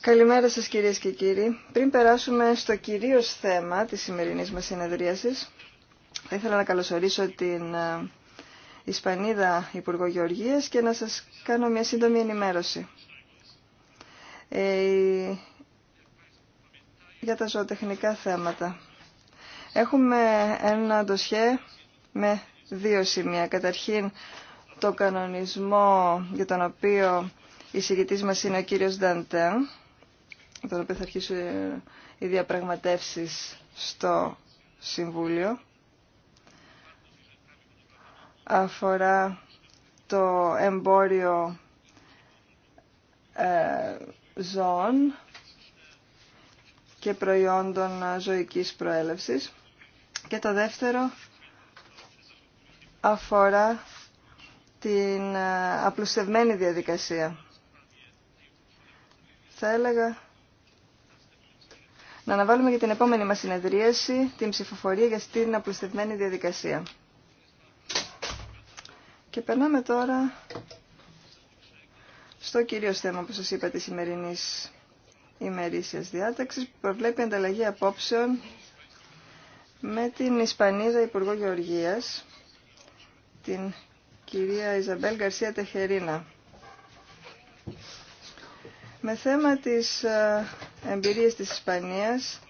Καλημέρα σας κυρίες και κύριοι. Πριν περάσουμε στο κυρίως θέμα της σημερινής μας συνεδρίασης, θα ήθελα να καλωσορίσω την ε, Ισπανίδα Υπουργό Γεωργίας και να σας κάνω μια σύντομη ενημέρωση. Ε, για τα ζωοτεχνικά θέματα. Έχουμε ένα ντοσιέ με δύο σημεία. Καταρχήν, το κανονισμό για τον οποίο η συγκεκριτής μας είναι ο κύριος Νταντέ, τον οποίο θα αρχίσουν ε, οι διαπραγματεύσεις στο Συμβούλιο. Αφορά το εμπόριο ε, ζώων και προϊόντων ζωικής προέλευσης. Και το δεύτερο αφορά την ε, απλουστευμένη διαδικασία θα έλεγα να αναβάλουμε για την επόμενη μας συνεδρίαση την ψηφοφορία για την απλουστευμένη διαδικασία. Και περνάμε τώρα στο κύριο θέμα που σας είπα της σημερινής ημερήσιας διάταξης που προβλέπει ανταλλαγή απόψεων με την Ισπανίδα Υπουργό Γεωργίας, την κυρία Ιζαμπέλ Γκαρσία Τεχερίνα. Με θέμα της ε, εμπειρίας της Ισπανίας,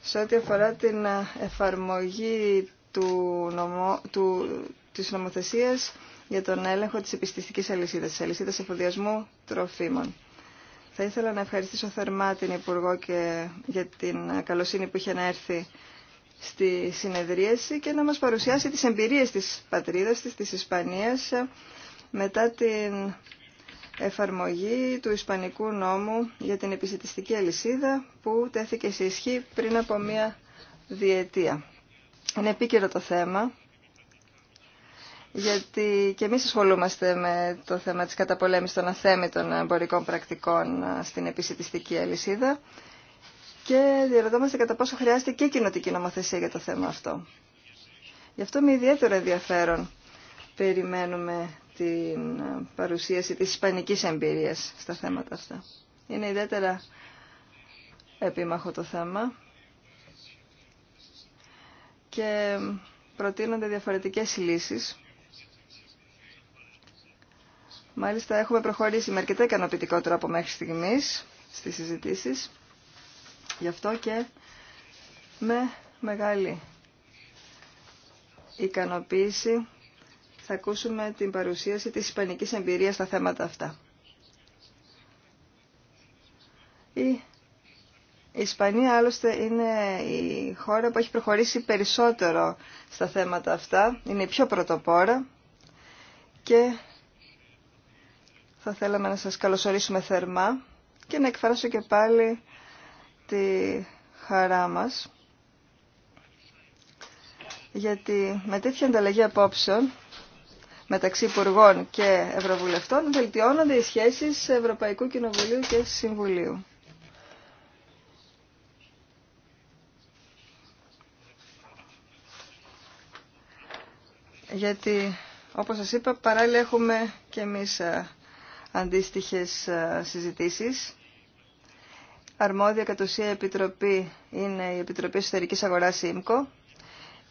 σε ό,τι αφορά την ε, εφαρμογή του νομο, του, της νομοθεσίας για τον έλεγχο της επιστηστικής αλυσίδας, της αλυσίδας εφοδιασμού τροφίμων. Θα ήθελα να ευχαριστήσω θερμά την Υπουργό και για την καλοσύνη που είχε να έρθει στη συνεδρίαση και να μας παρουσιάσει τις εμπειρίες της πατρίδας της, της Ισπανίας, ε, μετά την εφαρμογή του Ισπανικού νόμου για την επισητιστική αλυσίδα που τέθηκε σε ισχύ πριν από μία διετία. Είναι επίκαιρο το θέμα γιατί και εμείς ασχολούμαστε με το θέμα της καταπολέμησης των αθέμητων εμπορικών πρακτικών στην επισητιστική αλυσίδα και διαρωτόμαστε κατά πόσο χρειάζεται και κοινοτική νομοθεσία για το θέμα αυτό. Γι' αυτό με ιδιαίτερο ενδιαφέρον περιμένουμε την ε, παρουσίαση της ισπανικής εμπειρίας στα θέματα αυτά. Είναι ιδιαίτερα επίμαχο το θέμα και προτείνονται διαφορετικές λύσεις. Μάλιστα έχουμε προχωρήσει με αρκετά ικανοποιητικό τρόπο μέχρι στιγμής στις συζητήσεις. Γι' αυτό και με μεγάλη ικανοποίηση θα ακούσουμε την παρουσίαση της ισπανικής εμπειρίας στα θέματα αυτά. Η Ισπανία άλλωστε είναι η χώρα που έχει προχωρήσει περισσότερο στα θέματα αυτά, είναι η πιο πρωτοπόρα και θα θέλαμε να σας καλωσορίσουμε θερμά και να εκφράσω και πάλι τη χαρά μας γιατί με τέτοια ανταλλαγή απόψεων μεταξύ Υπουργών και Ευρωβουλευτών βελτιώνονται οι σχέσεις Ευρωπαϊκού Κοινοβουλίου και Συμβουλίου. Γιατί, όπως σας είπα, παράλληλα έχουμε και εμείς ε, αντίστοιχες ε, συζητήσεις. Αρμόδια κατ' ουσία επιτροπή είναι η Επιτροπή Εσωτερικής Αγοράς ΙΜΚΟ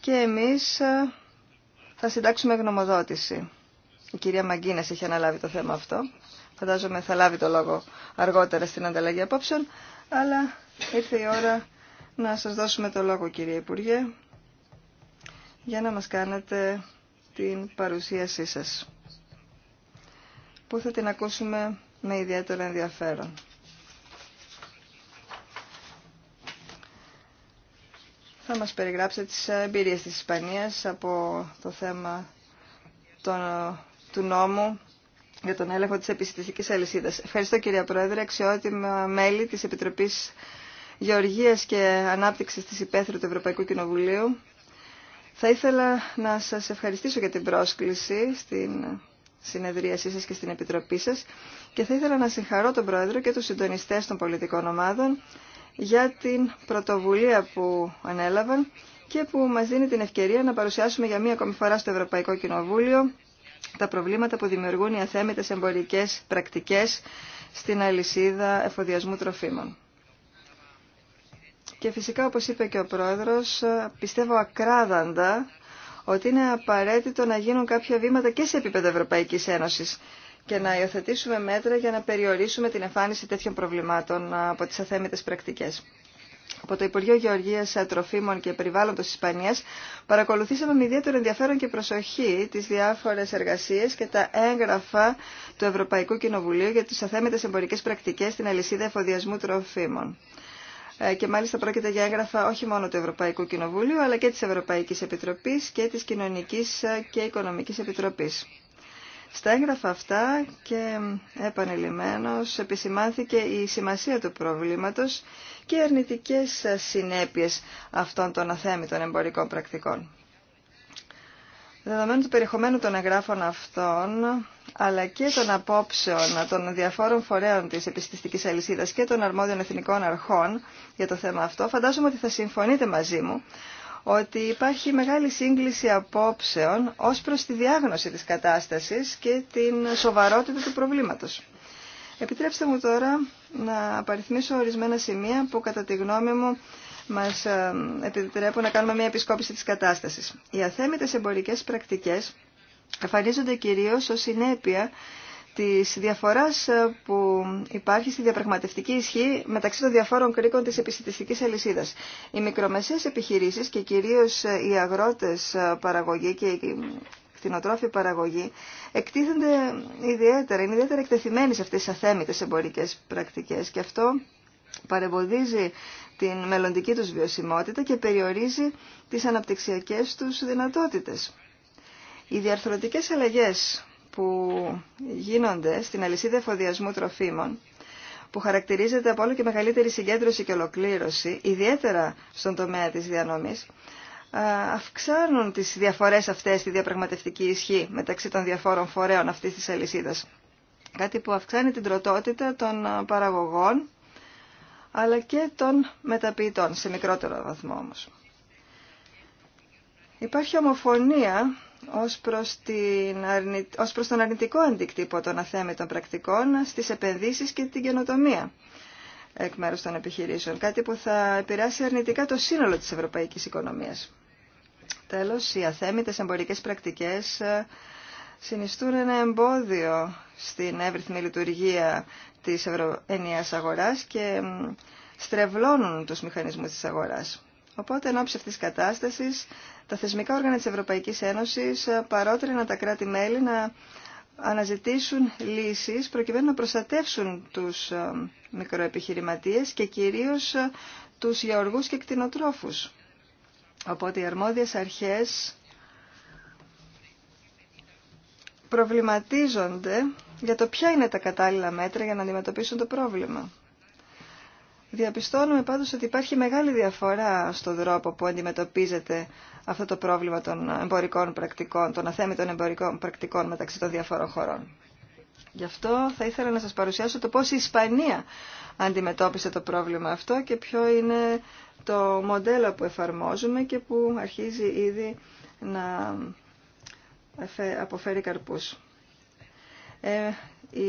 και εμείς ε, θα συντάξουμε γνωμοδότηση. Η κυρία Μαγκίνες έχει αναλάβει το θέμα αυτό. Φαντάζομαι θα λάβει το λόγο αργότερα στην ανταλλαγή απόψεων, αλλά ήρθε η ώρα να σας δώσουμε το λόγο κύριε Υπουργέ για να μας κάνετε την παρουσίασή σας που θα την ακούσουμε με ιδιαίτερο ενδιαφέρον. να μας περιγράψετε τις εμπειρίες της Ισπανίας από το θέμα του νόμου για τον έλεγχο της επιστημιστικής αλυσίδας. Ευχαριστώ κυρία Πρόεδρε, αξιότιμα μέλη της Επιτροπής Γεωργίας και Ανάπτυξης της Υπέθρου του Ευρωπαϊκού Κοινοβουλίου. Θα ήθελα να σας ευχαριστήσω για την πρόσκληση στην συνεδρίασή σας και στην Επιτροπή σας και θα ήθελα να συγχαρώ τον Πρόεδρο και τους συντονιστές των πολιτικών ομάδων για την πρωτοβουλία που ανέλαβαν και που μας δίνει την ευκαιρία να παρουσιάσουμε για μία ακόμη φορά στο Ευρωπαϊκό Κοινοβούλιο τα προβλήματα που δημιουργούν οι αθέμητες εμπορικές πρακτικές στην αλυσίδα εφοδιασμού τροφίμων. Και φυσικά, όπως είπε και ο Πρόεδρος, πιστεύω ακράδαντα ότι είναι απαραίτητο να γίνουν κάποια βήματα και σε επίπεδο Ευρωπαϊκής Ένωσης και να υιοθετήσουμε μέτρα για να περιορίσουμε την εμφάνιση τέτοιων προβλημάτων από τις αθέμητες πρακτικές. Από το Υπουργείο Γεωργίας Τροφίμων και Περιβάλλοντος Ισπανίας παρακολουθήσαμε με ιδιαίτερο ενδιαφέρον και προσοχή τι διάφορε εργασίε και τα έγγραφα του Ευρωπαϊκού Κοινοβουλίου για τι αθέμητε εμπορικέ πρακτικέ στην αλυσίδα εφοδιασμού τροφίμων. Ε, και μάλιστα πρόκειται για έγγραφα όχι μόνο του Ευρωπαϊκού Κοινοβουλίου αλλά και τη Ευρωπαϊκή Επιτροπή και τη Κοινωνική και οικονομική επιτροπή. Στα έγγραφα αυτά και επανειλημμένως επισημάνθηκε η σημασία του προβλήματος και οι αρνητικές συνέπειες αυτών των αθέμητων εμπορικών πρακτικών. Δεδομένου του περιεχομένου των εγγράφων αυτών, αλλά και των απόψεων των διαφόρων φορέων της επιστηστικής αλυσίδας και των αρμόδιων εθνικών αρχών για το θέμα αυτό, φαντάζομαι ότι θα συμφωνείτε μαζί μου ότι υπάρχει μεγάλη σύγκληση απόψεων ως προς τη διάγνωση της κατάστασης και την σοβαρότητα του προβλήματος. Επιτρέψτε μου τώρα να απαριθμίσω ορισμένα σημεία που κατά τη γνώμη μου μας ε, επιτρέπουν να κάνουμε μια επισκόπηση της κατάστασης. Οι αθέμητες εμπορικές πρακτικές εμφανίζονται κυρίως ως συνέπεια της διαφοράς ε, που υπάρχει στη διαπραγματευτική ισχύ μεταξύ των διαφόρων κρίκων της επιστημιστικής αλυσίδας. Οι μικρομεσαίες επιχειρήσεις και κυρίως ε, οι αγρότες ε, παραγωγή και η κτηνοτρόφη παραγωγή εκτίθενται ιδιαίτερα, είναι ιδιαίτερα εκτεθειμένοι σε αυτές τις αθέμητες εμπορικές πρακτικές και αυτό παρεμποδίζει την μελλοντική τους βιωσιμότητα και περιορίζει τις αναπτυξιακές τους δυνατότητες. Οι διαρθρωτικές αλλαγές που γίνονται στην αλυσίδα εφοδιασμού τροφίμων που χαρακτηρίζεται από όλο και μεγαλύτερη συγκέντρωση και ολοκλήρωση, ιδιαίτερα στον τομέα της διανομής, αυξάνουν τις διαφορές αυτές στη διαπραγματευτική ισχύ μεταξύ των διαφόρων φορέων αυτής της αλυσίδας. Κάτι που αυξάνει την τροτότητα των παραγωγών, αλλά και των μεταποιητών, σε μικρότερο βαθμό όμως. Υπάρχει ομοφωνία ως προς, την, τον αρνητικό αντικτύπο των αθέμητων πρακτικών στις επενδύσεις και την καινοτομία εκ μέρους των επιχειρήσεων, κάτι που θα επηρεάσει αρνητικά το σύνολο της ευρωπαϊκής οικονομίας. Τέλος, οι αθέμητες εμπορικές πρακτικές ε, συνιστούν ένα εμπόδιο στην εύρυθμη λειτουργία της ευρωένιας αγοράς και στρεβλώνουν τους μηχανισμούς της αγοράς. Οπότε, εν κατάστασης, τα θεσμικά όργανα της Ευρωπαϊκής Ένωσης ε, παρότριναν τα κράτη-μέλη να αναζητήσουν λύσεις προκειμένου να προστατεύσουν τους ε, μικροεπιχειρηματίες και κυρίως ε, τους γεωργούς και κτηνοτρόφους. Οπότε οι αρμόδιες αρχές προβληματίζονται για το ποια είναι τα κατάλληλα μέτρα για να αντιμετωπίσουν το πρόβλημα. Διαπιστώνουμε πάντως ότι υπάρχει μεγάλη διαφορά στον τρόπο που αντιμετωπίζεται αυτό το πρόβλημα των εμπορικών πρακτικών, των αθέμητων εμπορικών πρακτικών μεταξύ των διαφορών χωρών. Γι' αυτό θα ήθελα να σας παρουσιάσω το πώς η Ισπανία αντιμετώπισε το πρόβλημα αυτό και ποιο είναι το μοντέλο που εφαρμόζουμε και που αρχίζει ήδη να αποφέρει καρπούς. Ε, η...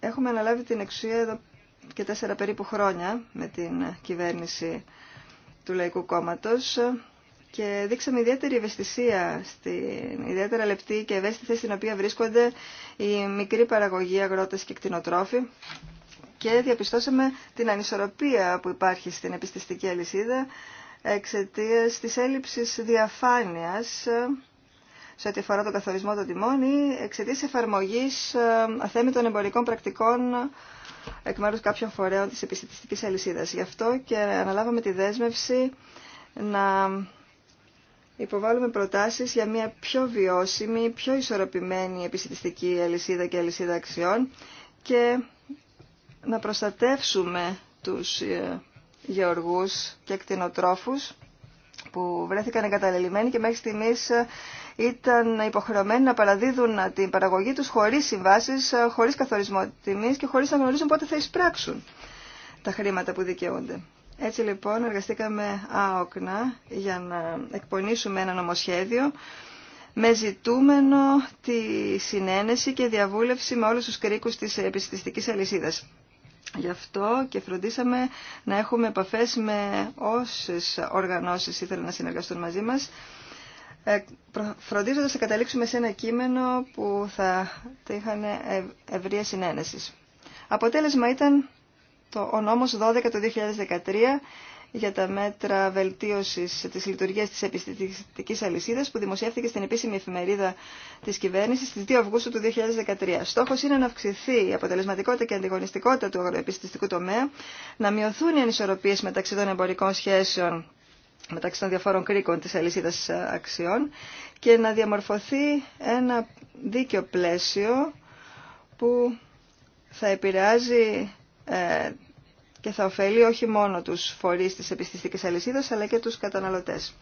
Έχουμε αναλάβει την εξουσία εδώ και τέσσερα περίπου χρόνια με την κυβέρνηση του Λαϊκού και δείξαμε ιδιαίτερη ευαισθησία στην ιδιαίτερα λεπτή και ευαίσθητη στην οποία βρίσκονται οι μικροί παραγωγοί, αγρότες και κτηνοτρόφοι και διαπιστώσαμε την ανισορροπία που υπάρχει στην επιστηστική αλυσίδα εξαιτίας της έλλειψης διαφάνειας σε ό,τι αφορά τον καθορισμό των τιμών ή εξαιτία εφαρμογή ε, αθέμητων εμπορικών πρακτικών ε, εκ μέρου κάποιων φορέων τη επιστημιστική αλυσίδα. Γι' αυτό και αναλάβαμε τη δέσμευση να υποβάλουμε προτάσεις για μια πιο βιώσιμη, πιο ισορροπημένη επιστημιστική αλυσίδα και αλυσίδα αξιών και να προστατεύσουμε τους ε, γεωργούς και κτηνοτρόφους που βρέθηκαν εγκαταλελειμμένοι και μέχρι στιγμής ήταν υποχρεωμένοι να παραδίδουν την παραγωγή τους χωρίς συμβάσεις, ε, χωρίς καθορισμό τιμής και χωρίς να γνωρίζουν πότε θα εισπράξουν τα χρήματα που δικαιούνται. Έτσι λοιπόν εργαστήκαμε άοκνα για να εκπονήσουμε ένα νομοσχέδιο με ζητούμενο τη συνένεση και διαβούλευση με όλους τους κρίκους της επιστηστικής αλυσίδας. Γι' αυτό και φροντίσαμε να έχουμε επαφές με όσες οργανώσεις ήθελαν να συνεργαστούν μαζί μας ε, φροντίζοντας να καταλήξουμε σε ένα κείμενο που θα είχαν ε, ευρεία συνένεση. Αποτέλεσμα ήταν το, ο νόμος 12 το 2013 για τα μέτρα βελτίωσης της λειτουργίας της επιστημιστικής αλυσίδας που δημοσιεύτηκε στην επίσημη εφημερίδα της κυβέρνησης στις 2 Αυγούστου του 2013. Στόχος είναι να αυξηθεί η αποτελεσματικότητα και αντιγωνιστικότητα του αγροεπιστημιστικού τομέα, να μειωθούν οι ανισορροπίες μεταξύ των εμπορικών σχέσεων μεταξύ των διαφόρων κρίκων της αλυσίδα ε, αξιών και να διαμορφωθεί ένα δίκαιο πλαίσιο που θα επηρεάζει ε, και θα ωφελεί όχι μόνο τους φορείς της επιστηστικής αλυσίδας αλλά και τους καταναλωτές.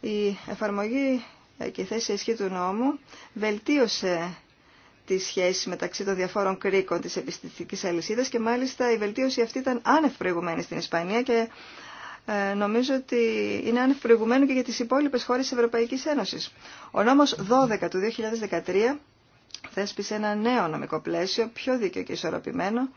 Η εφαρμογή ε, και η θέση ισχύ του νόμου βελτίωσε τη σχέση μεταξύ των διαφόρων κρίκων της επιστήστικης αλυσίδας και μάλιστα η βελτίωση αυτή ήταν άνευ στην Ισπανία ε, νομίζω ότι είναι ανευπροηγουμένου και για τις υπόλοιπες χώρες της Ευρωπαϊκής Ένωσης. Ο νόμος 12 του 2013 θέσπισε ένα νέο νομικό πλαίσιο, πιο δίκαιο και ισορροπημένο,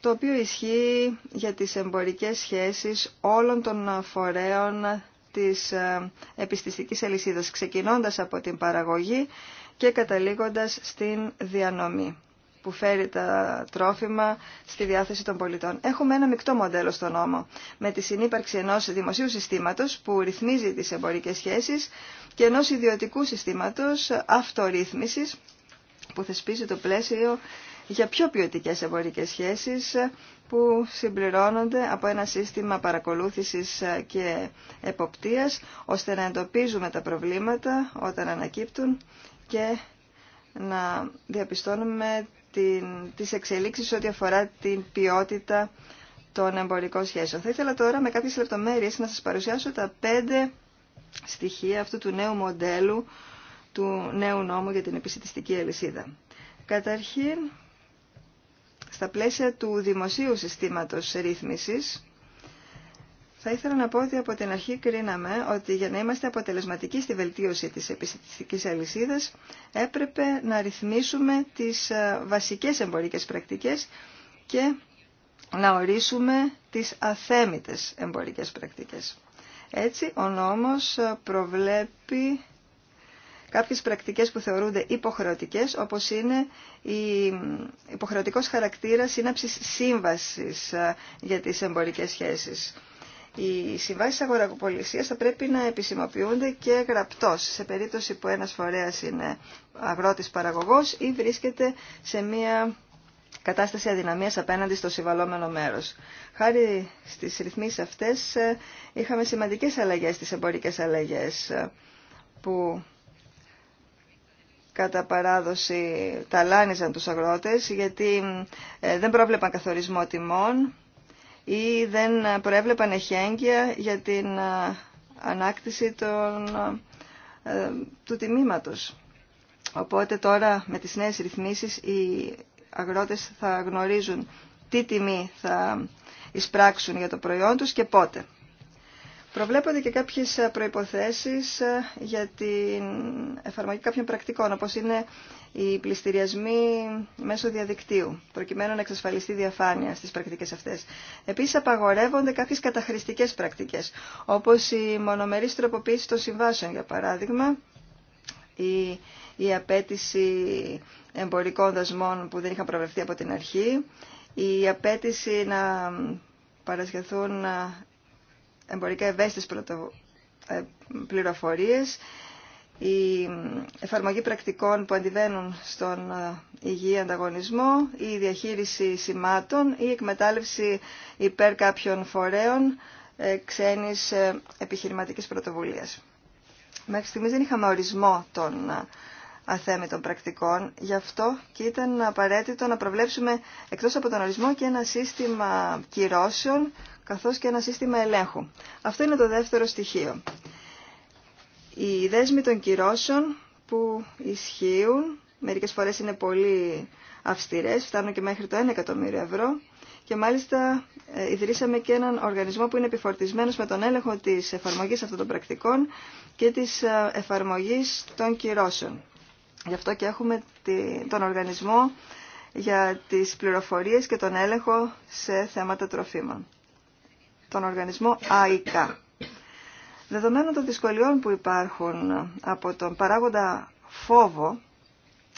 το οποίο ισχύει για τις εμπορικές σχέσεις όλων των φορέων της ε, επιστηστικής αλυσίδας, ξεκινώντας από την παραγωγή και καταλήγοντας στην διανομή που φέρει τα τρόφιμα στη διάθεση των πολιτών. Έχουμε ένα μεικτό μοντέλο στο νόμο, με τη συνύπαρξη ενός δημοσίου συστήματος που ρυθμίζει τις εμπορικές σχέσεις και ενός ιδιωτικού συστήματος αυτορύθμισης που θεσπίζει το πλαίσιο για πιο ποιοτικέ εμπορικές σχέσει που συμπληρώνονται από ένα σύστημα παρακολούθησης και εποπτείας ώστε να εντοπίζουμε τα προβλήματα όταν ανακύπτουν και να διαπιστώνουμε την, τις εξελίξεις ό,τι αφορά την ποιότητα των εμπορικών σχέσεων. Θα ήθελα τώρα με κάποιες λεπτομέρειες να σας παρουσιάσω τα πέντε στοιχεία αυτού του νέου μοντέλου του νέου νόμου για την επισητιστική αλυσίδα. Καταρχήν, στα πλαίσια του δημοσίου συστήματος ρύθμισης, θα ήθελα να πω ότι από την αρχή κρίναμε ότι για να είμαστε αποτελεσματικοί στη βελτίωση της επιστημιστικής αλυσίδα έπρεπε να ρυθμίσουμε τις ε, βασικές εμπορικές πρακτικές και να ορίσουμε τις αθέμητες εμπορικές πρακτικές. Έτσι, ο νόμος ε, προβλέπει κάποιες πρακτικές που θεωρούνται υποχρεωτικές, όπως είναι η ε, υποχρεωτικός χαρακτήρα σύναψης σύμβασης για τις εμπορικές σχέσεις οι συμβάσει αγοραπολισία θα πρέπει να επισημοποιούνται και γραπτώ σε περίπτωση που ένα φορέα είναι αγρότη παραγωγό ή βρίσκεται σε μια κατάσταση αδυναμίας απέναντι στο συμβαλόμενο μέρος. Χάρη στις ρυθμίσεις αυτές ε, είχαμε σημαντικές αλλαγές στις εμπορικές αλλαγές ε, που κατά παράδοση ταλάνιζαν τους αγρότες γιατί ε, δεν πρόβλεπαν καθορισμό τιμών ή δεν προέβλεπαν εχέγγυα για την ε, ανάκτηση ε, του τιμήματος. Οπότε τώρα με τις νέες ρυθμίσεις οι αγρότες θα γνωρίζουν τι τιμή θα εισπράξουν για το προϊόν τους και πότε. Προβλέπονται και κάποιες ε, προϋποθέσεις ε, για την εφαρμογή κάποιων πρακτικών, όπως είναι οι πληστηριασμοί μέσω διαδικτύου, προκειμένου να εξασφαλιστεί διαφάνεια στις πρακτικές αυτές. Επίσης απαγορεύονται κάποιες καταχρηστικές πρακτικές, όπως η μονομερή τροποποίηση των συμβάσεων, για παράδειγμα, η, η απέτηση εμπορικών δασμών που δεν είχαν προβλεφθεί από την αρχή, η απέτηση να παρασχεθούν εμπορικά ευαίσθητες πρωτο... Ε, πληροφορίες, η εφαρμογή πρακτικών που αντιβαίνουν στον ε, υγιή ανταγωνισμό, η διαχείριση σημάτων, η εκμετάλλευση υπέρ κάποιων φορέων ε, ξένης επιχειρηματικής πρωτοβουλίας. Μέχρι στιγμής δεν είχαμε ορισμό των αθέμητων πρακτικών, γι' αυτό και ήταν απαραίτητο να προβλέψουμε εκτός από τον ορισμό και ένα σύστημα κυρώσεων καθώς και ένα σύστημα ελέγχου. Αυτό είναι το δεύτερο στοιχείο. Οι δέσμοι των κυρώσεων που ισχύουν, μερικές φορές είναι πολύ αυστηρές, φτάνουν και μέχρι το 1 εκατομμύριο ευρώ και μάλιστα ε, ιδρύσαμε και έναν οργανισμό που είναι επιφορτισμένος με τον έλεγχο της εφαρμογής αυτών των πρακτικών και της ε, εφαρμογής των κυρώσεων. Γι' αυτό και έχουμε τον οργανισμό για τις πληροφορίες και τον έλεγχο σε θέματα τροφίμων τον οργανισμό ΑΙΚΑ. Δεδομένων των δυσκολιών που υπάρχουν από τον παράγοντα φόβο,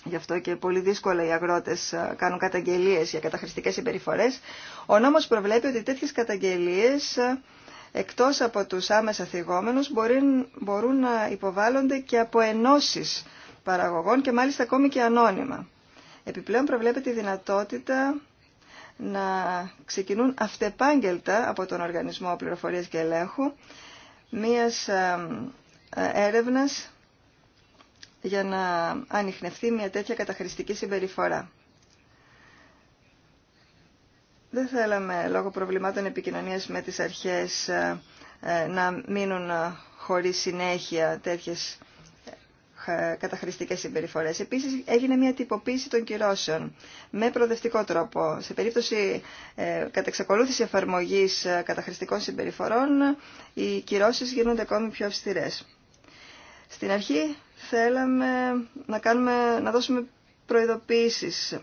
γι' αυτό και πολύ δύσκολα οι αγρότες ε, κάνουν καταγγελίες για καταχρηστικές συμπεριφορές, ο νόμος προβλέπει ότι τέτοιες καταγγελίες ε, εκτός από τους άμεσα θυγόμενους μπορούν να υποβάλλονται και από ενώσεις παραγωγών και μάλιστα ακόμη και ανώνυμα. Επιπλέον προβλέπεται η δυνατότητα να ξεκινούν αυτεπάγγελτα από τον Οργανισμό Πληροφορίας και Ελέγχου μίας ε, ε, έρευνας για να ανοιχνευτεί μια τέτοια καταχρηστική συμπεριφορά. Δεν θέλαμε λόγω προβλημάτων επικοινωνίας με τις αρχές ε, να μείνουν χωρίς συνέχεια τέτοιες καταχρηστικές συμπεριφορές. Επίσης έγινε μια τυποποίηση των κυρώσεων με προοδευτικό τρόπο. Σε περίπτωση ε, κατεξακολούθηση εφαρμογής ε, καταχρηστικών συμπεριφορών οι κυρώσεις γίνονται ακόμη πιο αυστηρές. Στην αρχή θέλαμε να, κάνουμε, να δώσουμε προειδοποίησεις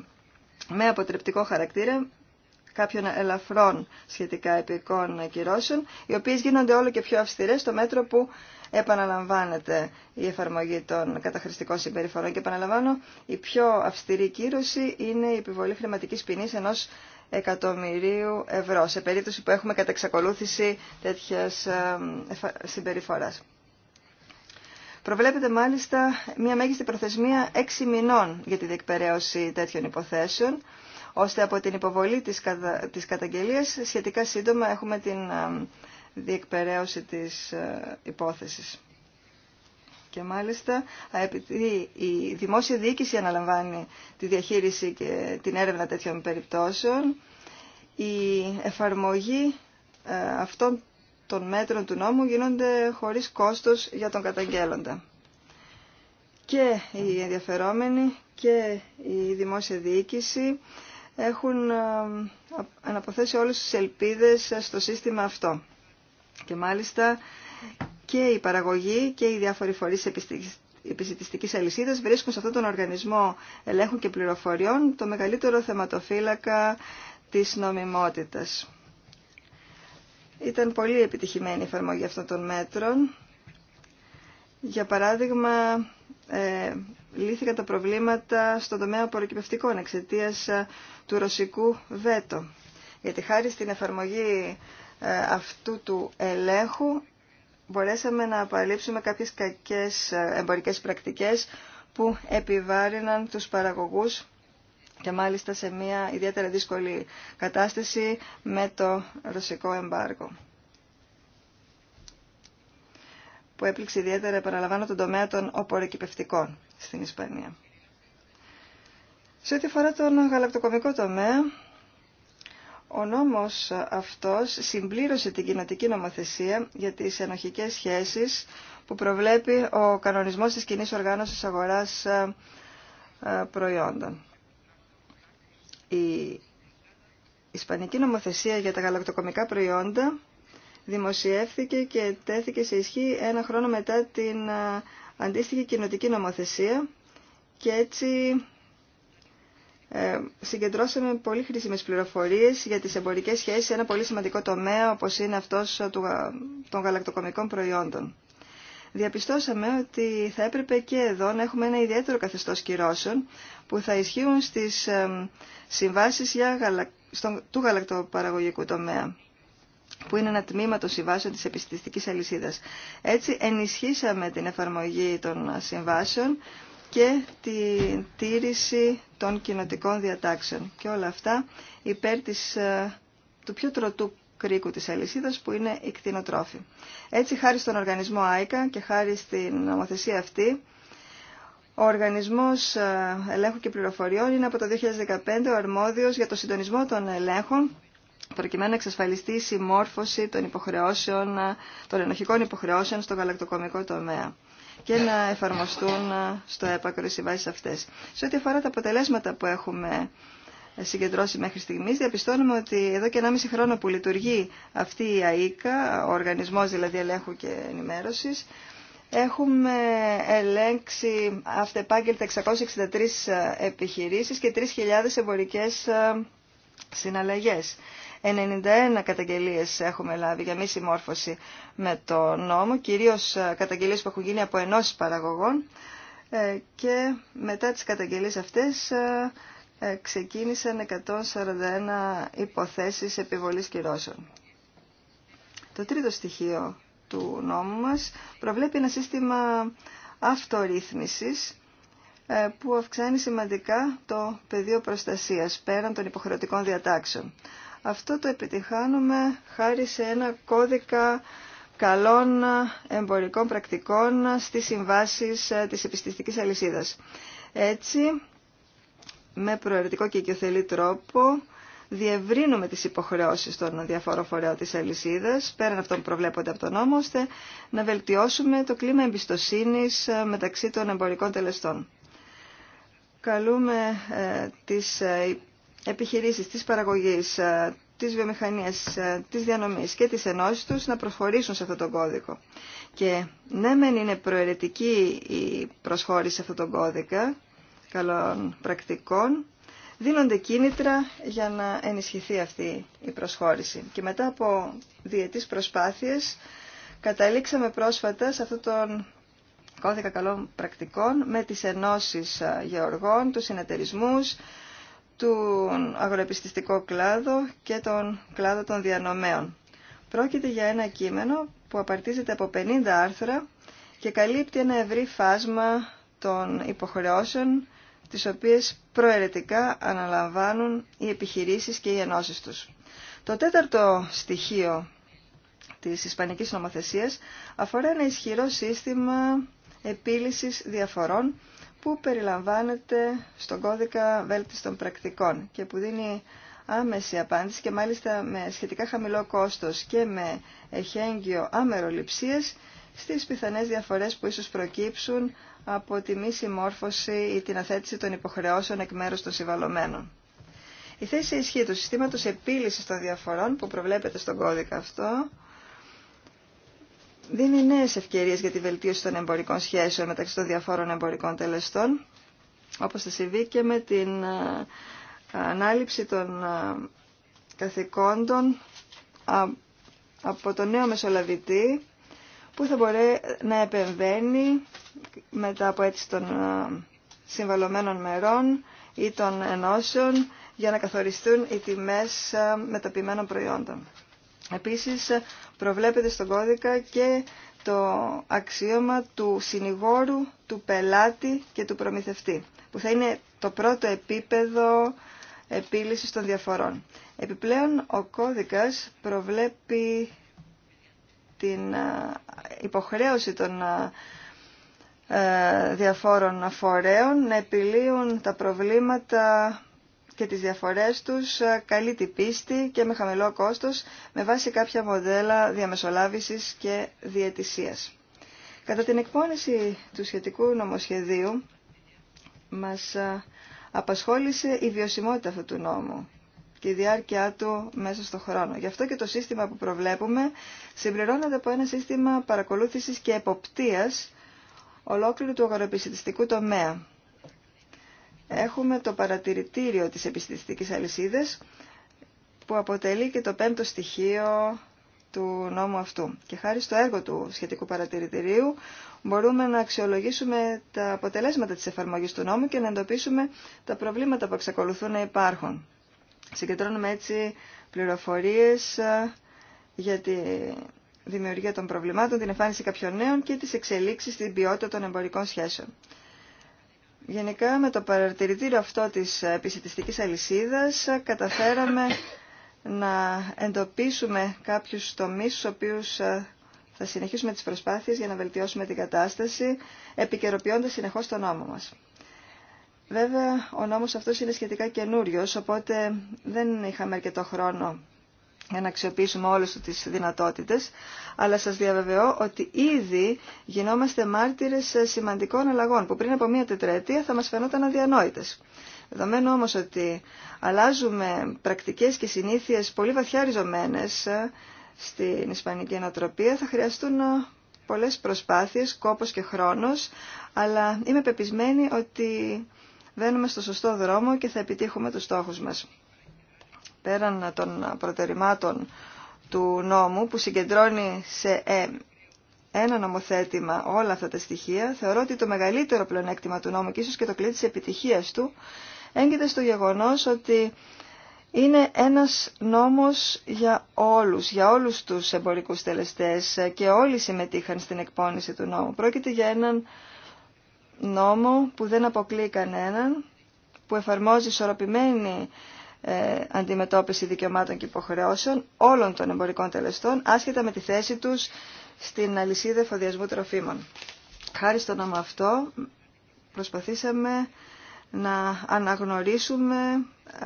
με αποτρεπτικό χαρακτήρα κάποιων ελαφρών σχετικά επικών κυρώσεων, οι οποίες γίνονται όλο και πιο αυστηρές στο μέτρο που επαναλαμβάνεται η εφαρμογή των καταχρηστικών συμπεριφορών και επαναλαμβάνω η πιο αυστηρή κύρωση είναι η επιβολή χρηματική ποινή ενός εκατομμυρίου ευρώ σε περίπτωση που έχουμε καταξακολούθηση τέτοια ε, συμπεριφορά. Προβλέπεται μάλιστα μια μέγιστη προθεσμία έξι μηνών για τη διεκπαιρέωση τέτοιων υποθέσεων, ώστε από την υποβολή της, καταγγελίας σχετικά σύντομα έχουμε την ε, διεκπαιρέωση της ε, υπόθεσης. Και μάλιστα, επειδή η δημόσια διοίκηση αναλαμβάνει τη διαχείριση και την έρευνα τέτοιων περιπτώσεων, η εφαρμογή ε, αυτών των μέτρων του νόμου γίνονται χωρίς κόστος για τον καταγγέλλοντα. Και οι ενδιαφερόμενοι και η δημόσια διοίκηση έχουν ε, αναποθέσει όλες τις ελπίδες στο σύστημα αυτό. Και μάλιστα και η παραγωγή και οι διάφοροι φορείς επιστημιστικής αλυσίδας βρίσκουν σε αυτόν τον οργανισμό ελέγχου και πληροφοριών το μεγαλύτερο θεματοφύλακα της νομιμότητας. Ήταν πολύ επιτυχημένη η εφαρμογή αυτών των μέτρων. Για παράδειγμα, ε, λύθηκαν τα προβλήματα στον τομέα απορροκυπευτικών εξαιτία του ρωσικού βέτο. Γιατί χάρη στην εφαρμογή ε, αυτού του ελέγχου μπορέσαμε να απαλείψουμε κάποιες κακές ε, εμπορικές πρακτικές που επιβάρυναν τους παραγωγούς και μάλιστα σε μια ιδιαίτερα δύσκολη κατάσταση με το ρωσικό εμπάργο που έπληξε ιδιαίτερα, επαναλαμβάνω, τον τομέα των οπορεκυπευτικών στην Ισπανία. Σε ό,τι αφορά τον γαλακτοκομικό τομέα, ο νόμος αυτός συμπλήρωσε την κοινοτική νομοθεσία για τις ενοχικές σχέσεις που προβλέπει ο κανονισμός της κοινή οργάνωσης αγοράς ε, ε, προϊόντων. Η Ισπανική νομοθεσία για τα γαλακτοκομικά προϊόντα δημοσιεύθηκε και τέθηκε σε ισχύ ένα χρόνο μετά την ε, αντίστοιχη κοινοτική νομοθεσία και έτσι ε, συγκεντρώσαμε πολύ χρήσιμε πληροφορίες για τις εμπορικές σχέσεις σε ένα πολύ σημαντικό τομέα όπως είναι αυτός των γαλακτοκομικών προϊόντων. Διαπιστώσαμε ότι θα έπρεπε και εδώ να έχουμε ένα ιδιαίτερο καθεστώς κυρώσεων που θα ισχύουν στις ε, συμβάσεις του γαλακτοπαραγωγικού τομέα που είναι ένα τμήμα των συμβάσεων της επιστημιστικής αλυσίδας. Έτσι ενισχύσαμε την εφαρμογή των συμβάσεων και την τήρηση των κοινοτικών διατάξεων. Και όλα αυτά υπέρ της, ε, του πιο τροτού κρίκου της αλυσίδας που είναι η κτηνοτρόφη. Έτσι χάρη στον οργανισμό ΆΙΚΑ και χάρη στην νομοθεσία αυτή ο Οργανισμός ε, Ελέγχου και Πληροφοριών είναι από το 2015 ο αρμόδιος για το συντονισμό των ελέγχων προκειμένου να εξασφαλιστεί η συμμόρφωση των, υποχρεώσεων, ε, των ενοχικών υποχρεώσεων στον γαλακτοκομικό τομέα και να εφαρμοστούν ε, στο έπακρο οι αυτές. Σε ό,τι αφορά τα αποτελέσματα που έχουμε ε, συγκεντρώσει μέχρι στιγμής, διαπιστώνουμε ότι εδώ και 1,5 χρόνο που λειτουργεί αυτή η ΑΕΚΑ, ο Οργανισμός δηλαδή Ελέγχου και Ενημέρωσης, Έχουμε ελέγξει αυτεπάγγελτα 663 ε, επιχειρήσεις και 3.000 εμπορικές συναλλαγές. 91 καταγγελίες έχουμε λάβει για μη συμμόρφωση με το νόμο, κυρίως ε, καταγγελίες που έχουν γίνει από ενώσεις παραγωγών ε, και μετά τις καταγγελίες αυτές ε, ξεκίνησαν 141 υποθέσεις επιβολής κυρώσεων. Το τρίτο στοιχείο του νόμου μας προβλέπει ένα σύστημα αυτορύθμισης που αυξάνει σημαντικά το πεδίο προστασίας πέραν των υποχρεωτικών διατάξεων. Αυτό το επιτυχάνουμε χάρη σε ένα κώδικα καλών εμπορικών πρακτικών στις συμβάσεις ε, της επιστηστικής αλυσίδας. Έτσι, με προαιρετικό και οικιοθελή τρόπο, διευρύνουμε τις υποχρεώσεις των διαφόρων φορέων της αλυσίδας, πέραν αυτών που προβλέπονται από τον νόμο, ώστε να βελτιώσουμε το κλίμα εμπιστοσύνης ε, μεταξύ των εμπορικών τελεστών. Καλούμε ε, τις επιχειρήσεις της παραγωγής, ε, της βιομηχανίας, ε, της διανομής και της ενώσης τους να προσχωρήσουν σε αυτόν τον κώδικο. Και ναι μεν είναι προαιρετική η προσχώρηση σε αυτόν τον κώδικα καλών πρακτικών, δίνονται κίνητρα για να ενισχυθεί αυτή η προσχώρηση. Και μετά από διετής προσπάθειες καταλήξαμε πρόσφατα σε αυτόν τον κώδικα καλών πρακτικών με τις ενώσεις ε, γεωργών, τους συνεταιρισμούς, του αγροεπιστιστικό κλάδο και τον κλάδο των διανομέων. Πρόκειται για ένα κείμενο που απαρτίζεται από 50 άρθρα και καλύπτει ένα ευρύ φάσμα των υποχρεώσεων τις οποίες προαιρετικά αναλαμβάνουν οι επιχειρήσεις και οι ενώσεις τους. Το τέταρτο στοιχείο της Ισπανικής νομοθεσίας αφορά ένα ισχυρό σύστημα επίλυσης διαφορών που περιλαμβάνεται στον κώδικα βέλτιστων πρακτικών και που δίνει άμεση απάντηση και μάλιστα με σχετικά χαμηλό κόστος και με εχέγγυο αμεροληψίες στις πιθανές διαφορές που ίσως προκύψουν από τη μη συμμόρφωση ή την αθέτηση των υποχρεώσεων εκ μέρους των συμβαλωμένων. Η θέση ισχύ του συστήματος επίλυσης των διαφορών που προβλέπεται στον κώδικα αυτό δίνει νέες ευκαιρίες για τη βελτίωση των εμπορικών σχέσεων μεταξύ των διαφόρων εμπορικών τελεστών, όπως θα συμβεί και με την ε, ανάληψη των ε, καθηκόντων από τον νέο μεσολαβητή που θα μπορεί να επεμβαίνει μετά από έτσι των ε, συμβαλωμένων μερών ή των ενώσεων για να καθοριστούν οι τιμές μεταπημένων προϊόντων. Επίσης προβλέπεται στον κώδικα και το αξίωμα του συνηγόρου, του πελάτη και του προμηθευτή, που θα είναι το πρώτο επίπεδο επίλυσης των διαφορών. Επιπλέον, ο κώδικας προβλέπει την υποχρέωση των ε, διαφόρων φορέων να επιλύουν τα προβλήματα και τις διαφορές τους ε, καλή την πίστη και με χαμηλό κόστος με βάση κάποια μοντέλα διαμεσολάβησης και διαιτησίας. Κατά την εκπόνηση του σχετικού νομοσχεδίου μας ε, απασχόλησε η βιωσιμότητα αυτού του νόμου και η διάρκεια του μέσα στον χρόνο. Γι' αυτό και το σύστημα που προβλέπουμε συμπληρώνεται από ένα σύστημα παρακολούθησης και εποπτείας ολόκληρου του αγοροπιστικού τομέα έχουμε το παρατηρητήριο της επιστημιστικής αλυσίδας που αποτελεί και το πέμπτο στοιχείο του νόμου αυτού. Και χάρη στο έργο του σχετικού παρατηρητηρίου μπορούμε να αξιολογήσουμε τα αποτελέσματα της εφαρμογής του νόμου και να εντοπίσουμε τα προβλήματα που εξακολουθούν να υπάρχουν. Συγκεντρώνουμε έτσι πληροφορίες ε, για τη δημιουργία των προβλημάτων, την εμφάνιση κάποιων νέων και τις εξελίξεις στην ποιότητα των εμπορικών σχέσεων. Γενικά με το παρατηρητήριο αυτό της επισητιστικής αλυσίδας ε, καταφέραμε να εντοπίσουμε κάποιους τομείς στους οποίους ε, θα συνεχίσουμε τις προσπάθειες για να βελτιώσουμε την κατάσταση επικαιροποιώντας συνεχώς τον νόμο μας. Βέβαια, ο νόμος αυτός είναι σχετικά καινούριος, οπότε δεν είχαμε αρκετό χρόνο για να αξιοποιήσουμε όλες τις δυνατότητες, αλλά σας διαβεβαιώ ότι ήδη γινόμαστε μάρτυρες σημαντικών αλλαγών που πριν από μία τετραετία θα μας φαινόταν αδιανόητες. Δεδομένου όμως ότι αλλάζουμε πρακτικές και συνήθειες πολύ βαθιά ριζωμένες ε, στην ισπανική Ανατροπία, θα χρειαστούν ε, πολλές προσπάθειες, κόπος και χρόνος, αλλά είμαι πεπισμένη ότι βαίνουμε στο σωστό δρόμο και θα επιτύχουμε τους στόχους μας πέραν των προτεραιμάτων του νόμου που συγκεντρώνει σε ε, ένα νομοθέτημα όλα αυτά τα στοιχεία, θεωρώ ότι το μεγαλύτερο πλεονέκτημα του νόμου και ίσως και το κλειδί της επιτυχίας του έγκυται στο γεγονός ότι είναι ένας νόμος για όλους, για όλους τους εμπορικούς τελεστές και όλοι συμμετείχαν στην εκπόνηση του νόμου. Πρόκειται για έναν νόμο που δεν αποκλεί κανέναν, που εφαρμόζει ισορροπημένη ε, αντιμετώπιση δικαιωμάτων και υποχρεώσεων όλων των εμπορικών τελεστών, άσχετα με τη θέση τους στην αλυσίδα εφοδιασμού τροφίμων. Χάρη στο όνομα αυτό προσπαθήσαμε να αναγνωρίσουμε ε,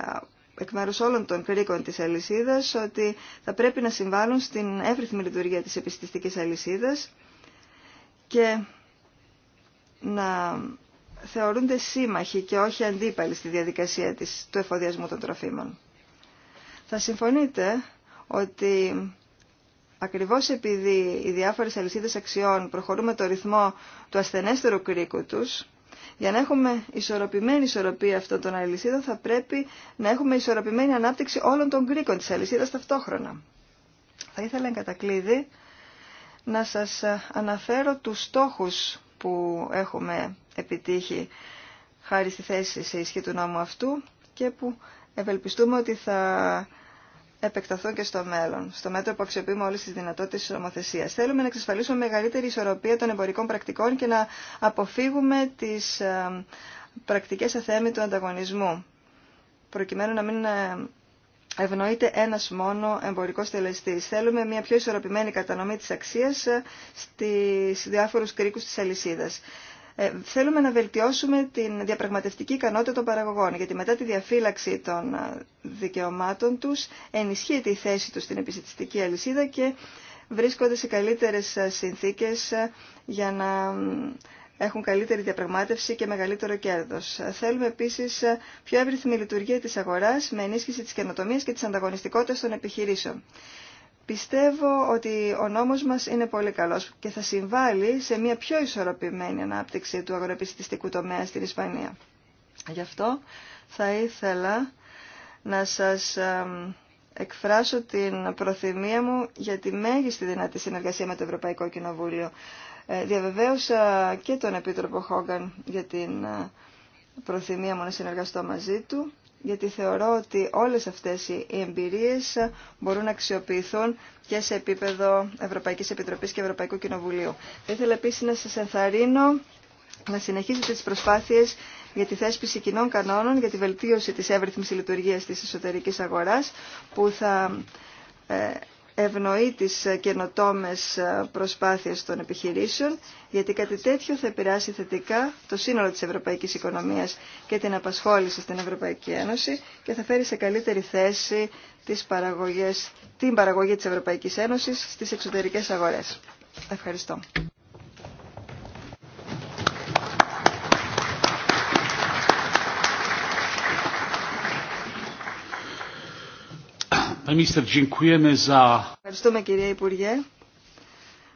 εκ μέρους όλων των κρίκων της αλυσίδας ότι θα πρέπει να συμβάλλουν στην εύρυθμη λειτουργία της επιστηστικής αλυσίδας και να θεωρούνται σύμμαχοι και όχι αντίπαλοι στη διαδικασία της, του εφοδιασμού των τροφίμων. Θα συμφωνείτε ότι ακριβώς επειδή οι διάφορες αλυσίδες αξιών προχωρούν με το ρυθμό του ασθενέστερου κρίκου τους, για να έχουμε ισορροπημένη ισορροπία αυτών των αλυσίδων θα πρέπει να έχουμε ισορροπημένη ανάπτυξη όλων των κρίκων της αλυσίδας ταυτόχρονα. Θα ήθελα εγκατακλείδη να σας αναφέρω τους στόχους που έχουμε επιτύχει χάρη στη θέση σε ισχύ του νόμου αυτού και που ευελπιστούμε ότι θα επεκταθούν και στο μέλλον, στο μέτρο που αξιοποιούμε όλε τι δυνατότητε τη νομοθεσία. Θέλουμε να εξασφαλίσουμε μεγαλύτερη ισορροπία των εμπορικών πρακτικών και να αποφύγουμε τι ε, πρακτικέ αθέμη του ανταγωνισμού, προκειμένου να μην ε, ευνοείται ένας μόνο εμπορικός τελεστής. Θέλουμε μια πιο ισορροπημένη κατανομή της αξίας ε, στις διάφορους κρίκους της αλυσίδας. Ε, θέλουμε να βελτιώσουμε την διαπραγματευτική ικανότητα των παραγωγών, γιατί μετά τη διαφύλαξη των ε, δικαιωμάτων τους ενισχύεται η θέση τους στην επιστημιστική αλυσίδα και βρίσκονται σε καλύτερες συνθήκες για να έχουν καλύτερη διαπραγμάτευση και μεγαλύτερο κέρδο. Θέλουμε επίση πιο εύρυθμη λειτουργία τη αγορά με ενίσχυση τη καινοτομία και τη ανταγωνιστικότητα των επιχειρήσεων. Πιστεύω ότι ο νόμος μας είναι πολύ καλός και θα συμβάλλει σε μια πιο ισορροπημένη ανάπτυξη του αγορεπιστικού τομέα στην Ισπανία. Γι' αυτό θα ήθελα να σας εκφράσω την προθυμία μου για τη μέγιστη δυνατή συνεργασία με το Ευρωπαϊκό Κοινοβούλιο. Ε, διαβεβαίωσα και τον Επίτροπο Χόγκαν για την ε, προθυμία μου να συνεργαστώ μαζί του, γιατί θεωρώ ότι όλες αυτές οι εμπειρίες μπορούν να αξιοποιηθούν και σε επίπεδο Ευρωπαϊκής Επιτροπής και Ευρωπαϊκού Κοινοβουλίου. Θα ήθελα επίσης να σας ενθαρρύνω να συνεχίσετε τις προσπάθειες για τη θέσπιση κοινών κανόνων για τη βελτίωση της εύρυθμης λειτουργίας της εσωτερικής αγοράς που θα ε, ευνοεί τις ε, καινοτόμες ε, προσπάθειες των επιχειρήσεων, γιατί κάτι τέτοιο θα επηρεάσει θετικά το σύνολο της ευρωπαϊκής οικονομίας και την απασχόληση στην Ευρωπαϊκή Ένωση και θα φέρει σε καλύτερη θέση τις παραγωγές, την παραγωγή της Ευρωπαϊκής Ένωσης στις εξωτερικές αγορές. Ευχαριστώ. Ε, Ευχαριστούμε κυρία Υπουργέ.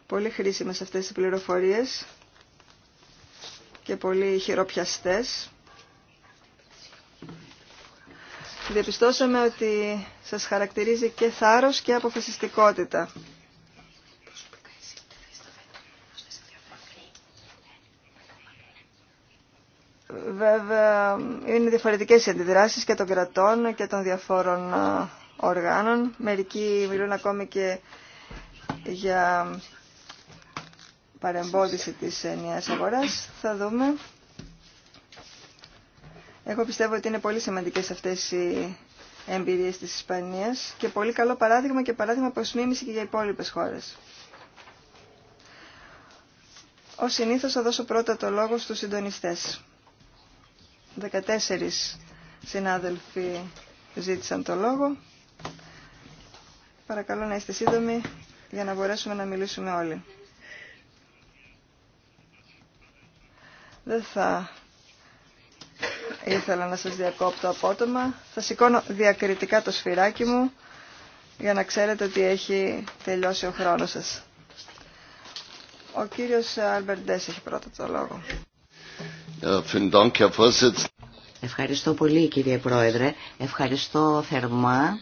Πολύ χρήσιμες αυτές οι πληροφορίες και πολύ χειροπιαστές. Διαπιστώσαμε ότι σας χαρακτηρίζει και θάρρος και αποφασιστικότητα. Βέβαια, είναι διαφορετικές οι αντιδράσεις και των κρατών και των διαφόρων ε, οργάνων. Μερικοί μιλούν ακόμη και για παρεμπόδιση της ενιαίας αγοράς. Θα δούμε. Εγώ πιστεύω ότι είναι πολύ σημαντικές αυτές οι εμπειρίες της Ισπανίας και πολύ καλό παράδειγμα και παράδειγμα προς μίμηση και για υπόλοιπε χώρες. Ως συνήθως θα δώσω πρώτα το λόγο στους συντονιστές. 14 συνάδελφοι ζήτησαν το λόγο. Παρακαλώ να είστε σύντομοι για να μπορέσουμε να μιλήσουμε όλοι. Δεν θα ήθελα να σας διακόπτω απότομα. Θα σηκώνω διακριτικά το σφυράκι μου για να ξέρετε ότι έχει τελειώσει ο χρόνος σας. Ο κύριος Αλμπερντές έχει πρώτα το λόγο. Ε, Ευχαριστώ πολύ κύριε Πρόεδρε. Ευχαριστώ θερμά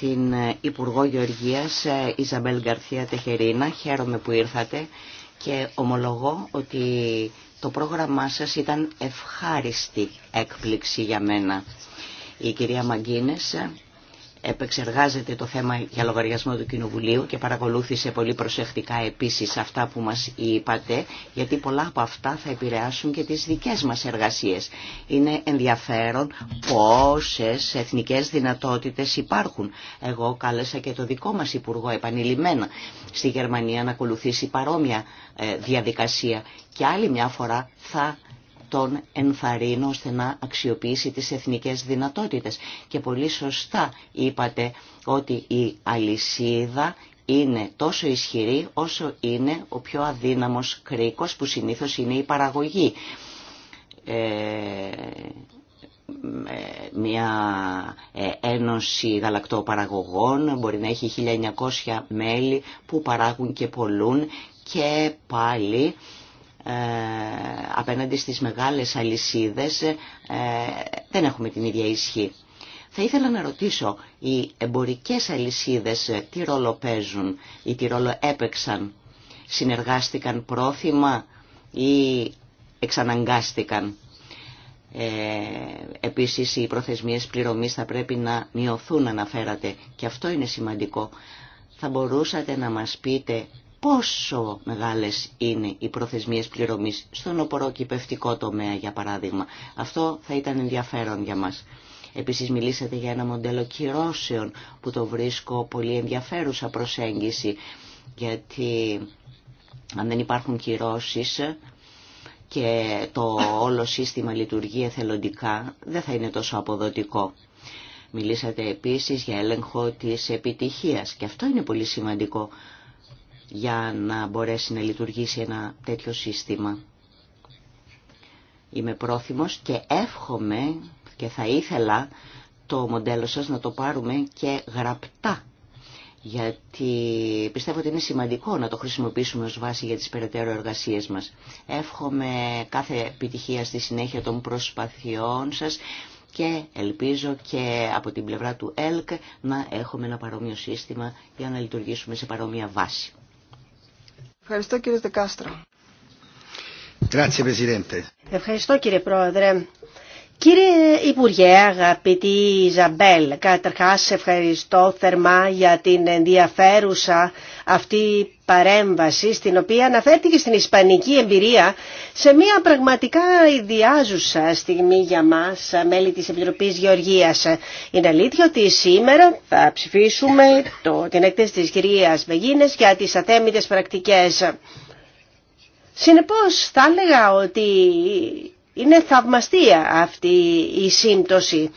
την ε, Υπουργό Γεωργίας ε, Ιζαμπέλ Γκαρθία Τεχερίνα. Χαίρομαι που ήρθατε και ομολογώ ότι το πρόγραμμά σας ήταν ευχάριστη έκπληξη για μένα. Η κυρία Μαγκίνες επεξεργάζεται το θέμα για λογαριασμό του Κοινοβουλίου και παρακολούθησε πολύ προσεκτικά επίσης αυτά που μας είπατε, γιατί πολλά από αυτά θα επηρεάσουν και τις δικές μας εργασίες. Είναι ενδιαφέρον πόσες εθνικές δυνατότητες υπάρχουν. Εγώ κάλεσα και το δικό μας Υπουργό επανειλημμένα στη Γερμανία να ακολουθήσει παρόμοια ε, διαδικασία και άλλη μια φορά θα τον ενθαρρύνω ώστε να αξιοποιήσει τις εθνικές δυνατότητες. Και πολύ σωστά είπατε ότι η αλυσίδα είναι τόσο ισχυρή όσο είναι ο πιο αδύναμος κρίκος που συνήθως είναι η παραγωγή. Ε, μια ε, ένωση γαλακτοπαραγωγών μπορεί να έχει 1900 μέλη που παράγουν και πολλούν και πάλι ε, απέναντι στις μεγάλες αλυσίδες ε, δεν έχουμε την ίδια ισχύ. Θα ήθελα να ρωτήσω, οι εμπορικές αλυσίδες ε, τι ρόλο παίζουν ή τι ρόλο έπαιξαν, συνεργάστηκαν πρόθυμα ή εξαναγκάστηκαν. Ε, επίσης οι προθεσμίες πληρωμής θα πρέπει να μειωθούν αναφέρατε και αυτό είναι σημαντικό. Θα μπορούσατε να μας πείτε πόσο μεγάλες είναι οι προθεσμίες πληρωμής στον οποροκυπευτικό τομέα για παράδειγμα. Αυτό θα ήταν ενδιαφέρον για μας. Επίσης μιλήσατε για ένα μοντέλο κυρώσεων που το βρίσκω πολύ ενδιαφέρουσα προσέγγιση γιατί αν δεν υπάρχουν κυρώσεις και το όλο σύστημα λειτουργεί εθελοντικά δεν θα είναι τόσο αποδοτικό. Μιλήσατε επίσης για έλεγχο της επιτυχίας και αυτό είναι πολύ σημαντικό για να μπορέσει να λειτουργήσει ένα τέτοιο σύστημα. Είμαι πρόθυμος και εύχομαι και θα ήθελα το μοντέλο σας να το πάρουμε και γραπτά γιατί πιστεύω ότι είναι σημαντικό να το χρησιμοποιήσουμε ως βάση για τις περαιτέρω εργασίες μας. Εύχομαι κάθε επιτυχία στη συνέχεια των προσπαθειών σας και ελπίζω και από την πλευρά του ΕΛΚ να έχουμε ένα παρόμοιο σύστημα για να λειτουργήσουμε σε παρόμοια βάση. Ευχαριστώ κύριε Δεκάστρο. Ευχαριστώ κύριε Πρόεδρε. Κύριε Υπουργέ, αγαπητή Ζαμπέλ, καταρχάς ευχαριστώ θερμά για την ενδιαφέρουσα αυτή παρέμβαση στην οποία αναφέρθηκε στην ισπανική εμπειρία σε μια πραγματικά ιδιάζουσα στιγμή για μας μέλη της Επιτροπής Γεωργίας. Είναι αλήθεια ότι σήμερα θα ψηφίσουμε το, την έκθεση της κυρίας Μεγίνες για τις αθέμητες πρακτικές. Συνεπώς θα έλεγα ότι είναι θαυμαστία αυτή η σύμπτωση.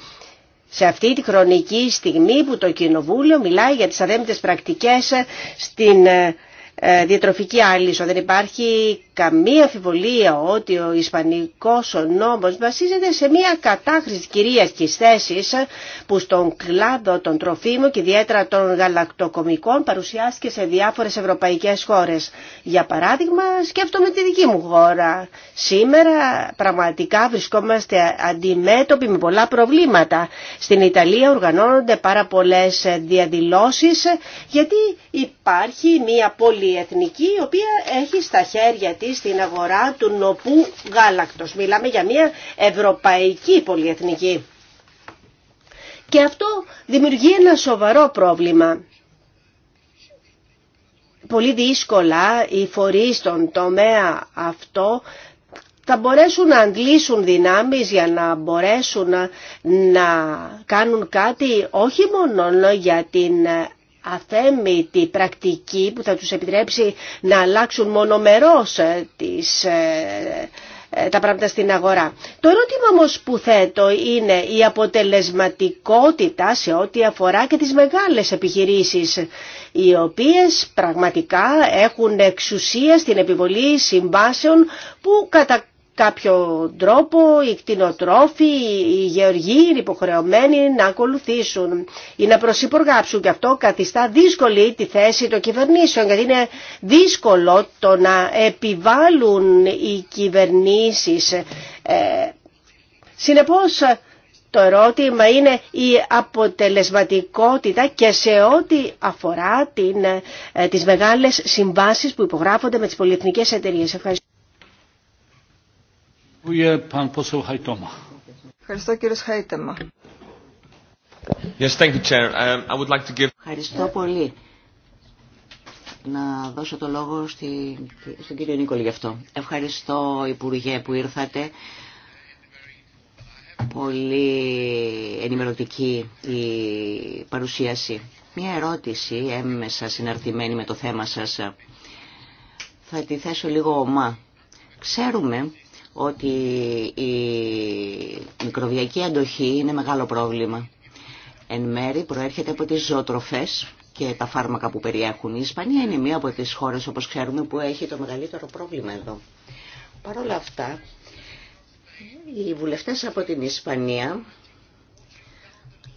Σε αυτή τη χρονική στιγμή που το Κοινοβούλιο μιλάει για τις αδέμητες πρακτικές στην ε, ε, διατροφική άλυσο. Δεν υπάρχει καμία αφιβολία ότι ο Ισπανικός νόμος βασίζεται σε μια κατάχρηση κυρίας και θέσης που στον κλάδο των τροφίμων και ιδιαίτερα των γαλακτοκομικών παρουσιάστηκε σε διάφορες ευρωπαϊκές χώρες. Για παράδειγμα σκέφτομαι τη δική μου χώρα. Σήμερα πραγματικά βρισκόμαστε αντιμέτωποι με πολλά προβλήματα. Στην Ιταλία οργανώνονται πάρα πολλές διαδηλώσεις γιατί υπάρχει μια πολυεθνική η οποία έχει στα χέρια στην αγορά του νοπού γάλακτος. Μιλάμε για μια ευρωπαϊκή πολυεθνική. Και αυτό δημιουργεί ένα σοβαρό πρόβλημα. Πολύ δύσκολα οι φορείς στον τομέα αυτό θα μπορέσουν να αντλήσουν δυνάμεις για να μπορέσουν να, να κάνουν κάτι όχι μόνο για την αθέμητη πρακτική που θα τους επιτρέψει να αλλάξουν μονομερώς ε, τις, ε, ε, τα πράγματα στην αγορά. Το ερώτημα όμω που θέτω είναι η αποτελεσματικότητα σε ό,τι αφορά και τις μεγάλες επιχειρήσεις οι οποίες πραγματικά έχουν εξουσία στην επιβολή συμβάσεων που κατά κάποιο τρόπο οι κτηνοτρόφοι, οι γεωργοί είναι υποχρεωμένοι να ακολουθήσουν ή να προσυποργάψουν και αυτό καθιστά δύσκολη τη θέση των κυβερνήσεων γιατί είναι δύσκολο το να επιβάλλουν οι κυβερνήσεις. Ε, συνεπώς το ερώτημα είναι η αποτελεσματικότητα και σε ό,τι αφορά την, ε, τις μεγάλες συμβάσεις που υπογράφονται με τις πολυεθνικές εταιρείες. Ευχαριστώ. Ευχαριστώ κύριε Χαϊτέμα. Yes, thank you, Chair. Um, Ευχαριστώ πολύ. Να δώσω το λόγο στον κύριο Νίκολη γι' αυτό. Ευχαριστώ Υπουργέ που ήρθατε. Πολύ ενημερωτική η παρουσίαση. Μια ερώτηση έμμεσα συναρτημένη με το θέμα σας. Θα τη θέσω λίγο ομά. Ξέρουμε ότι η μικροβιακή αντοχή είναι μεγάλο πρόβλημα. Εν μέρη προέρχεται από τις ζωοτροφές και τα φάρμακα που περιέχουν. Η Ισπανία είναι μία από τις χώρες, όπως ξέρουμε, που έχει το μεγαλύτερο πρόβλημα εδώ. Παρ' όλα αυτά, οι βουλευτές από την Ισπανία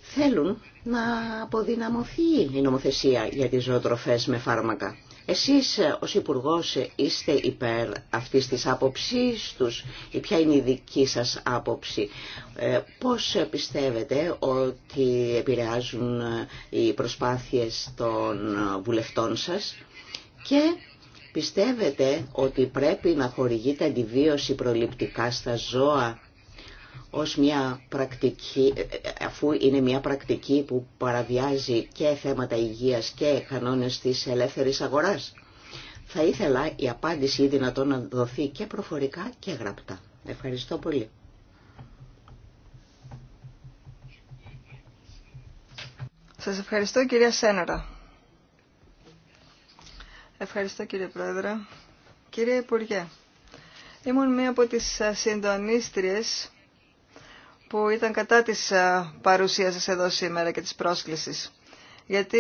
θέλουν να αποδυναμωθεί η νομοθεσία για τις ζωοτροφές με φάρμακα. Εσείς ως Υπουργός είστε υπέρ αυτής της άποψής τους ή ποια είναι η δική σας άποψη. Ε, πώς πιστεύετε ότι επηρεάζουν οι προσπάθειες των βουλευτών σας και πιστεύετε ότι πρέπει να χορηγείται αντιβίωση προληπτικά στα ζώα ως μια πρακτική, ε, ε, αφού είναι μια πρακτική που παραβιάζει και θέματα υγείας και κανόνες της ελεύθερης αγοράς. Θα ήθελα η απάντηση ή δυνατόν να δοθεί και προφορικά και γραπτά. Ευχαριστώ πολύ. Σας ευχαριστώ κυρία Σένορα. Ευχαριστώ κύριε Πρόεδρε. Κύριε Υπουργέ, ήμουν μία από τις συντονίστριες που ήταν κατά της παρουσίας σας εδώ σήμερα και της πρόσκλησης. Γιατί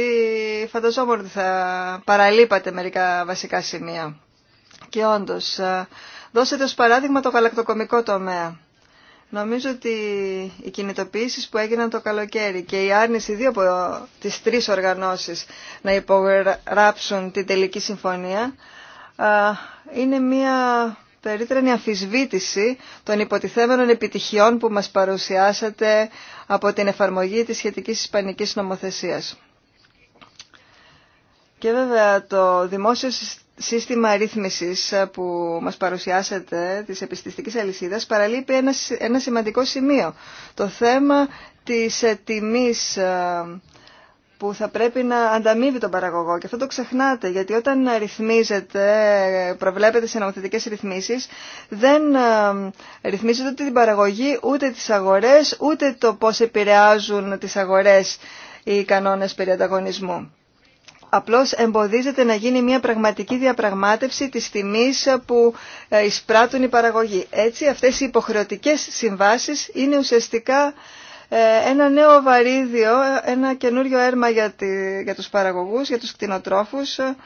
φανταζόμουν ότι θα παραλείπατε μερικά βασικά σημεία. Και όντως, δώσετε ως παράδειγμα το γαλακτοκομικό τομέα. Νομίζω ότι οι κινητοποιήσεις που έγιναν το καλοκαίρι και η άρνηση δύο από τις τρεις οργανώσεις να υπογράψουν την τελική συμφωνία είναι μια περίτρανη αμφισβήτηση των υποτιθέμενων επιτυχιών που μας παρουσιάσατε από την εφαρμογή της σχετικής ισπανικής νομοθεσίας. Και βέβαια το δημόσιο σύστημα ρύθμισης ε, που μας παρουσιάσατε της επιστηστικής αλυσίδας παραλείπει ένα, ένα σημαντικό σημείο. Το θέμα της ε, τιμής ε, που θα πρέπει να ανταμείβει τον παραγωγό. Και αυτό το ξεχνάτε, γιατί όταν ρυθμίζετε, προβλέπετε σε νομοθετικές ρυθμίσεις, δεν ε, ρυθμίζετε ούτε την παραγωγή, ούτε τις αγορές, ούτε το πώς επηρεάζουν τις αγορές οι κανόνες περί ανταγωνισμού. Απλώς εμποδίζεται να γίνει μια πραγματική διαπραγμάτευση της τιμής που ε, εισπράττουν οι παραγωγοί. Έτσι αυτές οι υποχρεωτικές συμβάσεις είναι ουσιαστικά ε, ένα νέο βαρύδιο, ένα καινούριο έρμα για, τη, για τους παραγωγούς, για τους κτηνοτρόφους, ε,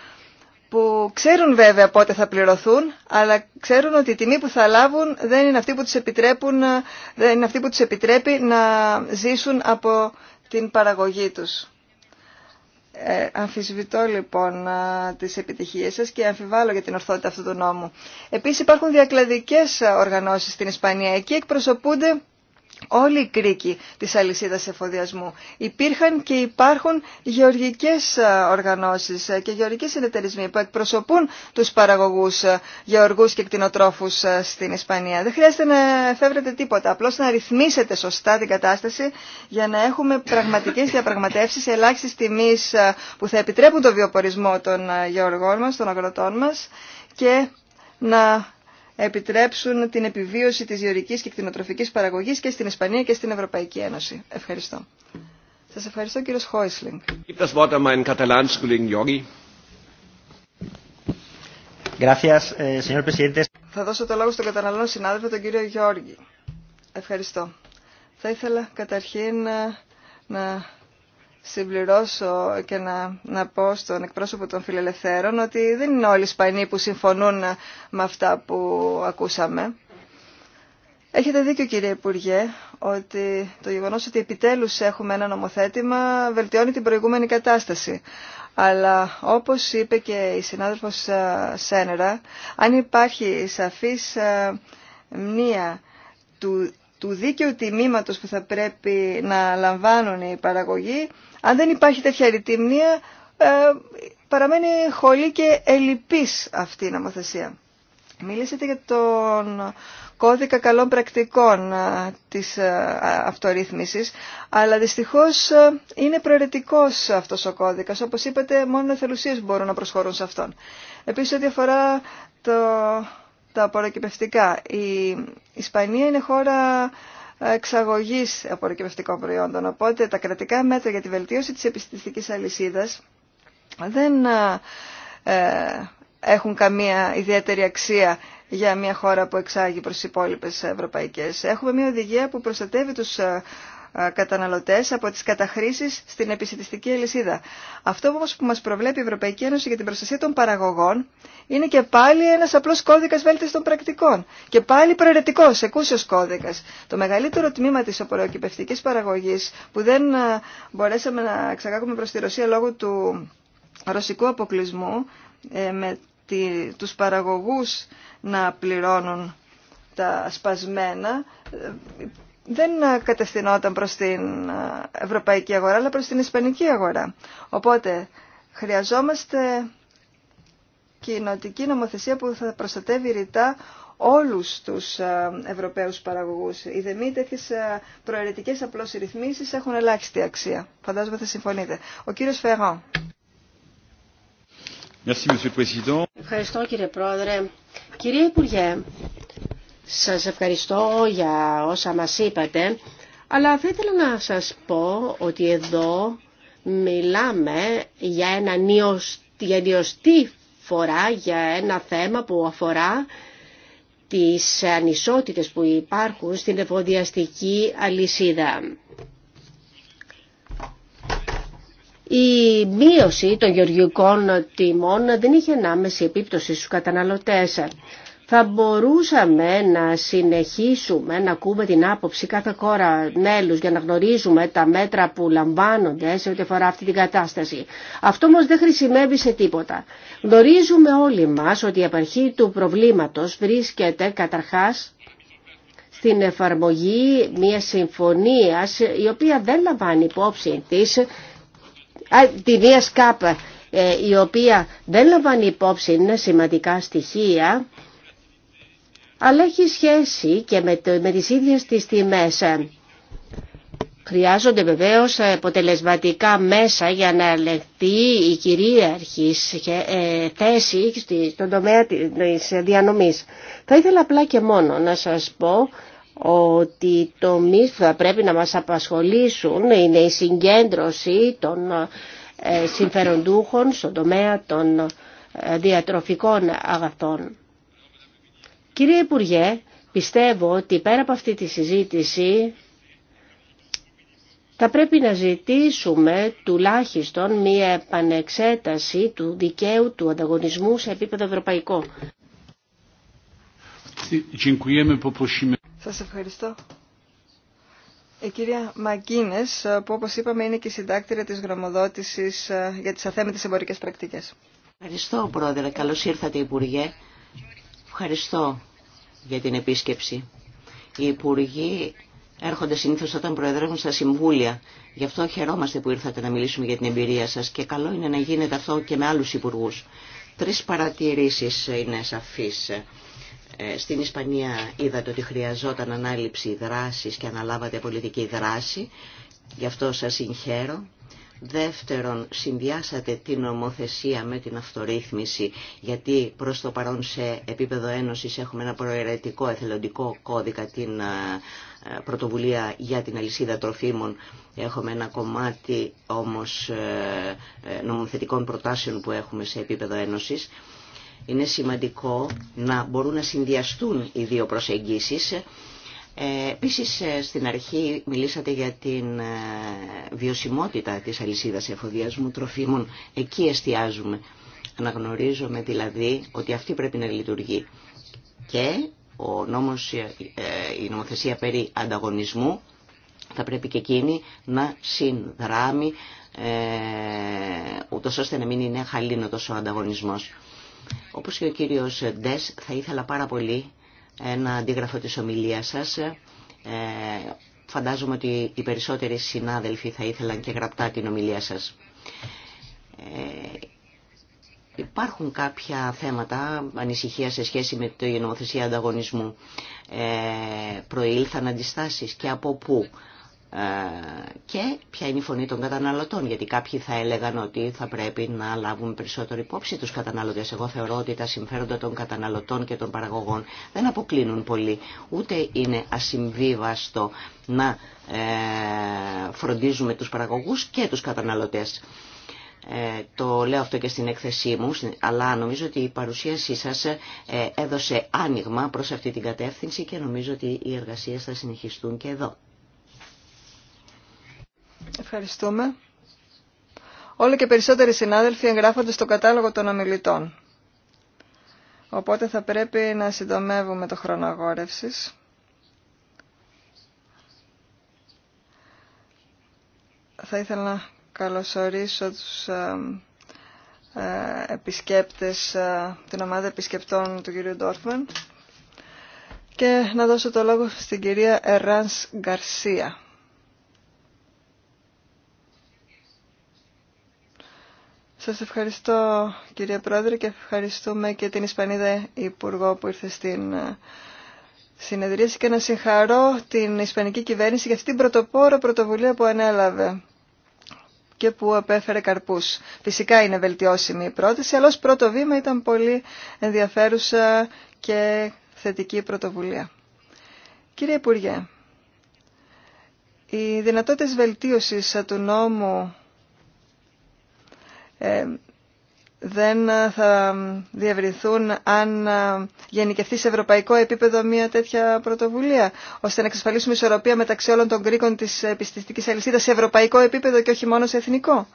που ξέρουν βέβαια πότε θα πληρωθούν, αλλά ξέρουν ότι η τιμή που θα λάβουν δεν είναι αυτή που τους, επιτρέπουν, ε, δεν είναι αυτή που τους επιτρέπει να ζήσουν από την παραγωγή τους. Ε, αμφισβητώ λοιπόν τις επιτυχίες σας και αμφιβάλλω για την ορθότητα αυτού του νόμου. Επίσης υπάρχουν διακλαδικές οργανώσεις στην Ισπανία. Εκεί εκπροσωπούνται όλοι οι κρίκοι της αλυσίδας εφοδιασμού. Υπήρχαν και υπάρχουν γεωργικές ε, οργανώσεις ε, και γεωργικοί συνεταιρισμοί που εκπροσωπούν τους παραγωγούς ε, γεωργούς και κτηνοτρόφους στην Ισπανία. Δεν χρειάζεται να εφεύρετε τίποτα, απλώς να ρυθμίσετε σωστά την κατάσταση για να έχουμε πραγματικές διαπραγματεύσεις ελάχιστης τιμής που θα επιτρέπουν το βιοπορισμό των γεωργών μας, των αγροτών μας και να επιτρέψουν την επιβίωση της γεωρικής και κτηνοτροφικής παραγωγής και στην Ισπανία και στην Ευρωπαϊκή Ένωση. Ευχαριστώ. Σας ευχαριστώ κύριος Χόισλινγκ. Eh, Θα δώσω το λόγο στον καταναλώνο συνάδελφο τον κύριο Γιώργη. Ευχαριστώ. Θα ήθελα καταρχήν ε, να συμπληρώσω και να, να πω στον εκπρόσωπο των φιλελευθέρων ότι δεν είναι όλοι οι Ισπανοί που συμφωνούν με αυτά που ακούσαμε. Έχετε δίκιο κύριε Υπουργέ ότι το γεγονός ότι επιτέλους έχουμε ένα νομοθέτημα βελτιώνει την προηγούμενη κατάσταση. Αλλά όπως είπε και η συνάδελφος ε, Σένερα, αν υπάρχει σαφής ε, μνήα του του δίκαιου τιμήματος που θα πρέπει να λαμβάνουν οι παραγωγοί αν δεν υπάρχει τέτοια ρητήμνια, ε, παραμένει χολή και ελλειπής αυτή η νομοθεσία. Μίλησατε για τον κώδικα καλών πρακτικών ε, της ε, αυτορύθμισης, αλλά δυστυχώς είναι προαιρετικός αυτός ο κώδικας. Όπως είπατε, μόνο οι εθελουσίες μπορούν να προσχωρούν σε αυτόν. Επίσης, ό,τι αφορά το, τα απορροκυπευτικά, η Ισπανία είναι χώρα εξαγωγή απορροκυπευτικών προϊόντων. Οπότε τα κρατικά μέτρα για τη βελτίωση της επιστημιστική αλυσίδας δεν ε, έχουν καμία ιδιαίτερη αξία για μια χώρα που εξάγει προ τι υπόλοιπε ευρωπαϊκές. Έχουμε μια οδηγία που προστατεύει τους ε, καταναλωτές από τις καταχρήσεις στην επισητιστική αλυσίδα. Αυτό όμως που μας προβλέπει η Ευρωπαϊκή Ένωση για την προστασία των παραγωγών είναι και πάλι ένας απλός κώδικας βέλτιστων των πρακτικών και πάλι προαιρετικός, εκούσιος κώδικας. Το μεγαλύτερο τμήμα της απορροκυπευτικής παραγωγής που δεν μπορέσαμε να εξαγάγουμε προς τη Ρωσία λόγω του ρωσικού αποκλεισμού ε, με τους παραγωγούς να πληρώνουν τα σπασμένα ε, δεν κατευθυνόταν προς την ε, ευρωπαϊκή αγορά, αλλά προς την ισπανική αγορά. Οπότε χρειαζόμαστε κοινοτική νομοθεσία που θα προστατεύει ρητά όλους τους ε, ευρωπαίους παραγωγούς. Οι δεμοί τέτοιες ε, προαιρετικές απλώς ρυθμίσεις έχουν ελάχιστη αξία. Φαντάζομαι θα συμφωνείτε. Ο κύριος Φεγόν. Ευχαριστώ κύριε Πρόεδρε. Κύριε Υπουργέ, σας ευχαριστώ για όσα μας είπατε, αλλά θα ήθελα να σας πω ότι εδώ μιλάμε για ένα νιωστή φορά, για ένα θέμα που αφορά τις ανισότητες που υπάρχουν στην εφοδιαστική αλυσίδα. Η μείωση των γεωργικών τιμών δεν είχε ανάμεση επίπτωση στους καταναλωτές θα μπορούσαμε να συνεχίσουμε να ακούμε την άποψη κάθε χώρα μέλους για να γνωρίζουμε τα μέτρα που λαμβάνονται σε ό,τι αφορά αυτή την κατάσταση. Αυτό όμως δεν χρησιμεύει σε τίποτα. Γνωρίζουμε όλοι μας ότι η επαρχή του προβλήματος βρίσκεται καταρχάς στην εφαρμογή μιας συμφωνίας η οποία δεν λαμβάνει υπόψη της τη μία ε, η οποία δεν λαμβάνει υπόψη είναι σημαντικά στοιχεία αλλά έχει σχέση και με, το, με τις ίδιες τις τιμές. Χρειάζονται βεβαίως αποτελεσματικά μέσα για να ελεγχθεί η κυρίαρχη ε, θέση στον τομέα της διανομής. Θα ήθελα απλά και μόνο να σας πω ότι το μύθο θα πρέπει να μας απασχολήσουν είναι η συγκέντρωση των ε, συμφεροντούχων στον τομέα των ε, διατροφικών αγαθών. Κύριε Υπουργέ, πιστεύω ότι πέρα από αυτή τη συζήτηση θα πρέπει να ζητήσουμε τουλάχιστον μία επανεξέταση του δικαίου του ανταγωνισμού σε επίπεδο ευρωπαϊκό. Σας ευχαριστώ. Η ε, κυρία Μαγκίνες, που όπως είπαμε είναι και συντάκτηρα της γραμμοδότησης ε, για τις αθέμετες εμπορικές πρακτικές. Ευχαριστώ πρόεδρε. Καλώς ήρθατε Υπουργέ. Ευχαριστώ για την επίσκεψη. Οι υπουργοί έρχονται συνήθως όταν προεδρεύουν στα συμβούλια. Γι' αυτό χαιρόμαστε που ήρθατε να μιλήσουμε για την εμπειρία σας και καλό είναι να γίνεται αυτό και με άλλους υπουργούς. Τρεις παρατηρήσεις είναι σαφείς. Ε, στην Ισπανία είδατε ότι χρειαζόταν ανάληψη δράσης και αναλάβατε πολιτική δράση. Γι' αυτό σας συγχαίρω. Δεύτερον, συνδυάσατε την νομοθεσία με την αυτορύθμιση, γιατί προς το παρόν σε επίπεδο ένωσης έχουμε ένα προαιρετικό εθελοντικό κώδικα την ε, πρωτοβουλία για την αλυσίδα τροφίμων. Έχουμε ένα κομμάτι όμως ε, ε, νομοθετικών προτάσεων που έχουμε σε επίπεδο ένωσης. Είναι σημαντικό να μπορούν να συνδυαστούν οι δύο προσεγγίσεις ε, επίσης ε, στην αρχή μιλήσατε για την ε, βιωσιμότητα της αλυσίδας εφοδιασμού τροφίμων. Εκεί εστιάζουμε. Αναγνωρίζουμε δηλαδή ότι αυτή πρέπει να λειτουργεί. Και ο νόμος, η νομοθεσία περί ανταγωνισμού θα πρέπει και εκείνη να συνδράμει ε, ούτως ώστε να μην είναι χαλήνοτος ο ανταγωνισμός. Όπως και ο κύριος Ντες θα ήθελα πάρα πολύ ένα αντίγραφο της ομιλίας σας. Ε, φαντάζομαι ότι οι περισσότεροι συνάδελφοι θα ήθελαν και γραπτά την ομιλία σας. Ε, υπάρχουν κάποια θέματα ανησυχία σε σχέση με το νομοθεσία ανταγωνισμού. Ε, προήλθαν αντιστάσεις και από πού. Ε, και ποια είναι η φωνή των καταναλωτών, γιατί κάποιοι θα έλεγαν ότι θα πρέπει να λάβουν περισσότερο υπόψη τους καταναλωτές. Εγώ θεωρώ ότι τα συμφέροντα των καταναλωτών και των παραγωγών δεν αποκλίνουν πολύ, ούτε είναι ασυμβίβαστο να ε, φροντίζουμε τους παραγωγούς και τους καταναλωτές. Ε, το λέω αυτό και στην έκθεσή μου, αλλά νομίζω ότι η παρουσίασή σας έδωσε άνοιγμα προς αυτή την κατεύθυνση και νομίζω ότι οι εργασίες θα συνεχιστούν και εδώ. Ευχαριστούμε. Όλο και περισσότεροι συνάδελφοι εγγράφονται στο κατάλογο των ομιλητών. Οπότε θα πρέπει να συντομεύουμε το χρόνο αγόρευσης. Θα ήθελα να καλωσορίσω τους ε, ε, επισκέπτες, ε, την ομάδα επισκεπτών του κυρίου Ντόρφμαν και να δώσω το λόγο στην κυρία Εράνς Γκαρσία. Σας ευχαριστώ κύριε Πρόεδρε και ευχαριστούμε και την Ισπανίδα Υπουργό που ήρθε στην ε, συνεδρίαση και να συγχαρώ την Ισπανική κυβέρνηση για αυτή την πρωτοπόρο πρωτοβουλία που ανέλαβε και που απέφερε καρπούς. Φυσικά είναι βελτιώσιμη η πρόταση, αλλά ως πρώτο βήμα ήταν πολύ ενδιαφέρουσα και θετική πρωτοβουλία. Κύριε Υπουργέ, οι δυνατότητες βελτίωσης του νόμου ε, δεν θα διευρυνθούν αν γενικευθεί σε ευρωπαϊκό επίπεδο μια τέτοια πρωτοβουλία, ώστε να εξασφαλίσουμε ισορροπία μεταξύ όλων των κρίκων της επιστηστικής αλυσίδας σε ευρωπαϊκό επίπεδο και όχι μόνο σε εθνικό.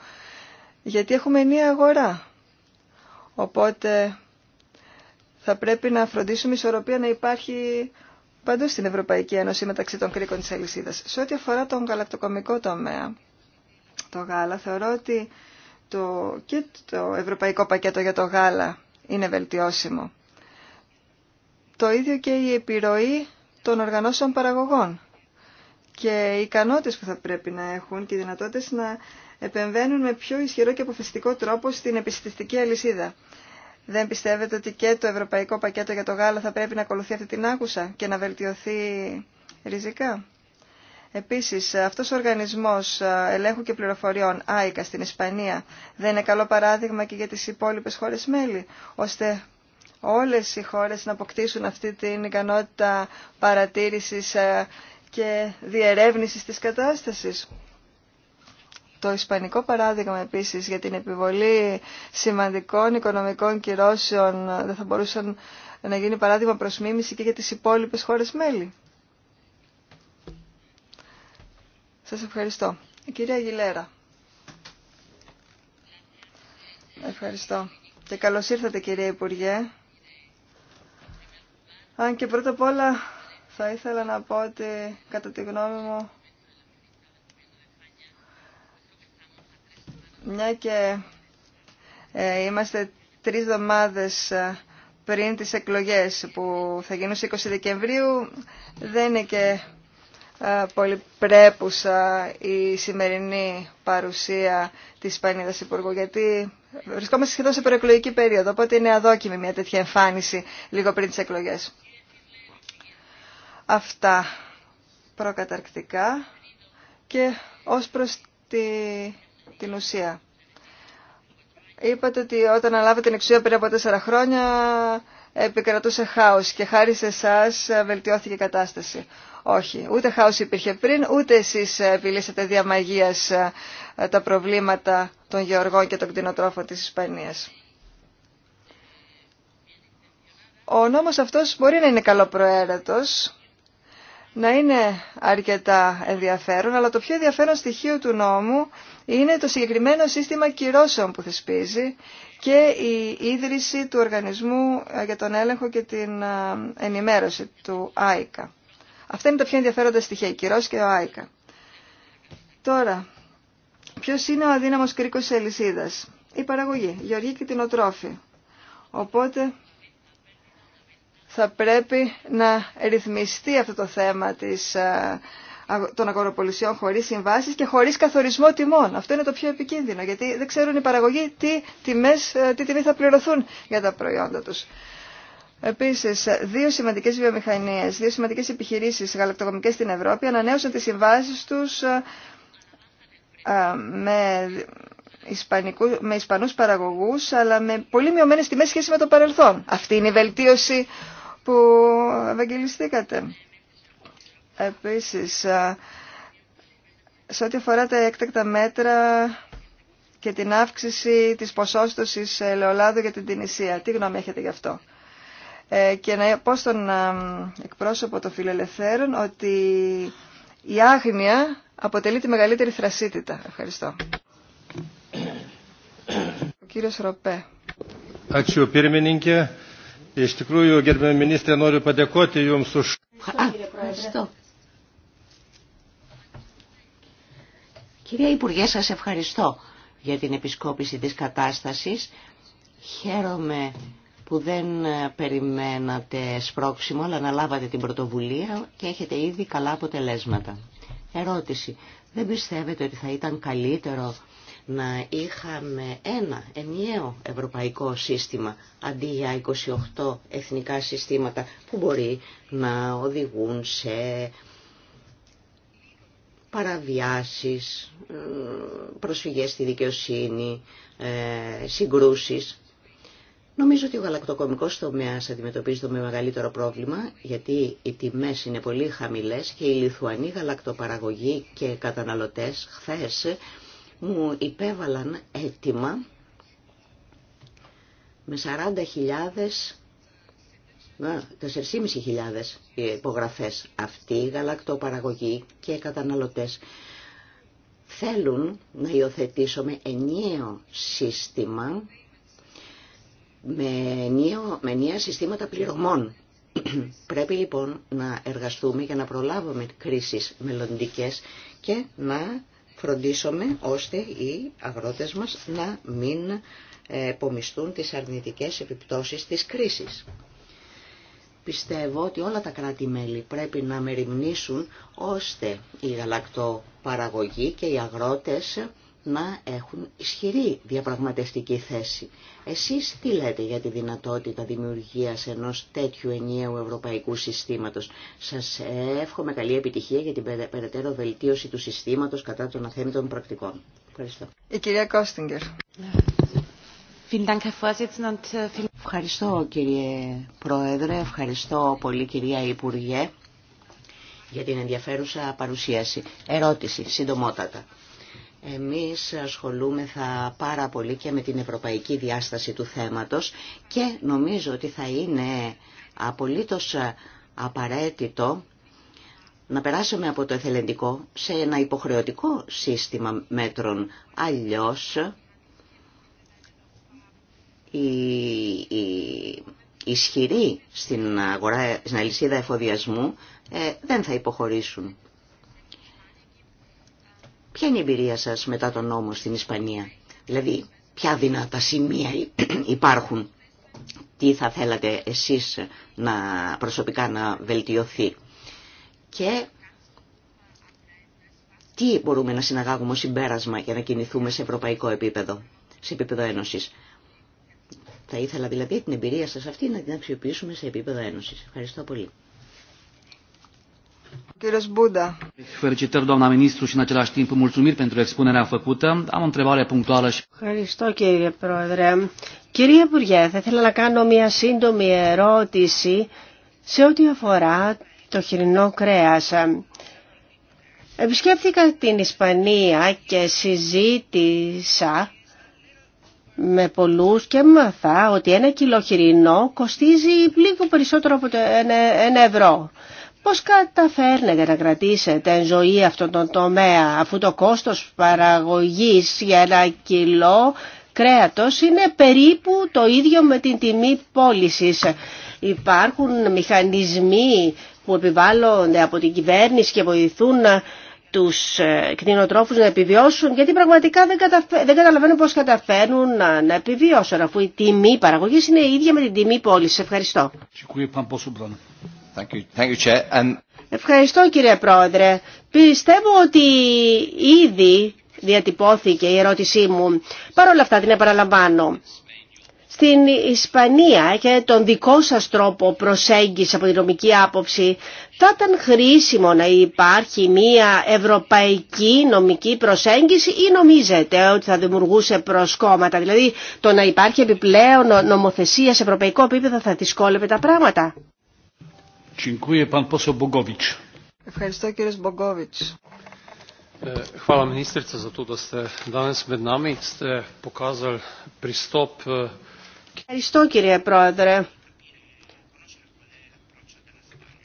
Γιατί έχουμε ενία αγορά. Οπότε θα πρέπει να φροντίσουμε ισορροπία να υπάρχει παντού στην Ευρωπαϊκή Ένωση μεταξύ των κρίκων της αλυσίδας. Σε ό,τι αφορά τον γαλακτοκομικό τομέα, το γάλα θεωρώ ότι το, και το ευρωπαϊκό πακέτο για το γάλα είναι βελτιώσιμο. Το ίδιο και η επιρροή των οργανώσεων παραγωγών και οι ικανότητες που θα πρέπει να έχουν και οι δυνατότητες να επεμβαίνουν με πιο ισχυρό και αποφασιστικό τρόπο στην επιστηστική αλυσίδα. Δεν πιστεύετε ότι και το ευρωπαϊκό πακέτο για το γάλα θα πρέπει να ακολουθεί αυτή την άκουσα και να βελτιωθεί ριζικά. Επίσης, αυτός ο οργανισμός ε, ελέγχου και πληροφοριών, ΆΙΚΑ, στην Ισπανία, δεν είναι καλό παράδειγμα και για τις υπόλοιπες χώρες μέλη, ώστε όλες οι χώρες να αποκτήσουν αυτή την ικανότητα παρατήρησης ε, και διερεύνησης της κατάστασης. Το ισπανικό παράδειγμα επίσης για την επιβολή σημαντικών οικονομικών κυρώσεων ε, δεν θα μπορούσαν να γίνει παράδειγμα προς και για τις υπόλοιπες χώρες μέλη. Σας ευχαριστώ. Η κυρία Γιλέρα. Ευχαριστώ. Και καλώς ήρθατε κυρία Υπουργέ. Αν και πρώτα απ' όλα θα ήθελα να πω ότι κατά τη γνώμη μου μια και ε, είμαστε τρεις εβδομάδες ε, πριν τις εκλογές που θα γίνουν στις 20 Δεκεμβρίου δεν είναι και ε, πρέπουσα η σημερινή παρουσία της Ισπανίδας Υπουργού, γιατί βρισκόμαστε σχεδόν σε προεκλογική περίοδο, οπότε είναι αδόκιμη μια τέτοια εμφάνιση λίγο πριν τις εκλογές. Αυτά προκαταρκτικά και ως προς την ουσία. Είπατε ότι όταν αναλάβετε την εξουσία πριν από τέσσερα χρόνια επικρατούσε χάος και χάρη σε εσά βελτιώθηκε η κατάσταση. Όχι, ούτε χάος υπήρχε πριν, ούτε εσείς ε, επιλύσατε διαμαγείας ε, τα προβλήματα των γεωργών και των κτηνοτρόφων της Ισπανίας. Ο νόμος αυτός μπορεί να είναι καλοπροαίρετος, να είναι αρκετά ενδιαφέρον, αλλά το πιο ενδιαφέρον στοιχείο του νόμου είναι το συγκεκριμένο σύστημα κυρώσεων που θεσπίζει και η ίδρυση του Οργανισμού ε, για τον Έλεγχο και την Ενημέρωση του ΆΙΚΑ. Αυτά είναι τα πιο ενδιαφέροντα στοιχεία, η Κυρός και ο Άικα. Τώρα, ποιο είναι ο αδύναμο κρίκο τη αλυσίδα. Η παραγωγή, η και την οτρόφη. Οπότε θα πρέπει να ρυθμιστεί αυτό το θέμα της, ε, των αγοροπολισιών χωρίς συμβάσεις και χωρίς καθορισμό τιμών. Αυτό είναι το πιο επικίνδυνο, γιατί δεν ξέρουν οι παραγωγοί τι τιμές, ε, τι τιμή θα πληρωθούν για τα προϊόντα τους. Επίση, δύο σημαντικές βιομηχανίες, δύο σημαντικές επιχειρήσεις γαλακτοκομικές στην Ευρώπη ανανέωσαν τις συμβάσει τους ε, ε, με, με ισπανούς παραγωγούς, αλλά με πολύ μειωμένε τιμέ σχέση με το παρελθόν. Αυτή είναι η βελτίωση που ευαγγελιστήκατε. Επίση, ε, σε ό,τι αφορά τα έκτακτα μέτρα και την αύξηση της ποσόστοσης ελαιολάδου για την Τινησία, τι γνώμη έχετε γι' αυτό. Ε, και να πω στον ε, εκπρόσωπο των φιλελευθέρων ότι η άγνοια αποτελεί τη μεγαλύτερη θρασίτητα. Ευχαριστώ. Ο κύριος Ροπέ. Ευχαριστώ. Κυρία Υπουργέ, σας ευχαριστώ για την επισκόπηση της κατάστασης. Χαίρομαι που δεν περιμένατε σπρόξιμο, αλλά να λάβατε την πρωτοβουλία και έχετε ήδη καλά αποτελέσματα. Ερώτηση. Δεν πιστεύετε ότι θα ήταν καλύτερο να είχαμε ένα ενιαίο ευρωπαϊκό σύστημα αντί για 28 εθνικά συστήματα που μπορεί να οδηγούν σε παραβιάσεις, ε, προσφυγές στη δικαιοσύνη, ε, συγκρούσεις. Νομίζω ότι ο γαλακτοκομικός τομέα αντιμετωπίζει το με μεγαλύτερο πρόβλημα, γιατί οι τιμές είναι πολύ χαμηλές και οι Λιθουανοί γαλακτοπαραγωγοί και καταναλωτές χθε μου υπέβαλαν έτοιμα με 40.000 4.500 υπογραφέ. αυτοί οι γαλακτοπαραγωγοί και οι καταναλωτές θέλουν να υιοθετήσουμε ενιαίο σύστημα με νέα συστήματα πληρωμών. Πρέπει λοιπόν να εργαστούμε για να προλάβουμε κρίσεις μελλοντικέ και να φροντίσουμε ώστε οι αγρότες μας να μην ε, επομιστούν τις αρνητικές επιπτώσεις της κρίσης. Πιστεύω ότι όλα τα κράτη-μέλη πρέπει να μεριμνήσουν ώστε η γαλακτοπαραγωγή και οι αγρότες να έχουν ισχυρή διαπραγματευτική θέση. Εσείς τι λέτε για τη δυνατότητα δημιουργίας ενός τέτοιου ενιαίου ευρωπαϊκού συστήματος. Σας εύχομαι καλή επιτυχία για την περαιτέρω βελτίωση του συστήματος κατά των αθέμητων πρακτικών. Ευχαριστώ. Η κυρία Κόστιγκερ. Äh, ευχαριστώ κύριε Πρόεδρε, ευχαριστώ πολύ κυρία Υπουργέ για την ενδιαφέρουσα παρουσίαση. Ερώτηση, συντομότατα. Εμείς ασχολούμεθα πάρα πολύ και με την ευρωπαϊκή διάσταση του θέματος και νομίζω ότι θα είναι απολύτως απαραίτητο να περάσουμε από το εθελεντικό σε ένα υποχρεωτικό σύστημα μέτρων. Αλλιώς οι, η ισχυροί στην, αγορά, στην αλυσίδα εφοδιασμού ε, δεν θα υποχωρήσουν. Ποια είναι η εμπειρία σας μετά τον νόμο στην Ισπανία, δηλαδή ποια δυνατά σημεία υπάρχουν, τι θα θέλατε εσείς να προσωπικά να βελτιωθεί και τι μπορούμε να συναγάγουμε ως συμπέρασμα για να κινηθούμε σε ευρωπαϊκό επίπεδο, σε επίπεδο ένωσης. Θα ήθελα δηλαδή την εμπειρία σας αυτή να την αξιοποιήσουμε σε επίπεδο ένωσης. Ευχαριστώ πολύ. Κύριος Μπούντα. Ευχαριστώ κύριε Πρόεδρε. Κύριε Υπουργέ, θα ήθελα να κάνω μια σύντομη ερώτηση σε ό,τι αφορά το χοιρινό κρέας. Επισκέφθηκα την Ισπανία και συζήτησα με πολλούς και μαθα ότι ένα κιλό χοιρινό κοστίζει λίγο περισσότερο από ένα ευρώ. Πώς καταφέρνετε να κρατήσετε ζωή αυτόν τον τομέα αφού το κόστος παραγωγής για ένα κιλό κρέατος είναι περίπου το ίδιο με την τιμή πώλησης. Υπάρχουν μηχανισμοί που επιβάλλονται από την κυβέρνηση και βοηθούν τους ε, κτηνοτρόφους να επιβιώσουν γιατί πραγματικά δεν, καταφέ, δεν καταλαβαίνω πώς καταφέρνουν να, επιβιώσουν αφού η τιμή παραγωγής είναι η ίδια με την τιμή πώλησης. Ευχαριστώ. Ευχαριστώ κύριε Πρόεδρε. Πιστεύω ότι ήδη διατυπώθηκε η ερώτησή μου. Παρ' όλα αυτά την επαναλαμβάνω. Στην Ισπανία και τον δικό σας τρόπο προσέγγιση από την νομική άποψη θα ήταν χρήσιμο να υπάρχει μια ευρωπαϊκή νομική προσέγγιση ή νομίζετε ότι θα δημιουργούσε προσκόμματα. Δηλαδή το να υπάρχει επιπλέον νομοθεσία σε ευρωπαϊκό επίπεδο θα δυσκόλευε τα πράγματα. Ευχαριστώ κύριε Πρόεδρε.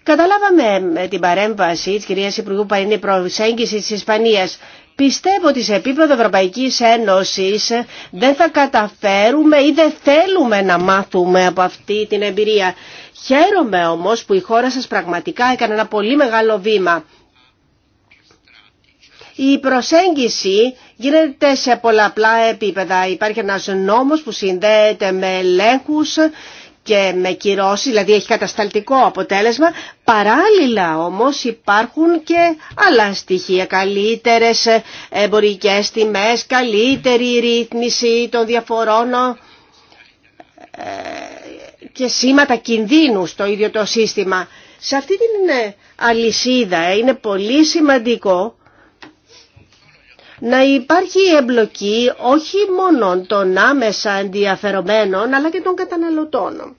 Καταλάβαμε με την παρέμβαση της κυρίας Υπουργού Παρίνη προσέγγιση της Ισπανίας. Πιστεύω ότι σε επίπεδο Ευρωπαϊκής Ένωσης δεν θα καταφέρουμε ή δεν θέλουμε να μάθουμε από αυτή την εμπειρία. Χαίρομαι όμως που η χώρα σας πραγματικά έκανε ένα πολύ μεγάλο βήμα. Η προσέγγιση γίνεται σε πολλαπλά επίπεδα. Υπάρχει ένας νόμος που συνδέεται με ελέγχου και με κυρώσει, δηλαδή έχει κατασταλτικό αποτέλεσμα. Παράλληλα όμως υπάρχουν και άλλα στοιχεία, καλύτερες εμπορικές τιμές, καλύτερη ρύθμιση των διαφορών ε, και σήματα κινδύνου στο ίδιο το σύστημα. Σε αυτή την ε, αλυσίδα είναι πολύ σημαντικό να υπάρχει εμπλοκή όχι μόνο των άμεσα ενδιαφερομένων αλλά και των καταναλωτών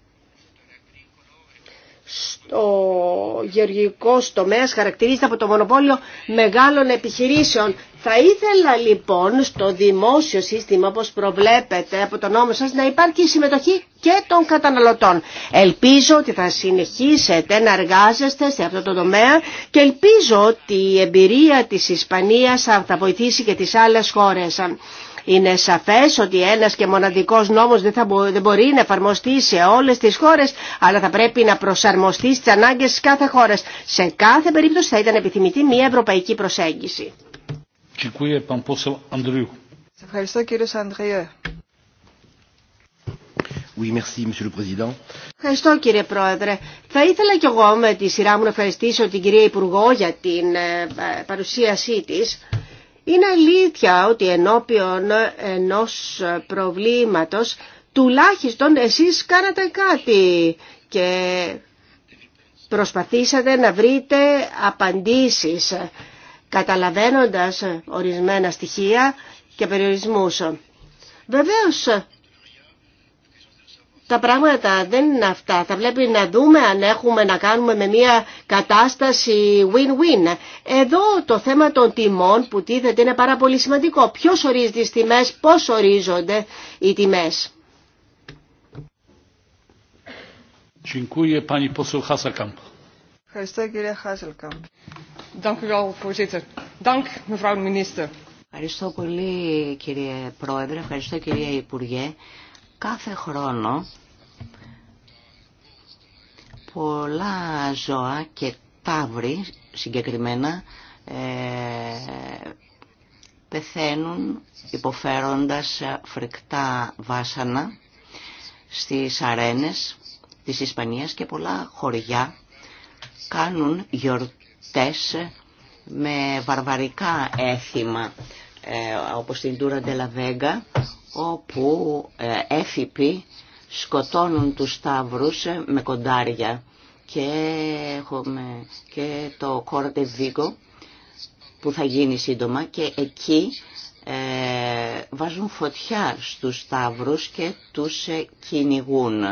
ο γεωργικός τομέας χαρακτηρίζεται από το μονοπόλιο μεγάλων επιχειρήσεων. Θα ήθελα λοιπόν στο δημόσιο σύστημα όπως προβλέπετε από τον νόμο σας να υπάρχει η συμμετοχή και των καταναλωτών. Ελπίζω ότι θα συνεχίσετε να εργάζεστε σε αυτό το τομέα και ελπίζω ότι η εμπειρία της Ισπανίας θα βοηθήσει και τις άλλες χώρες. Είναι σαφές ότι ένας και μοναδικός νόμος δεν, θα δεν μπορεί να εφαρμοστεί σε όλες τις χώρες, αλλά θα πρέπει να προσαρμοστεί στις ανάγκες της κάθε χώρας. Σε κάθε περίπτωση θα ήταν επιθυμητή μια ευρωπαϊκή προσέγγιση. ευχαριστώ κύριε Oui, merci, le Ευχαριστώ κύριε Πρόεδρε. Θα ήθελα κι εγώ με τη σειρά μου να ευχαριστήσω την κυρία Υπουργό για την ε, παρουσίασή της. Είναι αλήθεια ότι ενώπιον ενός προβλήματος τουλάχιστον εσείς κάνατε κάτι και προσπαθήσατε να βρείτε απαντήσεις καταλαβαίνοντας ορισμένα στοιχεία και περιορισμούς. Βεβαίως τα πράγματα δεν είναι αυτά. Θα βλέπει να δούμε αν έχουμε να κάνουμε με μια κατάσταση win-win. Εδώ το θέμα των τιμών που τίθεται είναι πάρα πολύ σημαντικό. Ποιος ορίζει τις τιμές, πώς ορίζονται οι τιμές. Ευχαριστώ κύριε Ευχαριστώ πολύ κύριε Πρόεδρε, ευχαριστώ κύριε Υπουργέ. Κάθε χρόνο πολλά ζώα και τάβροι συγκεκριμένα ε, πεθαίνουν υποφέροντας φρικτά βάσανα στις αρένες της Ισπανίας και πολλά χωριά κάνουν γιορτές με βαρβαρικά έθιμα ε, όπως την Τούρα όπου ε, έφυποι σκοτώνουν τους σταύρους ε, με κοντάρια και έχουμε και το Κόρτε Βίγκο που θα γίνει σύντομα και εκεί ε, βάζουν φωτιά στους σταύρους και τους κυνηγούν.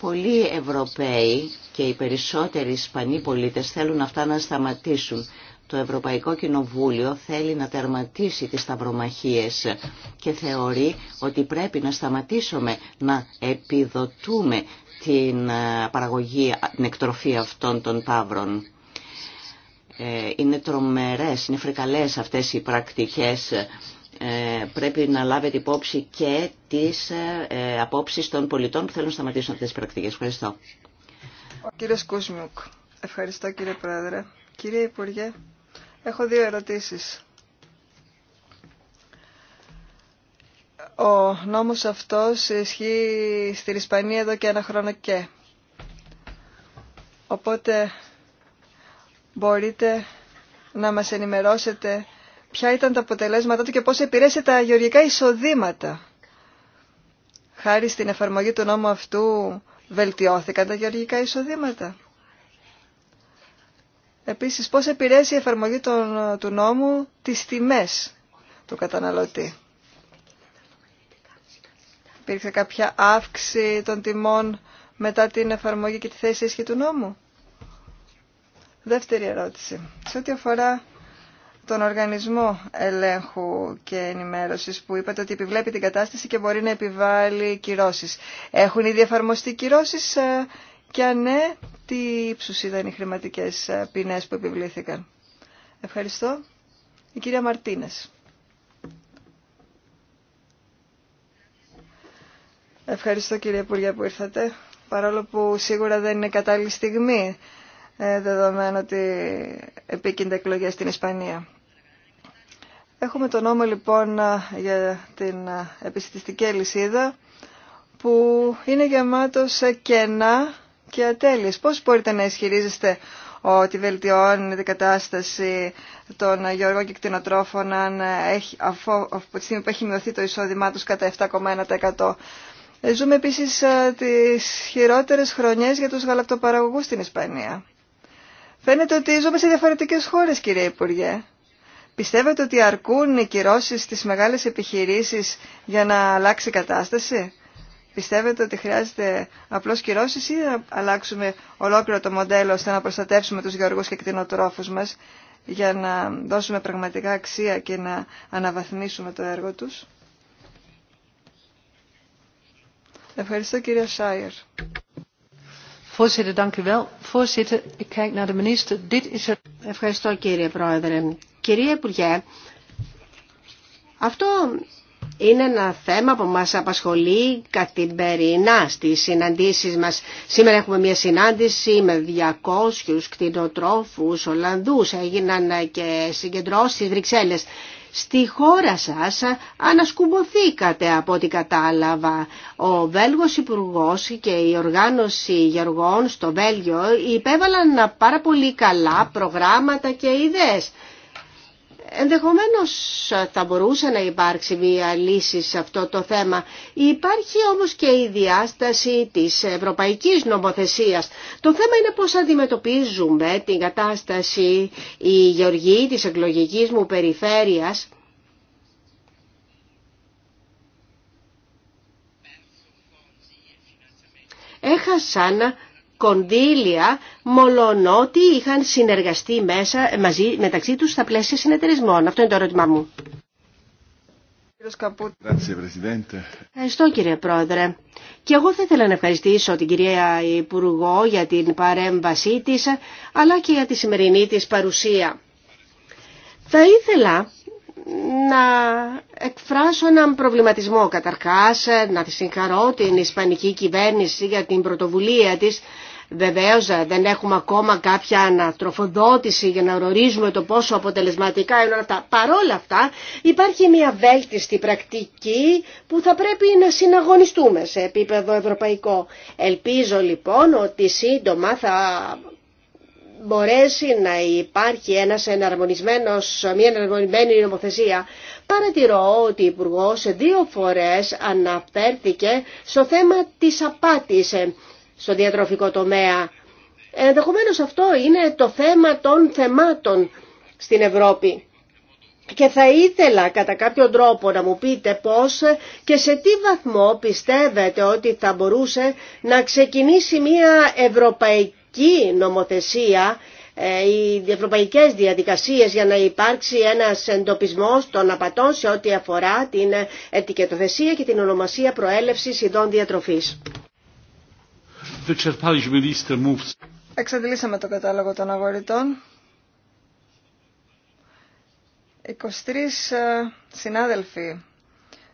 Πολλοί Ευρωπαίοι και οι περισσότεροι Ισπανοί πολίτες θέλουν αυτά να σταματήσουν το Ευρωπαϊκό Κοινοβούλιο θέλει να τερματίσει τις σταυρομαχίες και θεωρεί ότι πρέπει να σταματήσουμε να επιδοτούμε την ε, παραγωγή, την εκτροφή αυτών των ταύρων. Ε, είναι τρομερές, είναι φρικαλές αυτές οι πρακτικές. Ε, πρέπει να λάβετε υπόψη και τις απόψεις των πολιτών που θέλουν να σταματήσουν αυτές τις πρακτικές. Ευχαριστώ. Κύριε Σκούσμιουκ, Ευχαριστώ κύριε Πρόεδρε. Κύριε Υπουργέ, Έχω δύο ερωτήσεις. Ο νόμος αυτός ισχύει στη Ισπανία εδώ και ένα χρόνο και. Οπότε μπορείτε να μας ενημερώσετε ποια ήταν τα αποτελέσματά του και πώς επηρέασε τα γεωργικά εισοδήματα. Χάρη στην εφαρμογή του νόμου αυτού βελτιώθηκαν τα γεωργικά εισοδήματα. Επίσης, πώς επηρέασε η εφαρμογή των, του νόμου τις τιμές του καταναλωτή. Υπήρξε κάποια αύξηση των τιμών μετά την εφαρμογή και τη θέση ίσχυ του νόμου. Δεύτερη ερώτηση. Σε ό,τι αφορά τον οργανισμό ελέγχου και ενημέρωσης που είπατε ότι επιβλέπει την κατάσταση και μπορεί να επιβάλλει κυρώσεις. Έχουν ήδη εφαρμοστεί κυρώσεις ε, και αν ναι, τι ύψους ήταν οι χρηματικές ε, ποινές που επιβλήθηκαν. Ευχαριστώ. Η κυρία Μαρτίνες. Ευχαριστώ κυρία Υπουργέ που ήρθατε. Παρόλο που σίγουρα δεν είναι κατάλληλη στιγμή, ε, δεδομένου ότι επίκυνται εκλογέ στην Ισπανία. Έχουμε τον νόμο λοιπόν ε, για την επιστημιστική αλυσίδα που είναι γεμάτος κενά και ατέλειες. Πώς μπορείτε να ισχυρίζεστε ότι βελτιώνει την κατάσταση των γεωργών και κτηνοτρόφων αν έχει, αφού, από τη στιγμή που έχει μειωθεί το εισόδημά τους κατά 7,1%. Ζούμε επίσης ε, τις χειρότερες χρονιές για τους γαλακτοπαραγωγούς στην Ισπανία. Φαίνεται ότι ζούμε σε διαφορετικές χώρες κύριε Υπουργέ. Πιστεύετε ότι αρκούν οι κυρώσεις στις μεγάλες επιχειρήσεις για να αλλάξει η κατάσταση. Πιστεύετε ότι χρειάζεται απλώς κυρώσεις ή να αλλάξουμε ολόκληρο το μοντέλο ώστε να προστατεύσουμε τους γεωργούς και κτηνοτρόφους μας για να δώσουμε πραγματικά αξία και να αναβαθμίσουμε το έργο τους. Ευχαριστώ κύριε Σάιερ. Ευχαριστώ κύριε Πρόεδρε. Κυρία Υπουργέ, αυτό είναι ένα θέμα που μας απασχολεί καθημερινά στις συναντήσεις μας. Σήμερα έχουμε μια συνάντηση με 200 κτηνοτρόφους Ολλανδούς. Έγιναν και συγκεντρώσεις στις Στη χώρα σας ανασκουμποθήκατε από ό,τι κατάλαβα. Ο Βέλγος Υπουργός και η Οργάνωση Γεωργών στο Βέλγιο υπέβαλαν πάρα πολύ καλά προγράμματα και ιδέες. Ενδεχομένως θα μπορούσε να υπάρξει μία λύση σε αυτό το θέμα. Υπάρχει όμως και η διάσταση της ευρωπαϊκής νομοθεσίας. Το θέμα είναι πώς αντιμετωπίζουμε την κατάσταση η γεωργή της εκλογικής μου περιφέρειας. Έχασαν κονδύλια μολονότι είχαν συνεργαστεί μέσα, μαζί, μεταξύ τους στα πλαίσια συνεταιρισμών. Αυτό είναι το ερώτημά μου. Ευχαριστώ κύριε Πρόεδρε. Και εγώ θα ήθελα να ευχαριστήσω την κυρία Υπουργό για την παρέμβασή της, αλλά και για τη σημερινή της παρουσία. Θα ήθελα να εκφράσω έναν προβληματισμό καταρχάς, να τη συγχαρώ την Ισπανική κυβέρνηση για την πρωτοβουλία της Βεβαίω ε, δεν έχουμε ακόμα κάποια ανατροφοδότηση για να ορίζουμε το πόσο αποτελεσματικά είναι όλα αυτά. Παρόλα αυτά υπάρχει μια βέλτιστη πρακτική που θα πρέπει να συναγωνιστούμε σε επίπεδο ευρωπαϊκό. Ελπίζω λοιπόν ότι σύντομα θα μπορέσει να υπάρχει ένας εναρμονισμένος, μια εναρμονισμένη νομοθεσία. Παρατηρώ ότι ο Υπουργό δύο φορές αναφέρθηκε στο θέμα της απάτης ε, στο διατροφικό τομέα. Ενδεχομένως αυτό είναι το θέμα των θεμάτων στην Ευρώπη. Και θα ήθελα κατά κάποιο τρόπο να μου πείτε πώς και σε τι βαθμό πιστεύετε ότι θα μπορούσε να ξεκινήσει μια ευρωπαϊκή νομοθεσία ε, οι ευρωπαϊκές διαδικασίες για να υπάρξει ένας εντοπισμός των απατών σε ό,τι αφορά την ετικετοθεσία και την ονομασία προέλευσης ειδών διατροφής. Εξαντλήσαμε το κατάλογο των αγορητών. 23 ε, συνάδελφοι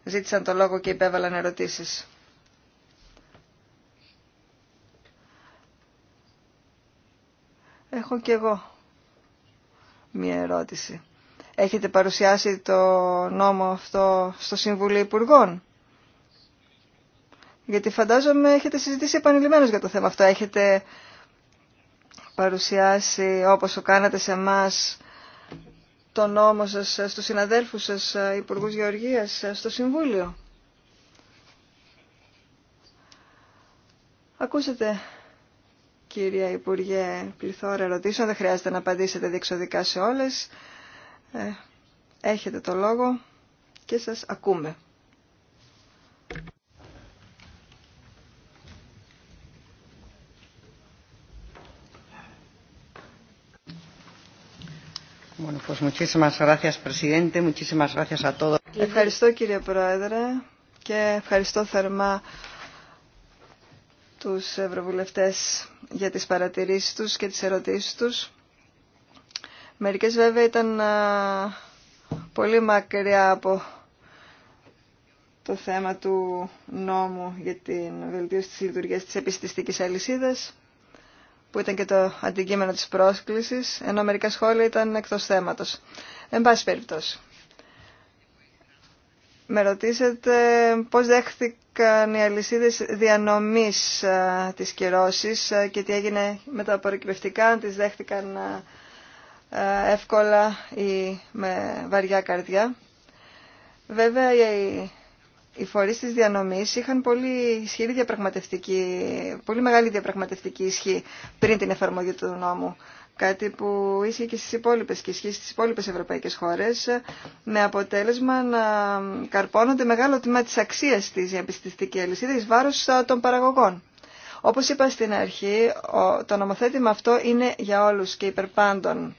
ζήτησαν το λόγο και υπέβαλαν ερωτήσεις. Έχω κι εγώ μία ερώτηση. Έχετε παρουσιάσει το νόμο αυτό στο Συμβουλίο Υπουργών γιατί φαντάζομαι έχετε συζητήσει επανειλημμένω για το θέμα αυτό. Έχετε παρουσιάσει όπως το κάνατε σε εμά τον νόμο σας στους συναδέλφους σας, Υπουργούς Γεωργίας, στο Συμβούλιο. Ακούσατε, κυρία Υπουργέ, πληθώρα ερωτήσεων. Δεν χρειάζεται να απαντήσετε διεξοδικά σε όλες. Ε, έχετε το λόγο και σας ακούμε. Ευχαριστώ κύριε Πρόεδρε και ευχαριστώ θερμά τους ευρωβουλευτές για τις παρατηρήσεις τους και τις ερωτήσεις τους. Μερικές βέβαια ήταν πολύ μακριά από το θέμα του νόμου για την βελτίωση της λειτουργίας της επιστηστικής αλυσίδας που ήταν και το αντικείμενο της πρόσκλησης, ενώ μερικά σχόλια ήταν εκτός θέματος. Εν πάση περιπτώσει. Με ρωτήσετε πώς δέχθηκαν οι αλυσίδες διανομής της κυρώσης και τι έγινε με τα απορροκυπευτικά, αν τις δέχτηκαν εύκολα ή με βαριά καρδιά. Βέβαια, οι οι φορεί τη διανομή είχαν πολύ, ισχυρή διαπραγματευτική, πολύ μεγάλη διαπραγματευτική ισχύ πριν την εφαρμογή του νόμου. Κάτι που ίσχυε και στις υπόλοιπες και ισχύει στις υπόλοιπες ευρωπαϊκές χώρες με αποτέλεσμα να καρπώνονται μεγάλο τμήμα της αξίας της διαπιστιστικής αλυσίδα βάρος ε, των παραγωγών. Όπως είπα στην αρχή, το νομοθέτημα αυτό είναι για όλους και υπερπάντων.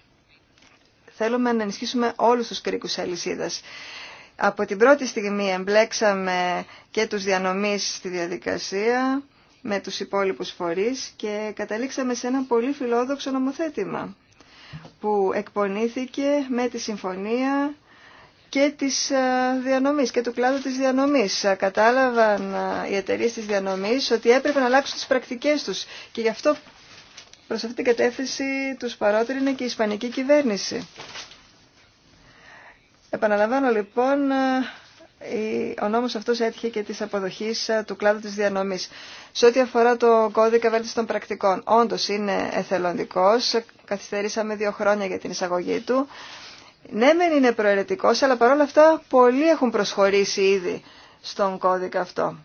Θέλουμε να ενισχύσουμε όλους τους κρίκους αλυσίδας από την πρώτη στιγμή εμπλέξαμε και τους διανομής στη διαδικασία με τους υπόλοιπους φορείς και καταλήξαμε σε ένα πολύ φιλόδοξο νομοθέτημα που εκπονήθηκε με τη συμφωνία και της ε, διανομής και του κλάδου της διανομής. Ε, κατάλαβαν ε, οι εταιρείε της διανομής ότι έπρεπε να αλλάξουν τις πρακτικές τους και γι' αυτό προς αυτή την κατεύθυνση τους παρότρινε και η Ισπανική κυβέρνηση. Επαναλαμβάνω λοιπόν, ε, ο νόμος αυτός έτυχε και της αποδοχής ε, του κλάδου της διανομής. Σε ό,τι αφορά το κώδικα βέλτιστων των πρακτικών, όντως είναι εθελοντικός, καθυστερήσαμε δύο χρόνια για την εισαγωγή του. Ναι, μεν είναι προαιρετικός, αλλά παρόλα αυτά πολλοί έχουν προσχωρήσει ήδη στον κώδικα αυτό.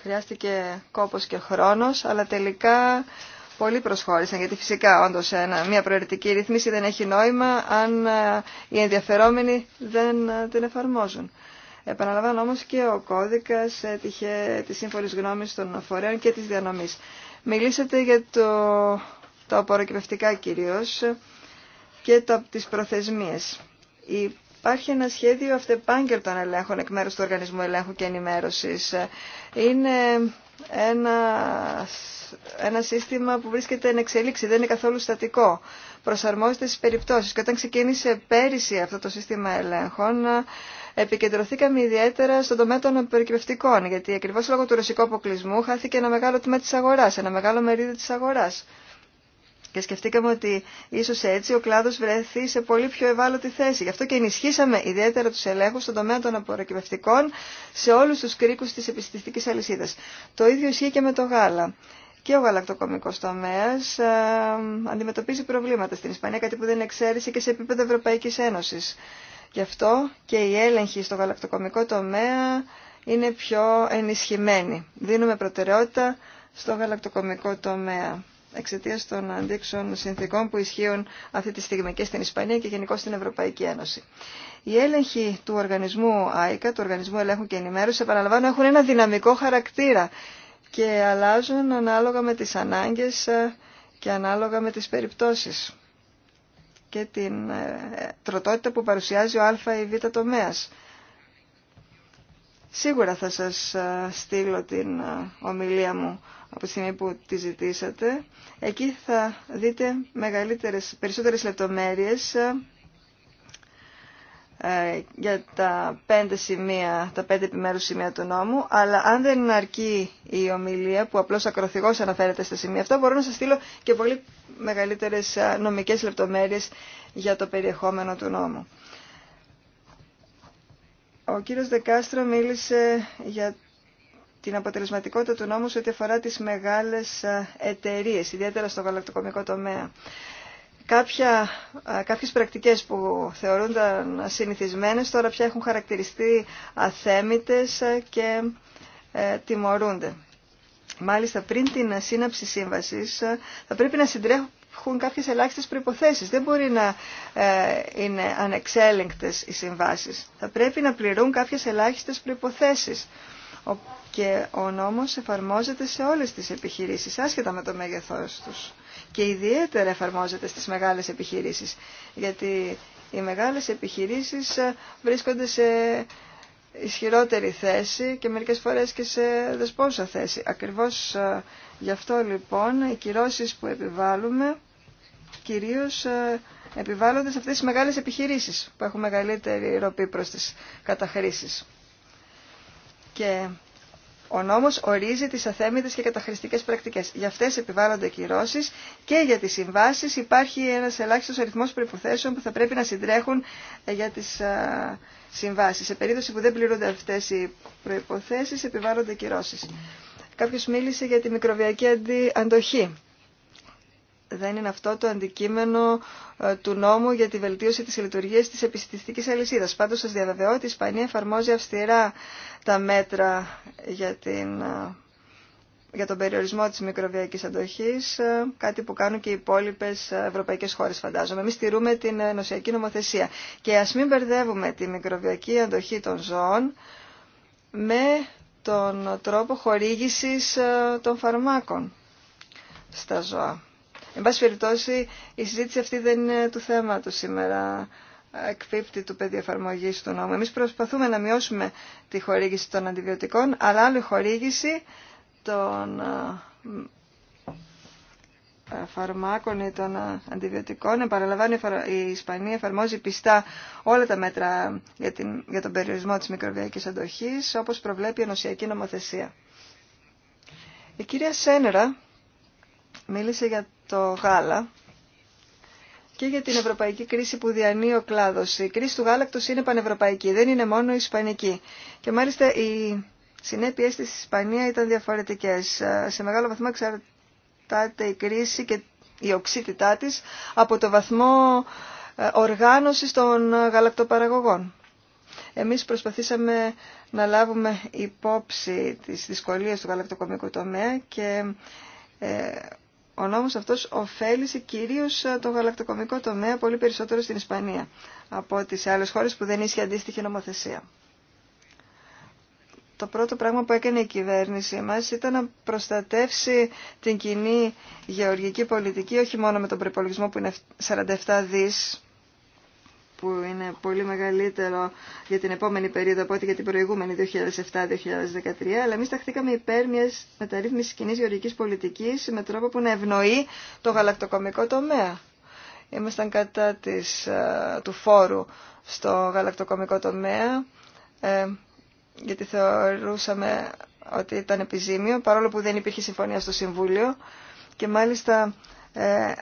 Χρειάστηκε κόπος και χρόνος, αλλά τελικά πολύ προσχώρησαν, γιατί φυσικά όντω μια προαιρετική ρυθμίση δεν έχει νόημα αν ε, οι ενδιαφερόμενοι δεν ε, την εφαρμόζουν. Επαναλαμβάνω όμω και ο κώδικας έτυχε τη σύμφωνη γνώμη των φορέων και της διανομής. Μιλήσατε για το, τα απορροκυπευτικά κυρίως και τι προθεσμίε. Υπάρχει ένα σχέδιο αυτεπάγγελτων ελέγχων εκ μέρου του Οργανισμού Ελέγχου και ενημέρωση. Είναι ένα, ένα σύστημα που βρίσκεται εν εξελίξη, δεν είναι καθόλου στατικό. Προσαρμόζεται στις περιπτώσεις. Και όταν ξεκίνησε πέρυσι αυτό το σύστημα ελέγχων, επικεντρωθήκαμε ιδιαίτερα στον τομέα των περικυπευτικών, γιατί ακριβώς λόγω του ρωσικού αποκλεισμού χάθηκε ένα μεγάλο τμήμα της αγοράς, ένα μεγάλο μερίδιο της αγοράς. Και σκεφτήκαμε ότι ίσως έτσι ο κλάδος βρεθεί σε πολύ πιο ευάλωτη θέση. Γι' αυτό και ενισχύσαμε ιδιαίτερα τους ελέγχους στον τομέα των απορροκυπευτικών σε όλους τους κρίκους της επιστηστικής αλυσίδας. Το ίδιο ισχύει και με το γάλα. Και ο γαλακτοκομικός τομέας ε, αντιμετωπίζει προβλήματα στην Ισπανία, κάτι που δεν εξαίρεσε και σε επίπεδο Ευρωπαϊκής Ένωσης. Γι' αυτό και η έλεγχη στο γαλακτοκομικό τομέα είναι πιο ενισχυμένη. Δίνουμε προτεραιότητα στο γαλακτοκομικό τομέα εξαιτία των αντίξεων συνθήκων που ισχύουν αυτή τη στιγμή και στην Ισπανία και γενικώ στην Ευρωπαϊκή Ένωση. Οι έλεγχοι του οργανισμού ΑΕΚΑ, του Οργανισμού Ελέγχου και Ενημέρωση, επαναλαμβάνω, έχουν ένα δυναμικό χαρακτήρα και αλλάζουν ανάλογα με τι ανάγκε ε, και ανάλογα με τι περιπτώσει και την ε, τροτότητα που παρουσιάζει ο Α ή Β Σίγουρα θα σας ε, στείλω την ε, ομιλία μου από τη στιγμή που τη ζητήσατε. Εκεί θα δείτε μεγαλύτερες, περισσότερες λεπτομέρειες ε, για τα πέντε σημεία, τα πέντε επιμέρους σημεία του νόμου, αλλά αν δεν αρκεί η ομιλία που απλώς ακροθυγώς αναφέρεται στα σημεία αυτά, μπορώ να σας στείλω και πολύ μεγαλύτερες νομικές λεπτομέρειες για το περιεχόμενο του νόμου. Ο κύριος Δεκάστρο μίλησε για την αποτελεσματικότητα του νόμου σε ό,τι αφορά τις μεγάλες ε, εταιρείες, ιδιαίτερα στο γαλακτοκομικό τομέα. Κάποια, ε, κάποιες πρακτικές που θεωρούνταν συνηθισμένες τώρα πια έχουν χαρακτηριστεί αθέμητες ε, και τιμωρούνται. Μάλιστα πριν την σύναψη σύμβασης θα πρέπει να συντρέχουν έχουν κάποιες ελάχιστες προϋποθέσεις. Δεν μπορεί να ε, είναι ανεξέλεγκτες οι συμβάσεις. Θα πρέπει να πληρούν κάποιες ελάχιστες προϋποθέσεις. Και ο νόμος εφαρμόζεται σε όλες τις επιχειρήσεις, άσχετα με το μέγεθός τους. Και ιδιαίτερα εφαρμόζεται στις μεγάλες επιχειρήσεις. Γιατί οι μεγάλες επιχειρήσεις ε, βρίσκονται σε ισχυρότερη θέση και μερικές φορές και σε δεσπόσα θέση. Ακριβώς ε, Γι' αυτό λοιπόν οι κυρώσεις που επιβάλλουμε κυρίως ε, επιβάλλονται σε αυτές τις μεγάλες επιχειρήσεις που έχουν μεγαλύτερη ροπή προς τις καταχρήσεις. Και ο νόμος ορίζει τις αθέμητες και καταχρηστικές πρακτικές. Γι' αυτές επιβάλλονται κυρώσεις και για τις συμβάσεις υπάρχει ένας ελάχιστος αριθμός προϋποθέσεων που θα πρέπει να συντρέχουν ε, για τις ε, συμβάσεις. Σε περίπτωση που δεν πληρούνται αυτές οι προϋποθέσεις επιβάλλονται κυρώσεις. Κάποιος μίλησε για τη μικροβιακή αντοχή. Δεν είναι αυτό το αντικείμενο ε, του νόμου για τη βελτίωση της λειτουργίας της επιστημιστικής αλυσίδας. Πάντως σας διαβεβαιώ ότι η Ισπανία εφαρμόζει αυστηρά τα μέτρα για, την, ε, για τον περιορισμό της μικροβιακής αντοχής, ε, κάτι που κάνουν και οι υπόλοιπες ευρωπαϊκές χώρες φαντάζομαι. Εμείς στηρούμε την ενωσιακή νομοθεσία και ας μην μπερδεύουμε τη μικροβιακή αντοχή των ζώων με τον τρόπο χορήγησης ε, των φαρμάκων στα ζώα. Εν πάση περιπτώσει, η συζήτηση αυτή δεν είναι του θέματος σήμερα ε, εκπίπτει του πεδίου εφαρμογή του νόμου. Εμείς προσπαθούμε να μειώσουμε τη χορήγηση των αντιβιωτικών, αλλά άλλη χορήγηση των ε, φαρμάκων ή των αντιβιωτικών. Επαναλαμβάνω, η Ισπανία εφαρμόζει πιστά όλα τα μέτρα για, την, για τον περιορισμό της μικροβιακής αντοχής, όπως προβλέπει η ενωσιακή νομοθεσία. Η κυρία Σένερα μίλησε για το γάλα και για την ευρωπαϊκή κρίση που διανύει ο κλάδος. Η κρίση του γάλακτος είναι πανευρωπαϊκή, δεν είναι μόνο ισπανική. Και μάλιστα η συνέπειε τη Ισπανία ήταν διαφορετικέ. Σε μεγάλο βαθμό εξαρτάται εξαρτάται η κρίση και η οξύτητά της από το βαθμό ε, οργάνωσης των γαλακτοπαραγωγών. Εμείς προσπαθήσαμε να λάβουμε υπόψη τις δυσκολίες του γαλακτοκομικού τομέα και ε, ο νόμος αυτός ωφέλησε κυρίως ε, το γαλακτοκομικό τομέα πολύ περισσότερο στην Ισπανία από τις άλλες χώρες που δεν ίσχυε αντίστοιχη νομοθεσία το πρώτο πράγμα που έκανε η κυβέρνηση μας ήταν να προστατεύσει την κοινή γεωργική πολιτική, όχι μόνο με τον προπολογισμό που είναι 47 δις, που είναι πολύ μεγαλύτερο για την επόμενη περίοδο από ό,τι για την προηγούμενη 2007-2013, αλλά εμεί ταχθήκαμε υπέρ μια μεταρρύθμιση κοινή γεωργική πολιτική με τρόπο που να ευνοεί το γαλακτοκομικό τομέα. Ήμασταν κατά της, ε, του φόρου στο γαλακτοκομικό τομέα. Ε, γιατί θεωρούσαμε ότι ήταν επιζήμιο, παρόλο που δεν υπήρχε συμφωνία στο Συμβούλιο και μάλιστα 15 ε,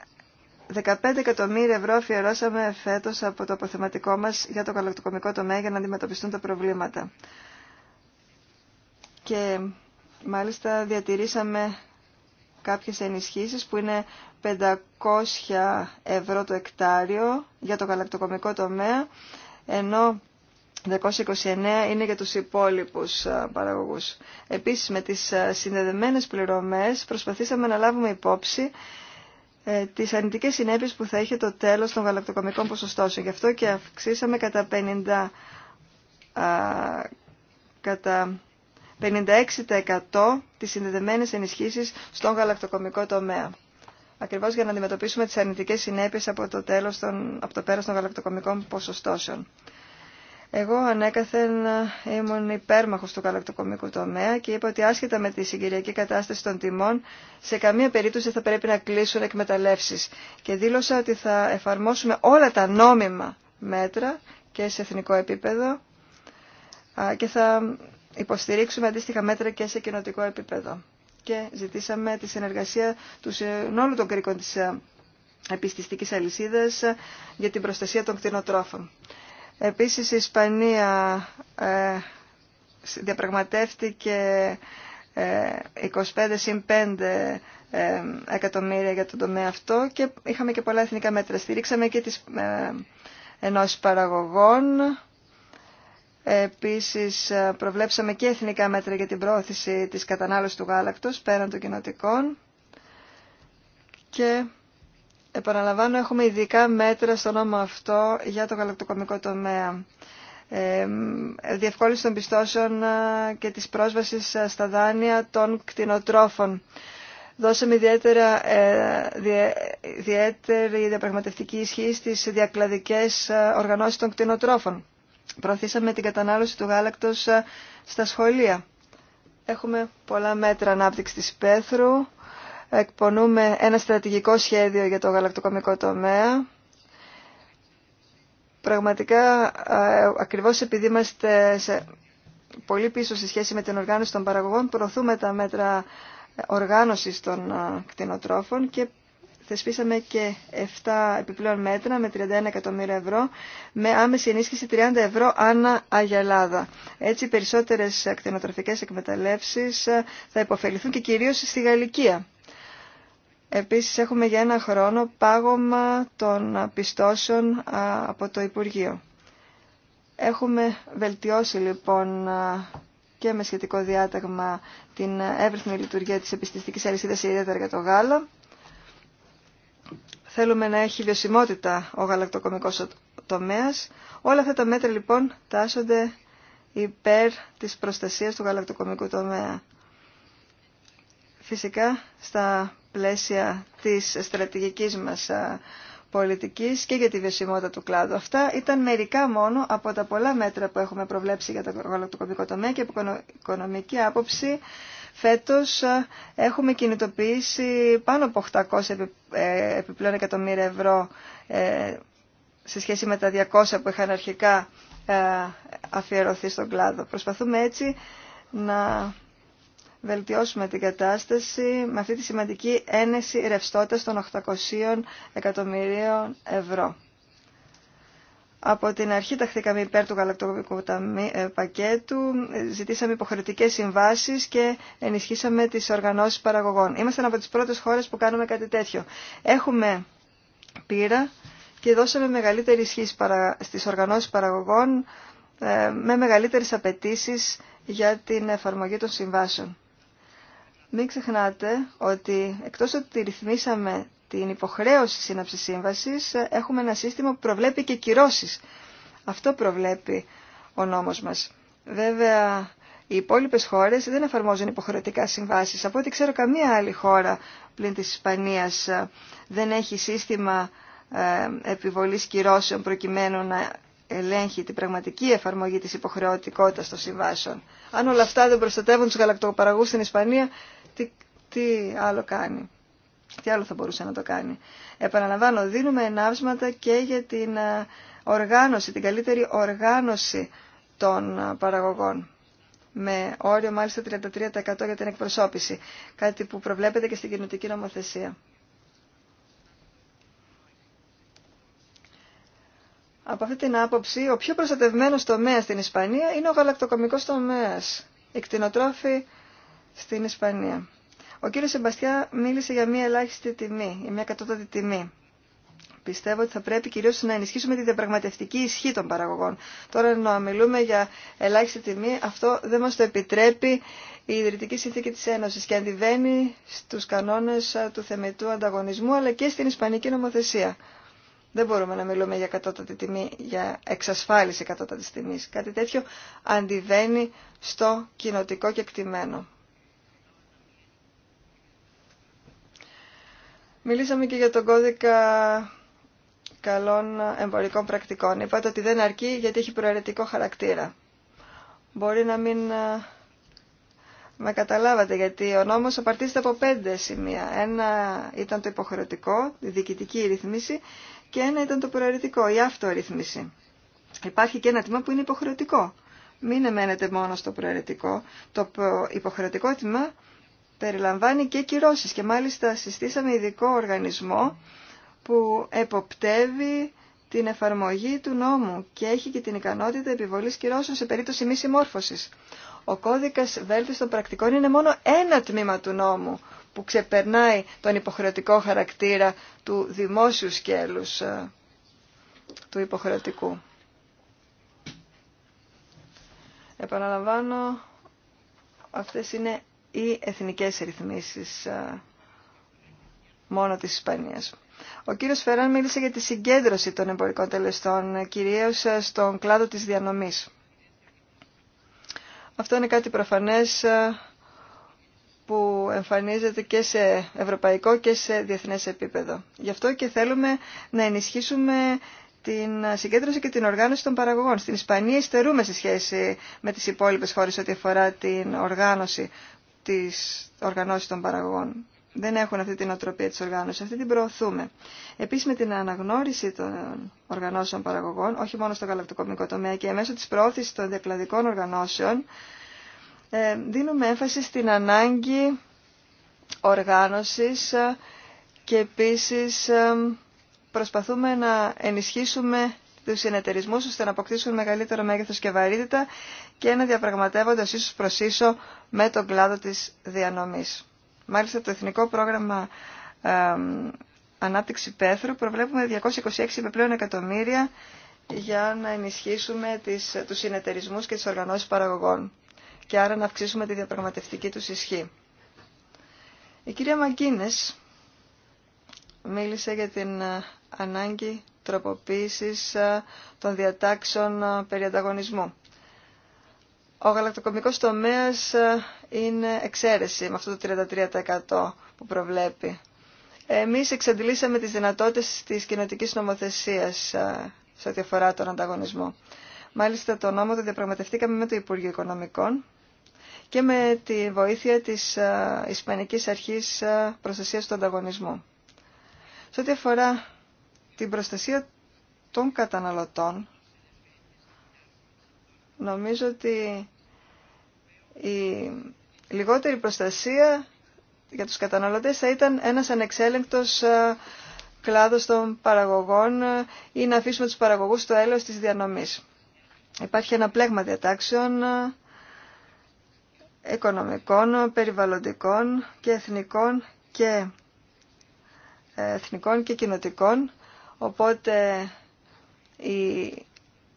εκατομμύρια ευρώ αφιερώσαμε φέτος από το αποθεματικό μας για το καλακτοκομικό τομέα για να αντιμετωπιστούν τα προβλήματα. Και μάλιστα διατηρήσαμε κάποιες ενισχύσεις που είναι 500 ευρώ το εκτάριο για το καλακτοκομικό τομέα, ενώ 229 είναι για τους υπόλοιπους παραγωγούς. Επίσης με τις συνδεδεμένες πληρωμές προσπαθήσαμε να λάβουμε υπόψη ε, τις αρνητικές συνέπειες που θα είχε το τέλος των γαλακτοκομικών ποσοστώσεων. Γι' αυτό και αυξήσαμε κατά 50 κατά 56% τις συνδεδεμένες ενισχύσεις στον γαλακτοκομικό τομέα. Ακριβώς για να αντιμετωπίσουμε τις αρνητικές συνέπειες από το, τέλος από το πέρας των γαλακτοκομικών ποσοστώσεων. Εγώ ανέκαθεν ε, ήμουν υπέρμαχο του καλακτοκομικού τομέα και είπα ότι άσχετα με τη συγκυριακή κατάσταση των τιμών, σε καμία περίπτωση θα πρέπει να κλείσουν εκμεταλλεύσει. Και δήλωσα ότι θα εφαρμόσουμε όλα τα νόμιμα μέτρα και σε εθνικό επίπεδο και θα υποστηρίξουμε αντίστοιχα μέτρα και σε κοινοτικό επίπεδο. Και ζητήσαμε τη συνεργασία του συνόλου των κρίκων της ε, επιστηστικής αλυσίδας ε, για την προστασία των κτηνοτρόφων. Επίσης η Ισπανία ε, διαπραγματεύτηκε 25 ε, συν 5 ε, εκατομμύρια για τον τομέα αυτό και είχαμε και πολλά εθνικά μέτρα. Στηρίξαμε και τις ενώσεις παραγωγών. Επίσης προβλέψαμε και εθνικά μέτρα για την πρόθεση της κατανάλωσης του γάλακτος πέραν των κοινοτικών και Επαναλαμβάνω, έχουμε ειδικά μέτρα στο νόμο αυτό για το γαλακτοκομικό τομέα. Ε, διευκόλυνση των πιστώσεων ε, και της πρόσβασης ε, στα δάνεια των κτηνοτρόφων. Δώσαμε ιδιαίτερα, ε, ιδιαίτερη διαπραγματευτική ισχύ στις διακλαδικές οργανώσεις των κτηνοτρόφων. Προωθήσαμε την κατανάλωση του γάλακτος στα σχολεία. Έχουμε πολλά μέτρα ανάπτυξης πέθρου εκπονούμε ένα στρατηγικό σχέδιο για το γαλακτοκομικό τομέα. Πραγματικά, ε, ακριβώς επειδή είμαστε σε πολύ πίσω σε σχέση με την οργάνωση των παραγωγών, προωθούμε τα μέτρα ε, οργάνωσης των κτηνοτρόφων και θεσπίσαμε και 7 επιπλέον μέτρα με 31 εκατομμύρια ευρώ με άμεση ενίσχυση 30 ευρώ ανά αγελάδα. Έτσι οι περισσότερες ακτινοτροφικές εκμεταλλεύσεις ε, θα υποφεληθούν και κυρίως στη Γαλλικία. Επίσης έχουμε για ένα χρόνο πάγωμα των πιστώσεων από το Υπουργείο. Έχουμε βελτιώσει λοιπόν και με σχετικό διάταγμα την εύρυθμη λειτουργία της επιστηστικής αλυσίδας ιδιαίτερα για το γάλα. Θέλουμε να έχει βιωσιμότητα ο γαλακτοκομικός τομέας. Όλα αυτά τα μέτρα λοιπόν τάσσονται υπέρ της προστασίας του γαλακτοκομικού τομέα. Φυσικά στα πλαίσια της στρατηγικής μας ε, πολιτικής και για τη βιωσιμότητα του κλάδου. Αυτά ήταν μερικά μόνο από τα πολλά μέτρα που έχουμε προβλέψει για το γαλακτοκομικό τομέα και από οικονομική άποψη φέτος ε, έχουμε κινητοποιήσει πάνω από 800 ε, επιπλέον εκατομμύρια ευρώ σε σχέση με τα 200 που είχαν αρχικά αφιερωθεί στον κλάδο. Προσπαθούμε έτσι να βελτιώσουμε την κατάσταση με αυτή τη σημαντική ένεση ρευστότητα των 800 εκατομμυρίων ευρώ. Από την αρχή ταχθήκαμε υπέρ του γαλακτοκομικού ε, πακέτου, ζητήσαμε υποχρεωτικές συμβάσει και ενισχύσαμε τις οργανώσεις παραγωγών. Ήμασταν από τις πρώτες χώρες που κάνουμε κάτι τέτοιο. Έχουμε πείρα και δώσαμε μεγαλύτερη ισχύ στι οργανώσει παραγωγών ε, με μεγαλύτερε απαιτήσει για την εφαρμογή των συμβάσεων. Μην ξεχνάτε ότι εκτός ότι ρυθμίσαμε την υποχρέωση σύναψη σύμβασης, έχουμε ένα σύστημα που προβλέπει και κυρώσεις. Αυτό προβλέπει ο νόμος μας. Βέβαια, οι υπόλοιπε χώρε δεν εφαρμόζουν υποχρεωτικά συμβάσει. Από ό,τι ξέρω, καμία άλλη χώρα πλην τη Ισπανία ε, δεν έχει σύστημα ε, επιβολή κυρώσεων προκειμένου να ελέγχει την πραγματική εφαρμογή τη υποχρεωτικότητα των συμβάσεων. Αν όλα αυτά δεν προστατεύουν του γαλακτοπαραγού στην Ισπανία, τι, τι άλλο κάνει. Τι άλλο θα μπορούσε να το κάνει. Επαναλαμβάνω, δίνουμε ενάψματα και για την ε, οργάνωση, την καλύτερη οργάνωση των ε, παραγωγών. Με όριο μάλιστα 33% για την εκπροσώπηση. Κάτι που προβλέπεται και στην κοινωτική νομοθεσία. Από αυτή την άποψη, ο πιο προστατευμένος τομέας στην Ισπανία είναι ο γαλακτοκομικός τομέας. Οι στην Ισπανία. Ο κύριο Σεμπαστιά μίλησε για μια ελάχιστη τιμή, για μια κατώτατη τιμή. Πιστεύω ότι θα πρέπει κυρίω να ενισχύσουμε τη διαπραγματευτική ισχύ των παραγωγών. Τώρα να μιλούμε για ελάχιστη τιμή, αυτό δεν μα το επιτρέπει η ιδρυτική συνθήκη τη Ένωση και αντιβαίνει στου κανόνε του θεμετού ανταγωνισμού αλλά και στην ισπανική νομοθεσία. Δεν μπορούμε να μιλούμε για κατώτατη τιμή, για εξασφάλιση κατώτατης τιμής. Κάτι τέτοιο αντιβαίνει στο κοινοτικό κεκτημένο. Μιλήσαμε και για τον κώδικα καλών εμπορικών πρακτικών. Είπατε ότι δεν αρκεί γιατί έχει προαιρετικό χαρακτήρα. Μπορεί να μην ε, με καταλάβατε γιατί ο νόμος απαρτίζεται από πέντε σημεία. Ένα ήταν το υποχρεωτικό, η διοικητική ρυθμίση και ένα ήταν το προαιρετικό, η αυτορυθμίση. Υπάρχει και ένα τμήμα που είναι υποχρεωτικό. Μην εμένετε μόνο στο προαιρετικό. Το υποχρεωτικό τμήμα περιλαμβάνει και κυρώσεις και μάλιστα συστήσαμε ειδικό οργανισμό που εποπτεύει την εφαρμογή του νόμου και έχει και την ικανότητα επιβολής κυρώσεων σε περίπτωση μη συμμόρφωσης. Ο κώδικας των πρακτικών είναι μόνο ένα τμήμα του νόμου που ξεπερνάει τον υποχρεωτικό χαρακτήρα του δημόσιου σκέλους ε, του υποχρεωτικού. Επαναλαμβάνω, αυτές είναι ή εθνικές ρυθμίσεις ε, μόνο της Ισπανίας. Ο κύριος Φεράν μίλησε για τη συγκέντρωση των εμπορικών τελεστών, ε, κυρίως ε, στον κλάδο της διανομής. Αυτό είναι κάτι προφανές που εμφανίζεται και σε ευρωπαϊκό και σε διεθνές επίπεδο. Γι' αυτό και θέλουμε να ενισχύσουμε την συγκέντρωση και την οργάνωση των παραγωγών. Στην Ισπανία υστερούμε σε σχέση με τις υπόλοιπες χώρες ό,τι αφορά την οργάνωση της οργανώση των παραγωγών. Δεν έχουν αυτή την οτροπία της οργάνωσης, αυτή την προωθούμε. Επίσης με την αναγνώριση των οργανώσεων παραγωγών, όχι μόνο στο γαλακτοκομικό τομέα και μέσω της προώθησης των διακλαδικών οργανώσεων, ε, δίνουμε έμφαση στην ανάγκη οργάνωσης και επίσης ε, προσπαθούμε να ενισχύσουμε του συνεταιρισμού ώστε να αποκτήσουν μεγαλύτερο μέγεθο και βαρύτητα και να διαπραγματεύονται ίσω προ ίσω με τον κλάδο τη διανομή. Μάλιστα, το Εθνικό Πρόγραμμα Ανάπτυξη Πέθρου προβλέπουμε 226 επιπλέον εκατομμύρια για να ενισχύσουμε τις, τους συνεταιρισμούς και τις οργανώσεις παραγωγών και άρα να αυξήσουμε τη διαπραγματευτική τους ισχύ. Η κυρία Μαγκίνες μίλησε για την ε, ανάγκη τροποποίησης ε, των διατάξεων ε, περί ανταγωνισμού. Ο γαλακτοκομικός τομέας ε, είναι εξαίρεση με αυτό το 33% που προβλέπει. Εμείς εξαντλήσαμε τις δυνατότητες της κοινοτικής νομοθεσίας σε ό,τι αφορά τον ανταγωνισμό. Μάλιστα το νόμο το διαπραγματευτήκαμε με το Υπουργείο Οικονομικών και με τη βοήθεια της Ισπανικής Αρχής Προστασίας του Ανταγωνισμού. Σε ό,τι αφορά την προστασία των καταναλωτών, νομίζω ότι η λιγότερη προστασία για τους καταναλωτές θα ήταν ένας ανεξέλεγκτος ε, κλάδος των παραγωγών ε, ή να αφήσουμε τους παραγωγούς στο έλεος της διανομής. Υπάρχει ένα πλέγμα διατάξεων ε, οικονομικών, περιβαλλοντικών και εθνικών και εθνικών και κοινοτικών Οπότε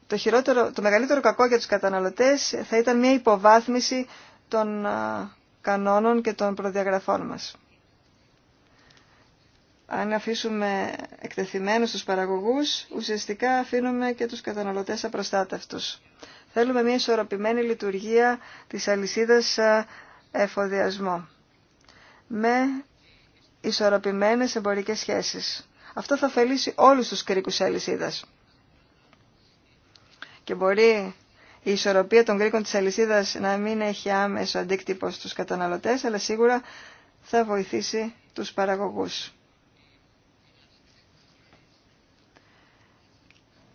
το, χειρότερο, το μεγαλύτερο κακό για τους καταναλωτές θα ήταν μια υποβάθμιση των κανόνων και των προδιαγραφών μας. Αν αφήσουμε εκτεθειμένους τους παραγωγούς, ουσιαστικά αφήνουμε και τους καταναλωτές απροστάτευτους. Θέλουμε μια ισορροπημένη λειτουργία της αλυσίδας εφοδιασμό με ισορροπημένες εμπορικές σχέσεις. Αυτό θα ωφελήσει όλους τους κρίκους αλυσίδα. Και μπορεί η ισορροπία των κρίκων της αλυσίδα να μην έχει άμεσο αντίκτυπο στους καταναλωτές, αλλά σίγουρα θα βοηθήσει τους παραγωγούς.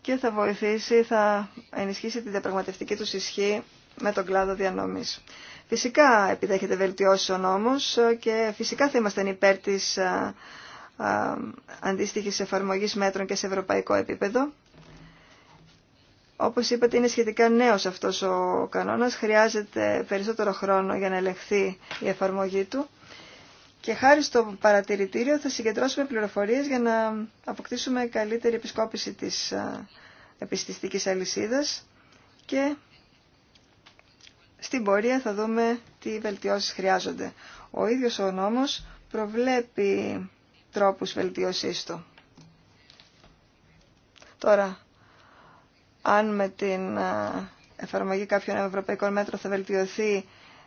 Και θα βοηθήσει, θα ενισχύσει την διαπραγματευτική του ισχύ με τον κλάδο διανομής. Φυσικά επιδέχεται βελτιώσει ο νόμος και φυσικά θα είμαστε υπέρ της Αντίστοιχη εφαρμογή μέτρων και σε ευρωπαϊκό επίπεδο. Όπως είπατε είναι σχετικά νέος αυτός ο κανόνας, χρειάζεται περισσότερο χρόνο για να ελεγχθεί η εφαρμογή του και χάρη στο παρατηρητήριο θα συγκεντρώσουμε πληροφορίες για να αποκτήσουμε καλύτερη επισκόπηση της επιστηστικής αλυσίδας και στην πορεία θα δούμε τι βελτιώσεις χρειάζονται. Ο ίδιος ο νόμος προβλέπει τρόπους βελτίωσής του. Τώρα, αν με την ε, εφαρμογή κάποιων ευρωπαϊκών μέτρων θα βελτιωθεί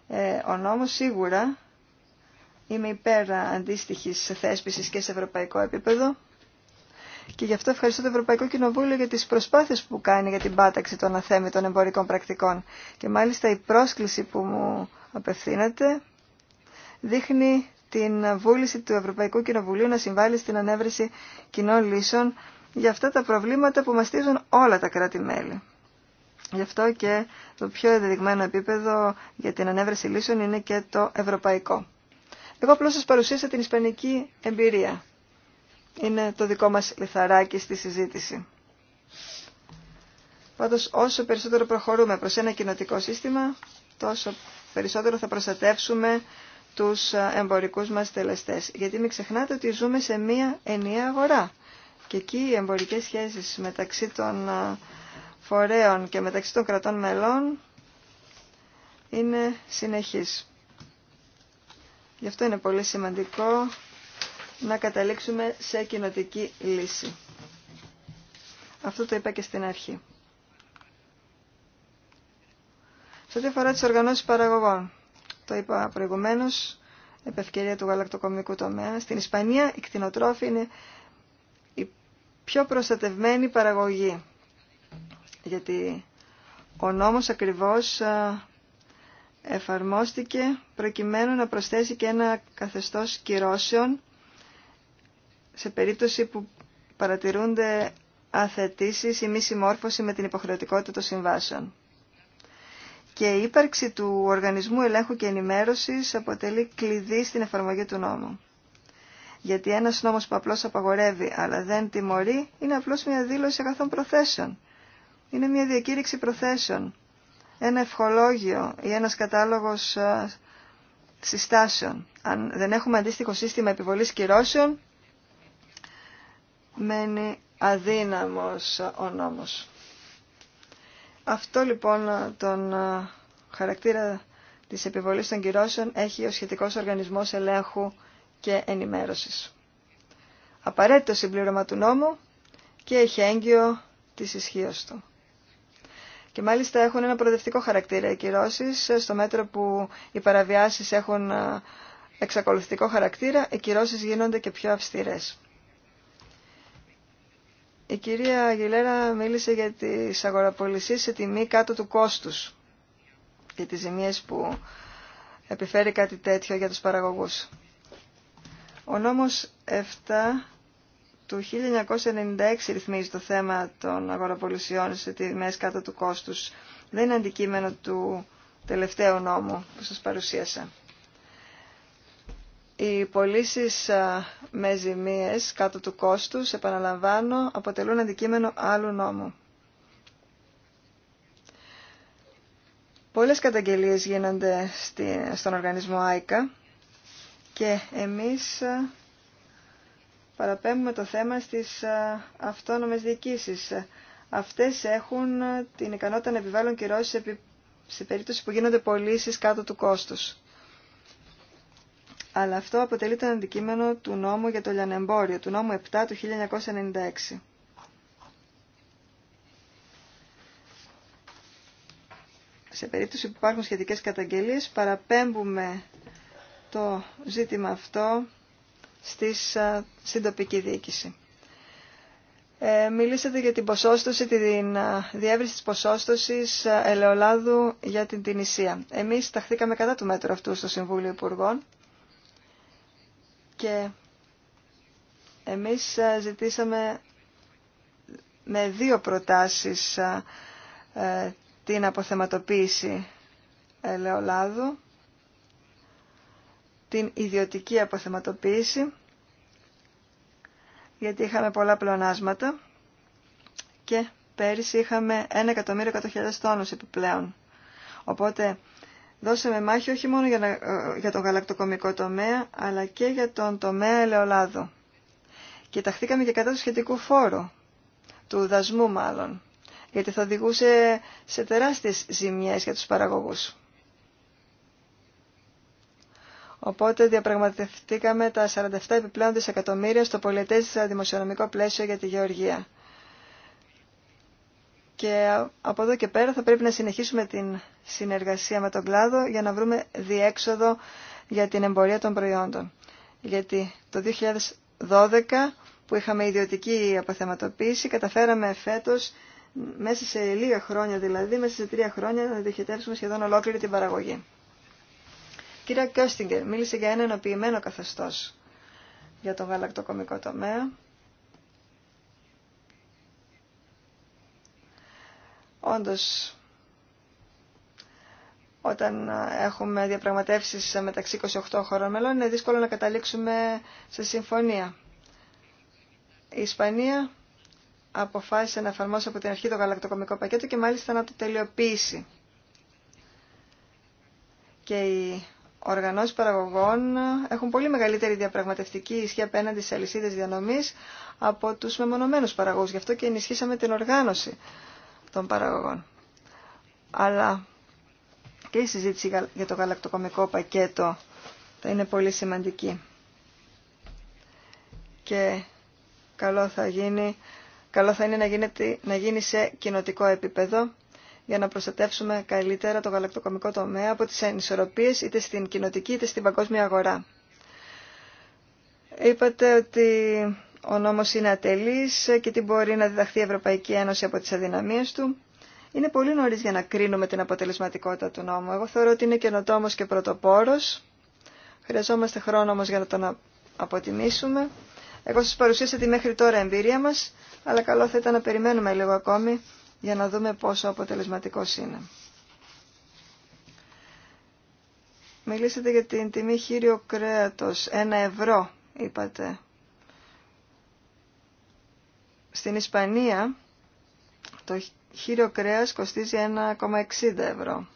ε, ο νόμος, σίγουρα είμαι υπέρ αντίστοιχης θέσπισης και σε ευρωπαϊκό επίπεδο. Και γι' αυτό ευχαριστώ το Ευρωπαϊκό Κοινοβούλιο για τις προσπάθειες που κάνει για την πάταξη των αθέμητων εμπορικών πρακτικών. Και μάλιστα η πρόσκληση που μου απευθύνεται δείχνει την βούληση του Ευρωπαϊκού Κοινοβουλίου να συμβάλλει στην ανέβρεση κοινών λύσεων για αυτά τα προβλήματα που μαστίζουν όλα τα κράτη-μέλη. Γι' αυτό και το πιο ενδεδειγμένο επίπεδο για την ανέβρεση λύσεων είναι και το ευρωπαϊκό. Εγώ απλώς σας παρουσίασα την ισπανική εμπειρία. Είναι το δικό μας λιθαράκι στη συζήτηση. Πάντως όσο περισσότερο προχωρούμε προς ένα κοινοτικό σύστημα, τόσο περισσότερο θα προστατεύσουμε τους εμπορικούς μας τελεστές. Γιατί μην ξεχνάτε ότι ζούμε σε μία ενιαία αγορά. Και εκεί οι εμπορικές σχέσεις μεταξύ των φορέων και μεταξύ των κρατών μελών είναι συνεχής. Γι' αυτό είναι πολύ σημαντικό να καταλήξουμε σε κοινοτική λύση. Αυτό το είπα και στην αρχή. Σε ό,τι αφορά τις οργανώσεις παραγωγών, το είπα προηγουμένω, επ' ευκαιρία του γαλακτοκομικού τομέα. Στην Ισπανία η κτηνοτρόφη είναι η πιο προστατευμένη παραγωγή. Γιατί ο νόμος ακριβώς ε, εφαρμόστηκε προκειμένου να προσθέσει και ένα καθεστώς κυρώσεων σε περίπτωση που παρατηρούνται αθετήσεις ή μη συμμόρφωση με την υποχρεωτικότητα των συμβάσεων και η ύπαρξη του Οργανισμού Ελέγχου και Ενημέρωσης αποτελεί κλειδί στην εφαρμογή του νόμου. Γιατί ένας νόμος που απλώς απαγορεύει αλλά δεν τιμωρεί είναι απλώς μια δήλωση αγαθών προθέσεων. Είναι μια διακήρυξη προθέσεων, ένα ευχολόγιο ή ένας κατάλογος συστάσεων. Αν δεν έχουμε αντίστοιχο σύστημα επιβολής κυρώσεων, μένει αδύναμος ε, ο νόμος. Αυτό λοιπόν τον ε, χαρακτήρα της επιβολής των κυρώσεων έχει ο σχετικός οργανισμός ελέγχου και ενημέρωσης. Απαραίτητο συμπλήρωμα του νόμου και έχει έγκυο της ισχύω του. Και μάλιστα έχουν ένα προοδευτικό χαρακτήρα οι κυρώσεις, ε, στο μέτρο που οι παραβιάσεις έχουν ε, εξακολουθητικό χαρακτήρα, οι κυρώσεις γίνονται και πιο αυστηρές. Η κυρία Γιλέρα μίλησε για τις αγοραπολισίες σε τιμή κάτω του κόστους και τις ζημίες που επιφέρει κάτι τέτοιο για τους παραγωγούς. Ο νόμος 7 του 1996 ρυθμίζει το θέμα των αγοραπολισιών σε τιμές κάτω του κόστους. Δεν είναι αντικείμενο του τελευταίου νόμου που σας παρουσίασα. Οι πωλήσει με ζημίες κάτω του κόστους, επαναλαμβάνω, αποτελούν αντικείμενο άλλου νόμου. Πολλές καταγγελίες γίνονται στον οργανισμό ΆΙΚΑ και εμείς παραπέμπουμε το θέμα στις αυτόνομες διοικήσεις. Αυτές έχουν την ικανότητα να επιβάλλουν κυρώσεις σε περίπτωση που γίνονται πωλήσει κάτω του κόστους αλλά αυτό αποτελεί το αντικείμενο του νόμου για το λιανεμπόριο, του νόμου 7 του 1996. Σε περίπτωση που υπάρχουν σχετικές καταγγελίες, παραπέμπουμε το ζήτημα αυτό στις, στην τοπική διοίκηση. Ε, μιλήσατε για την ποσόστοση, τη διεύρυνση της ποσόστοσης ελαιολάδου για την Τινησία. Εμείς ταχθήκαμε κατά του μέτρου αυτού στο Συμβούλιο Υπουργών και εμείς ε, ζητήσαμε με δύο προτάσεις ε, ε, την αποθεματοποίηση ελαιολάδου, την ιδιωτική αποθεματοποίηση, γιατί είχαμε πολλά πλεονάσματα και πέρυσι είχαμε 1.100.000 τόνους επιπλέον. Οπότε δώσαμε μάχη όχι μόνο για ε, τον γαλακτοκομικό τομέα, αλλά και για τον τομέα ελαιολάδου. Και ταχθήκαμε και κατά του σχετικού φόρου, του δασμού μάλλον, γιατί θα οδηγούσε σε τεράστιες ζημιές για τους παραγωγούς. Οπότε διαπραγματευτήκαμε τα 47 επιπλέον δισεκατομμύρια στο πολιτές δημοσιονομικό πλαίσιο για τη γεωργία. Και από εδώ και πέρα θα πρέπει να συνεχίσουμε την συνεργασία με τον κλάδο για να βρούμε διέξοδο για την εμπορία των προϊόντων. Γιατί το 2012 που είχαμε ιδιωτική αποθεματοποίηση καταφέραμε φέτος μέσα σε λίγα χρόνια δηλαδή, μέσα σε τρία χρόνια να διοχετεύσουμε σχεδόν ολόκληρη την παραγωγή. Κύριε Κιώστιγκερ μίλησε για ένα ενοποιημένο καθεστώς για τον γαλακτοκομικό τομέα Όντως, όταν έχουμε διαπραγματεύσεις μεταξύ 28 χωρών μελών, είναι δύσκολο να καταλήξουμε σε συμφωνία. Η Ισπανία αποφάσισε να εφαρμόσει από την αρχή το γαλακτοκομικό πακέτο και μάλιστα να το τελειοποιήσει. Και οι οργανώσεις παραγωγών έχουν πολύ μεγαλύτερη διαπραγματευτική ισχύ απέναντι σε αλυσίδες διανομής από τους μεμονωμένους παραγωγούς. Γι' αυτό και ενισχύσαμε την οργάνωση των παραγωγών. Αλλά και η συζήτηση για το γαλακτοκομικό πακέτο θα είναι πολύ σημαντική. Και καλό θα, γίνει, καλό θα είναι να, γίνεται, να γίνει σε κοινοτικό επίπεδο για να προστατεύσουμε καλύτερα το γαλακτοκομικό τομέα από τις ανισορροπίες είτε στην κοινοτική είτε στην παγκόσμια αγορά. Είπατε ότι ο νόμος είναι ατελής και τι μπορεί να διδαχθεί η Ευρωπαϊκή Ένωση από τις αδυναμίες του. Είναι πολύ νωρί για να κρίνουμε την αποτελεσματικότητα του νόμου. Εγώ θεωρώ ότι είναι καινοτόμο και πρωτοπόρο. Χρειαζόμαστε χρόνο όμω για να τον αποτιμήσουμε. Εγώ σα παρουσίασα τη μέχρι τώρα εμπειρία μα, αλλά καλό θα ήταν να περιμένουμε λίγο ακόμη για να δούμε πόσο αποτελεσματικό είναι. Μιλήσατε για την τιμή χείριο κρέατος, ένα ευρώ είπατε στην Ισπανία το χείριο κρέας κοστίζει 1,60 ευρώ.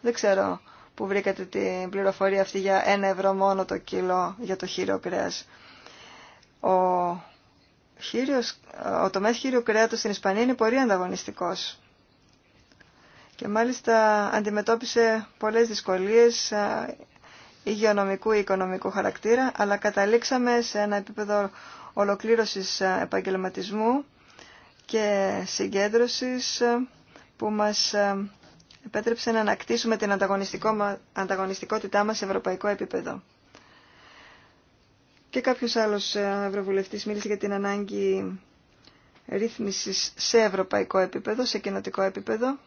Δεν ξέρω που βρήκατε την πληροφορία αυτή για 1 ευρώ μόνο το κιλό για το χείριο κρέας. Ο, χείριος, ο τομέας χείριου κρέατος στην Ισπανία είναι πολύ ανταγωνιστικός. Και μάλιστα αντιμετώπισε πολλές δυσκολίες ε, υγειονομικού ή οικονομικού χαρακτήρα, αλλά καταλήξαμε σε ένα επίπεδο ολοκλήρωσης ε, επαγγελματισμού και συγκέντρωσης ε, που μας ε, επέτρεψε να ανακτήσουμε την ανταγωνιστικότητά μας σε ευρωπαϊκό επίπεδο. Και κάποιος άλλος ευρωβουλευτής μίλησε για την ανάγκη ρύθμισης σε ευρωπαϊκό επίπεδο, σε κοινοτικό επίπεδο.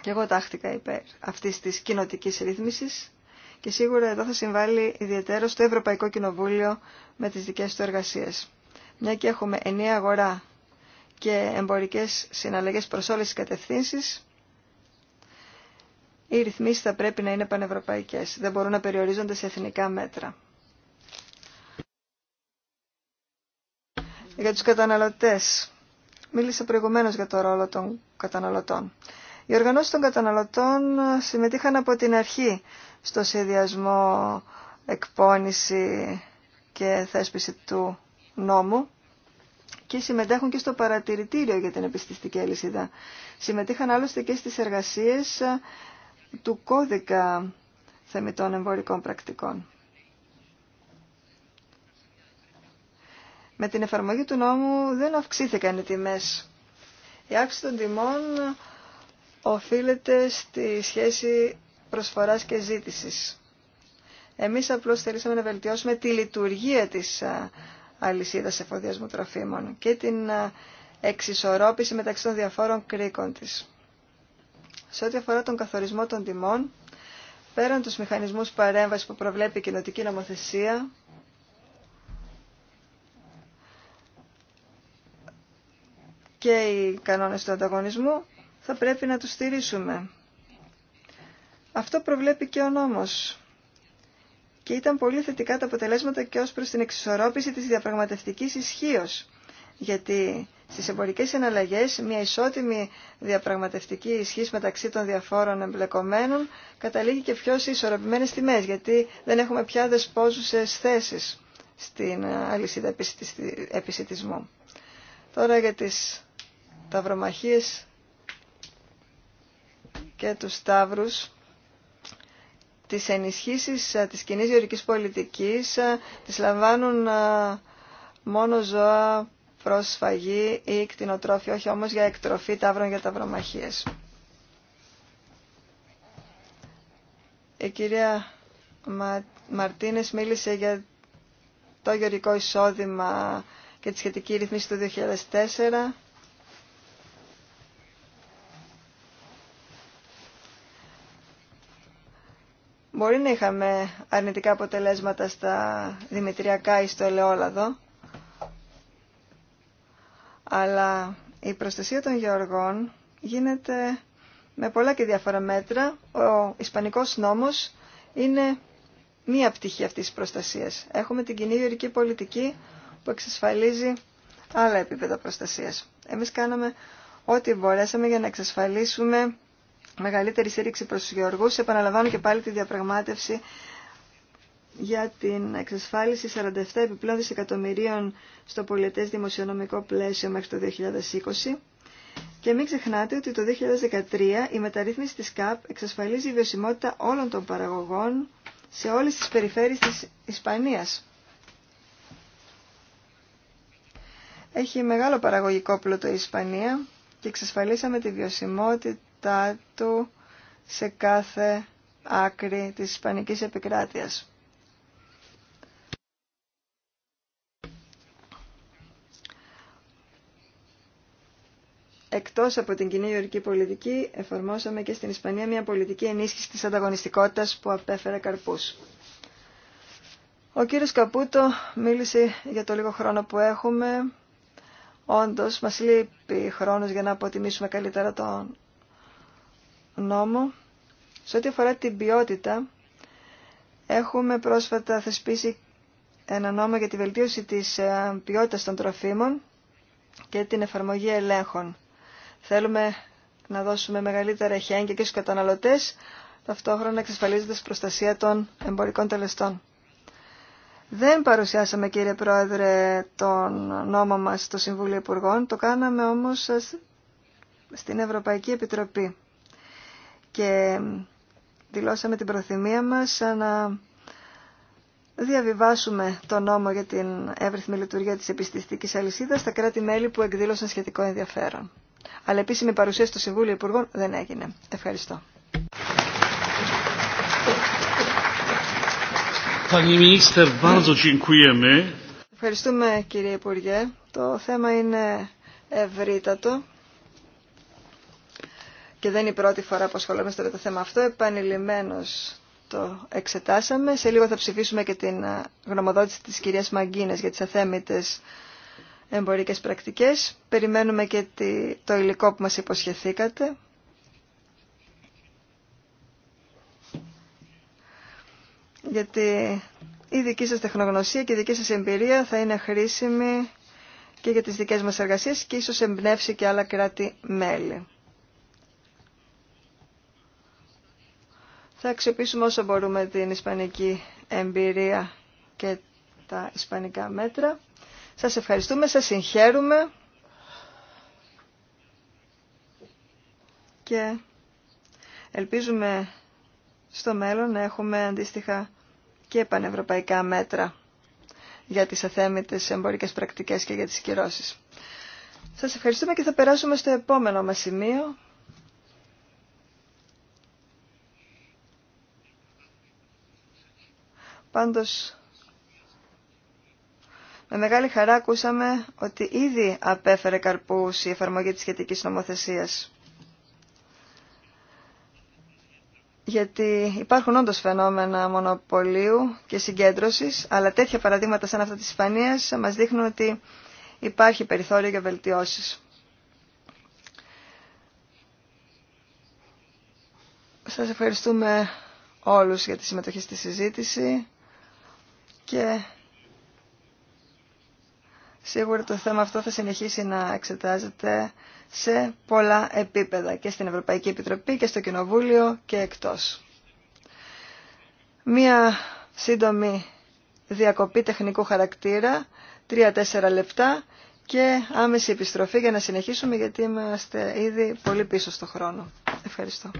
Και εγώ τάχτηκα υπέρ αυτής της κοινοτικής ρύθμισης και σίγουρα εδώ θα συμβάλλει ιδιαίτερο στο Ευρωπαϊκό Κοινοβούλιο με τις δικές του εργασίες. Μια και έχουμε ενιαία αγορά και εμπορικές συναλλαγές προς όλες τις κατευθύνσεις, οι ρυθμίσεις θα πρέπει να είναι πανευρωπαϊκές, δεν μπορούν να περιορίζονται σε εθνικά μέτρα. Για τους καταναλωτές, μίλησα προηγουμένως για το ρόλο των καταναλωτών. Οι οργανώσεις των καταναλωτών συμμετείχαν από την αρχή στο σχεδιασμό, εκπόνηση και θέσπιση του νόμου και συμμετέχουν και στο παρατηρητήριο για την επιστηστική αλυσίδα. Συμμετείχαν άλλωστε και στις εργασίες του κώδικα θεμητών εμπορικών πρακτικών. Με την εφαρμογή του νόμου δεν αυξήθηκαν οι τιμές. Η αύξηση των τιμών οφείλεται στη σχέση προσφοράς και ζήτησης. Εμείς απλώς θέλησαμε να βελτιώσουμε τη λειτουργία της αλυσίδας εφοδιασμού τροφίμων και την εξισορρόπηση μεταξύ των διαφόρων κρίκων της. Σε ό,τι αφορά τον καθορισμό των τιμών, πέραν τους μηχανισμούς παρέμβασης που προβλέπει η κοινοτική νομοθεσία, και οι κανόνες του ανταγωνισμού, θα πρέπει να τους στηρίσουμε. Αυτό προβλέπει και ο νόμος. Και ήταν πολύ θετικά τα αποτελέσματα και ως προς την εξισορρόπηση της διαπραγματευτικής ισχύω. Γιατί στις εμπορικές εναλλαγές μια ισότιμη διαπραγματευτική ισχύ μεταξύ των διαφόρων εμπλεκομένων καταλήγει και πιο σε ισορροπημένες τιμές, γιατί δεν έχουμε πια δεσπόζουσες θέσεις στην αλυσίδα επισητισμού. Τώρα για τις ταυρομαχίες και τους Σταύρους τις ενισχύσεις ε, της κοινή γεωρικής πολιτικής ε, τις λαμβάνουν ε, μόνο ζώα προσφαγή ή κτηνοτρόφια, όχι όμως για εκτροφή ταύρων για ταυρομαχίες. Η κτηνοτροφη οχι ομως για εκτροφη ταυρων για ταυρομαχιες η κυρια Μα... Μαρτίνες μίλησε για το γεωρικό εισόδημα και τη σχετική ρυθμίση του 2004 Μπορεί να είχαμε αρνητικά αποτελέσματα στα δημητριακά ή στο ελαιόλαδο, αλλά η προστασία των γεωργών γίνεται με πολλά και διάφορα μέτρα. Ο Ισπανικός νόμος είναι μία πτυχή αυτής της προστασίας. Έχουμε την κοινή γεωργική πολιτική που εξασφαλίζει άλλα επίπεδα προστασίας. Εμείς κάναμε ό,τι μπορέσαμε για να εξασφαλίσουμε μεγαλύτερη στήριξη προς τους γεωργούς. Επαναλαμβάνω και πάλι τη διαπραγμάτευση για την εξασφάλιση 47 επιπλέον δισεκατομμυρίων στο πολιτές δημοσιονομικό πλαίσιο μέχρι το 2020. Και μην ξεχνάτε ότι το 2013 η μεταρρύθμιση της ΚΑΠ εξασφαλίζει η βιωσιμότητα όλων των παραγωγών σε όλες τις περιφέρειες της Ισπανίας. Έχει μεγάλο παραγωγικό πλούτο η Ισπανία και εξασφαλίσαμε τη βιωσιμότητα στρατά του σε κάθε άκρη της Ισπανικής επικράτειας. Εκτός από την κοινή γεωρική πολιτική, εφαρμόσαμε και στην Ισπανία μια πολιτική ενίσχυση της ανταγωνιστικότητας που απέφερε καρπούς. Ο κύριος Καπούτο μίλησε για το λίγο χρόνο που έχουμε. Όντως, μας λείπει χρόνος για να αποτιμήσουμε καλύτερα τον νόμο σε ό,τι αφορά την ποιότητα έχουμε πρόσφατα θεσπίσει ένα νόμο για τη βελτίωση της ε, ποιότητας των τροφίμων και την εφαρμογή ελέγχων. Θέλουμε να δώσουμε μεγαλύτερα χένια και στους καταναλωτές, ταυτόχρονα εξασφαλίζοντας προστασία των εμπορικών τελεστών. Δεν παρουσιάσαμε κύριε Πρόεδρε τον νόμο μας στο Συμβούλιο Υπουργών, το κάναμε όμως ε, στην Ευρωπαϊκή Επιτροπή και δηλώσαμε την προθυμία μας να διαβιβάσουμε το νόμο για την εύρυθμη λειτουργία της επιστηστικής αλυσίδας στα κράτη-μέλη που εκδήλωσαν σχετικό ενδιαφέρον. Αλλά επίσημη παρουσία στο Συμβούλιο Υπουργών δεν έγινε. Ευχαριστώ. Ευχαριστούμε κύριε Υπουργέ. Το θέμα είναι ευρύτατο και δεν είναι η πρώτη φορά που ασχολούμαστε με το θέμα αυτό, επανειλημμένως το εξετάσαμε. Σε λίγο θα ψηφίσουμε και την ε, γνωμοδότηση της κυρίας Μαγκίνες για τις αθέμητες εμπορικές πρακτικές. Περιμένουμε και το υλικό που μας υποσχεθήκατε. Γιατί η δική σας τεχνογνωσία και η δική σας εμπειρία θα είναι χρήσιμη και για τις δικές μας εργασίες και ίσως εμπνεύσει και άλλα κράτη-μέλη. Θα αξιοποιήσουμε όσο μπορούμε την ισπανική εμπειρία και τα ισπανικά μέτρα. Σας ευχαριστούμε, σας συγχαίρουμε και ελπίζουμε στο μέλλον να έχουμε αντίστοιχα και πανευρωπαϊκά μέτρα για τις αθέμητες εμπορικές πρακτικές και για τις κυρώσεις. Σας ευχαριστούμε και θα περάσουμε στο επόμενο μας σημείο Πάντως, με μεγάλη χαρά ακούσαμε ότι ήδη απέφερε καρπούς η εφαρμογή της σχετικής νομοθεσίας. γιατί υπάρχουν όντως φαινόμενα μονοπωλίου και συγκέντρωσης, αλλά τέτοια παραδείγματα σαν αυτά της Ισπανίας μας δείχνουν ότι υπάρχει περιθώριο για βελτιώσεις. Σας ευχαριστούμε όλους για τη συμμετοχή στη συζήτηση και σίγουρα το θέμα αυτό θα συνεχίσει να εξετάζεται σε πολλά επίπεδα και στην Ευρωπαϊκή Επιτροπή και στο Κοινοβούλιο και εκτός. Μία σύντομη διακοπή τεχνικού χαρακτήρα, τρία-τέσσερα λεπτά και άμεση επιστροφή για να συνεχίσουμε γιατί είμαστε ήδη πολύ πίσω στο χρόνο. Ευχαριστώ.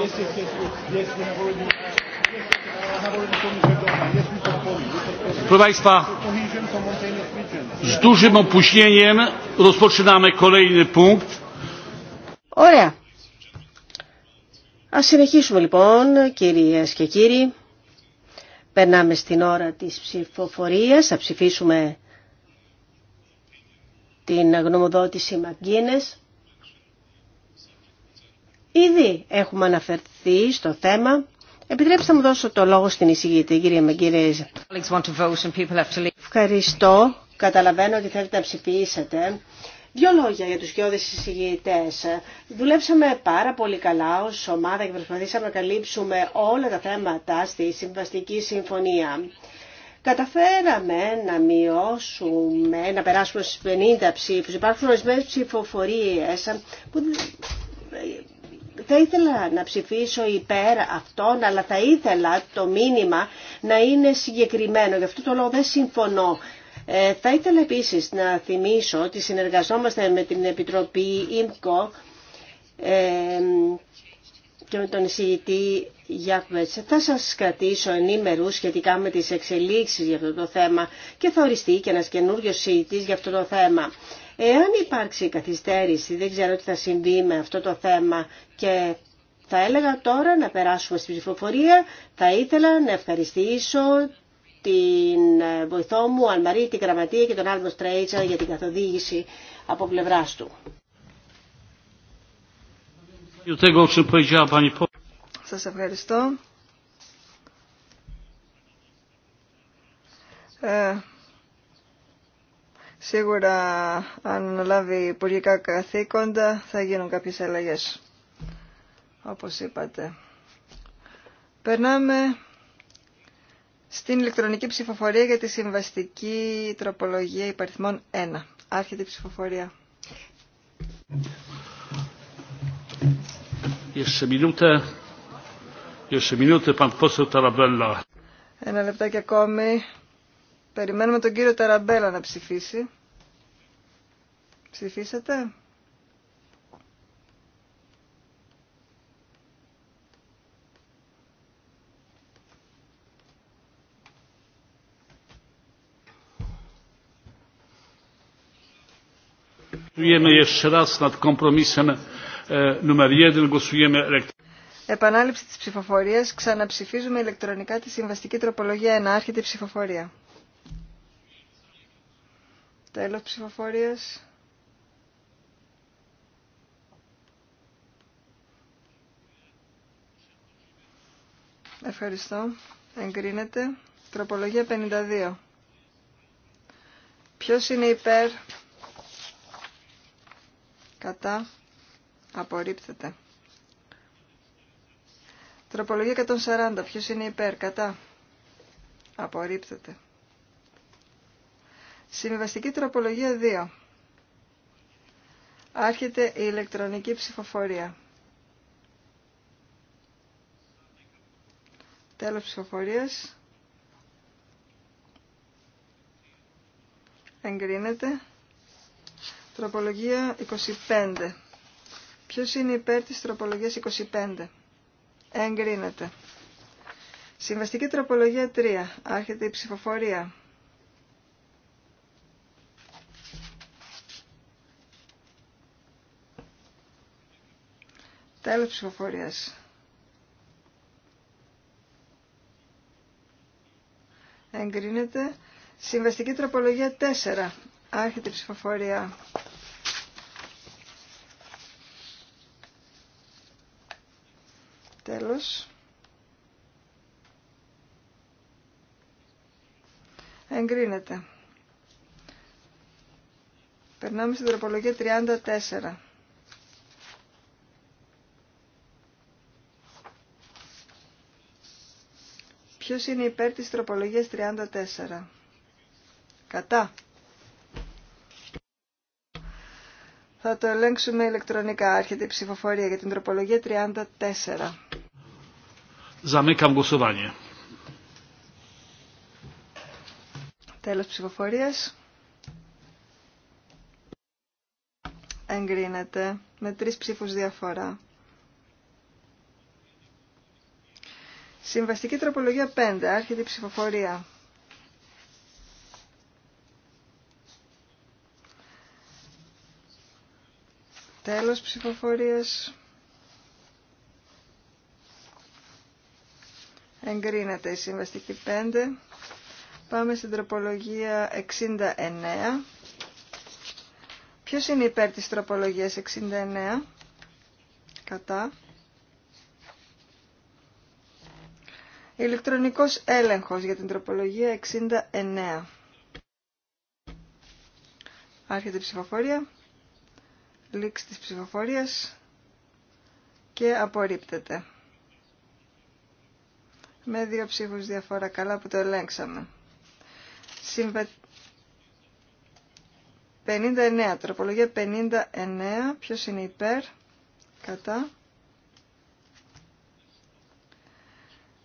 Yes, yes, yes, yes, we have already. Proszę Państwa, z dużym opóźnieniem rozpoczynamy kolejny punkt. Ωραία. Ας συνεχίσουμε λοιπόν, κυρίες και κύριοι. Περνάμε στην ώρα της ψηφοφορίας. Θα ψηφίσουμε την γνωμοδότηση Μαγκίνες Ήδη έχουμε αναφερθεί στο θέμα. Επιτρέψτε να μου δώσω το λόγο στην εισηγήτη, κύριε Μαγκυρέζα. Ευχαριστώ. Καταλαβαίνω ότι θέλετε να ψηφίσετε. Δύο λόγια για τους κοιόδες εισηγητές. Δουλέψαμε πάρα πολύ καλά ως ομάδα και προσπαθήσαμε να καλύψουμε όλα τα θέματα στη Συμβαστική Συμφωνία. Καταφέραμε να μειώσουμε, να περάσουμε στις 50 ψήφους. Υπάρχουν ορισμένε ψηφοφορίες που θα ήθελα να ψηφίσω υπέρ αυτών, αλλά θα ήθελα το μήνυμα να είναι συγκεκριμένο. Γι' αυτό το λόγο δεν συμφωνώ. Ε, θα ήθελα επίσης να θυμίσω ότι συνεργαζόμαστε με την Επιτροπή ΙΜΚΟ ε, και με τον εισηγητή Γιάκουβετς. Θα σας κρατήσω ενήμερους σχετικά με τις εξελίξεις για αυτό το θέμα και θα οριστεί και ένας καινούριος εισηγητής για αυτό το θέμα. Εάν υπάρξει καθυστέρηση, δεν ξέρω τι θα συμβεί με αυτό το θέμα και θα έλεγα τώρα να περάσουμε στην ψηφοφορία. Θα ήθελα να ευχαριστήσω την ε, βοηθό μου, Αλμαρή, την Γραμματεία και τον Άλμο Στρέιτσα για την καθοδήγηση από πλευρά του. Σας ευχαριστώ. Ε, Σίγουρα αν λάβει υπουργικά καθήκοντα θα γίνουν κάποιες αλλαγές, όπως είπατε. Περνάμε στην ηλεκτρονική ψηφοφορία για τη συμβαστική τροπολογία υπαριθμών 1. Άρχεται η ψηφοφορία. Ένα λεπτάκι ακόμη. Περιμένουμε τον κύριο Ταραμπέλα να ψηφίσει. Ψηφίσατε. E, Επανάληψη της ψηφοφορίας. Ξαναψηφίζουμε ηλεκτρονικά τη συμβαστική τροπολογία 1. Άρχεται η ψηφοφορία. Τέλος ψηφοφορίας. Ευχαριστώ. Εγκρίνεται. Τροπολογία 52. Ποιος είναι υπέρ. Κατά. Απορρίπτεται. Τροπολογία 140. Ποιος είναι υπέρ. Κατά. Απορρίπτεται. Συμβιβαστική τροπολογία 2. Άρχεται η ηλεκτρονική ψηφοφορία. Τέλος ψηφοφορίας. Εγκρίνεται. Τροπολογία 25. Ποιος είναι υπέρ της τροπολογίας 25. Εγκρίνεται. Συμβαστική τροπολογία 3. Άρχεται η ψηφοφορία. Τέλος ψηφοφορίας. Εγκρίνεται. Συμβαστική τροπολογία 4. Άρχεται η ψηφοφορία. Τέλος. Εγκρίνεται. Περνάμε στην τροπολογία 34. Ποιος είναι υπέρ της τροπολογίας 34. Κατά. Θα το ελέγξουμε ηλεκτρονικά. Άρχεται η ψηφοφορία για την τροπολογία 34. Τέλο ψηφοφορία. Τέλος ψηφοφορίας. Εγκρίνεται με τρεις ψήφους διαφορά. Συμβαστική τροπολογία 5. Άρχεται η ψηφοφορία. Τέλος ψηφοφορίας. Εγκρίνεται η συμβαστική 5. Πάμε στην τροπολογία 69. Ποιος είναι υπέρ της τροπολογίας 69. Κατά. Ηλεκτρονικός έλεγχος για την τροπολογία 69. Άρχεται η ψηφοφορία. Λήξη της ψηφοφορίας. Και απορρίπτεται. Με δύο ψήφους διαφορά. Καλά που το ελέγξαμε. 59. Τροπολογία 59. Ποιος είναι υπέρ. Κατά.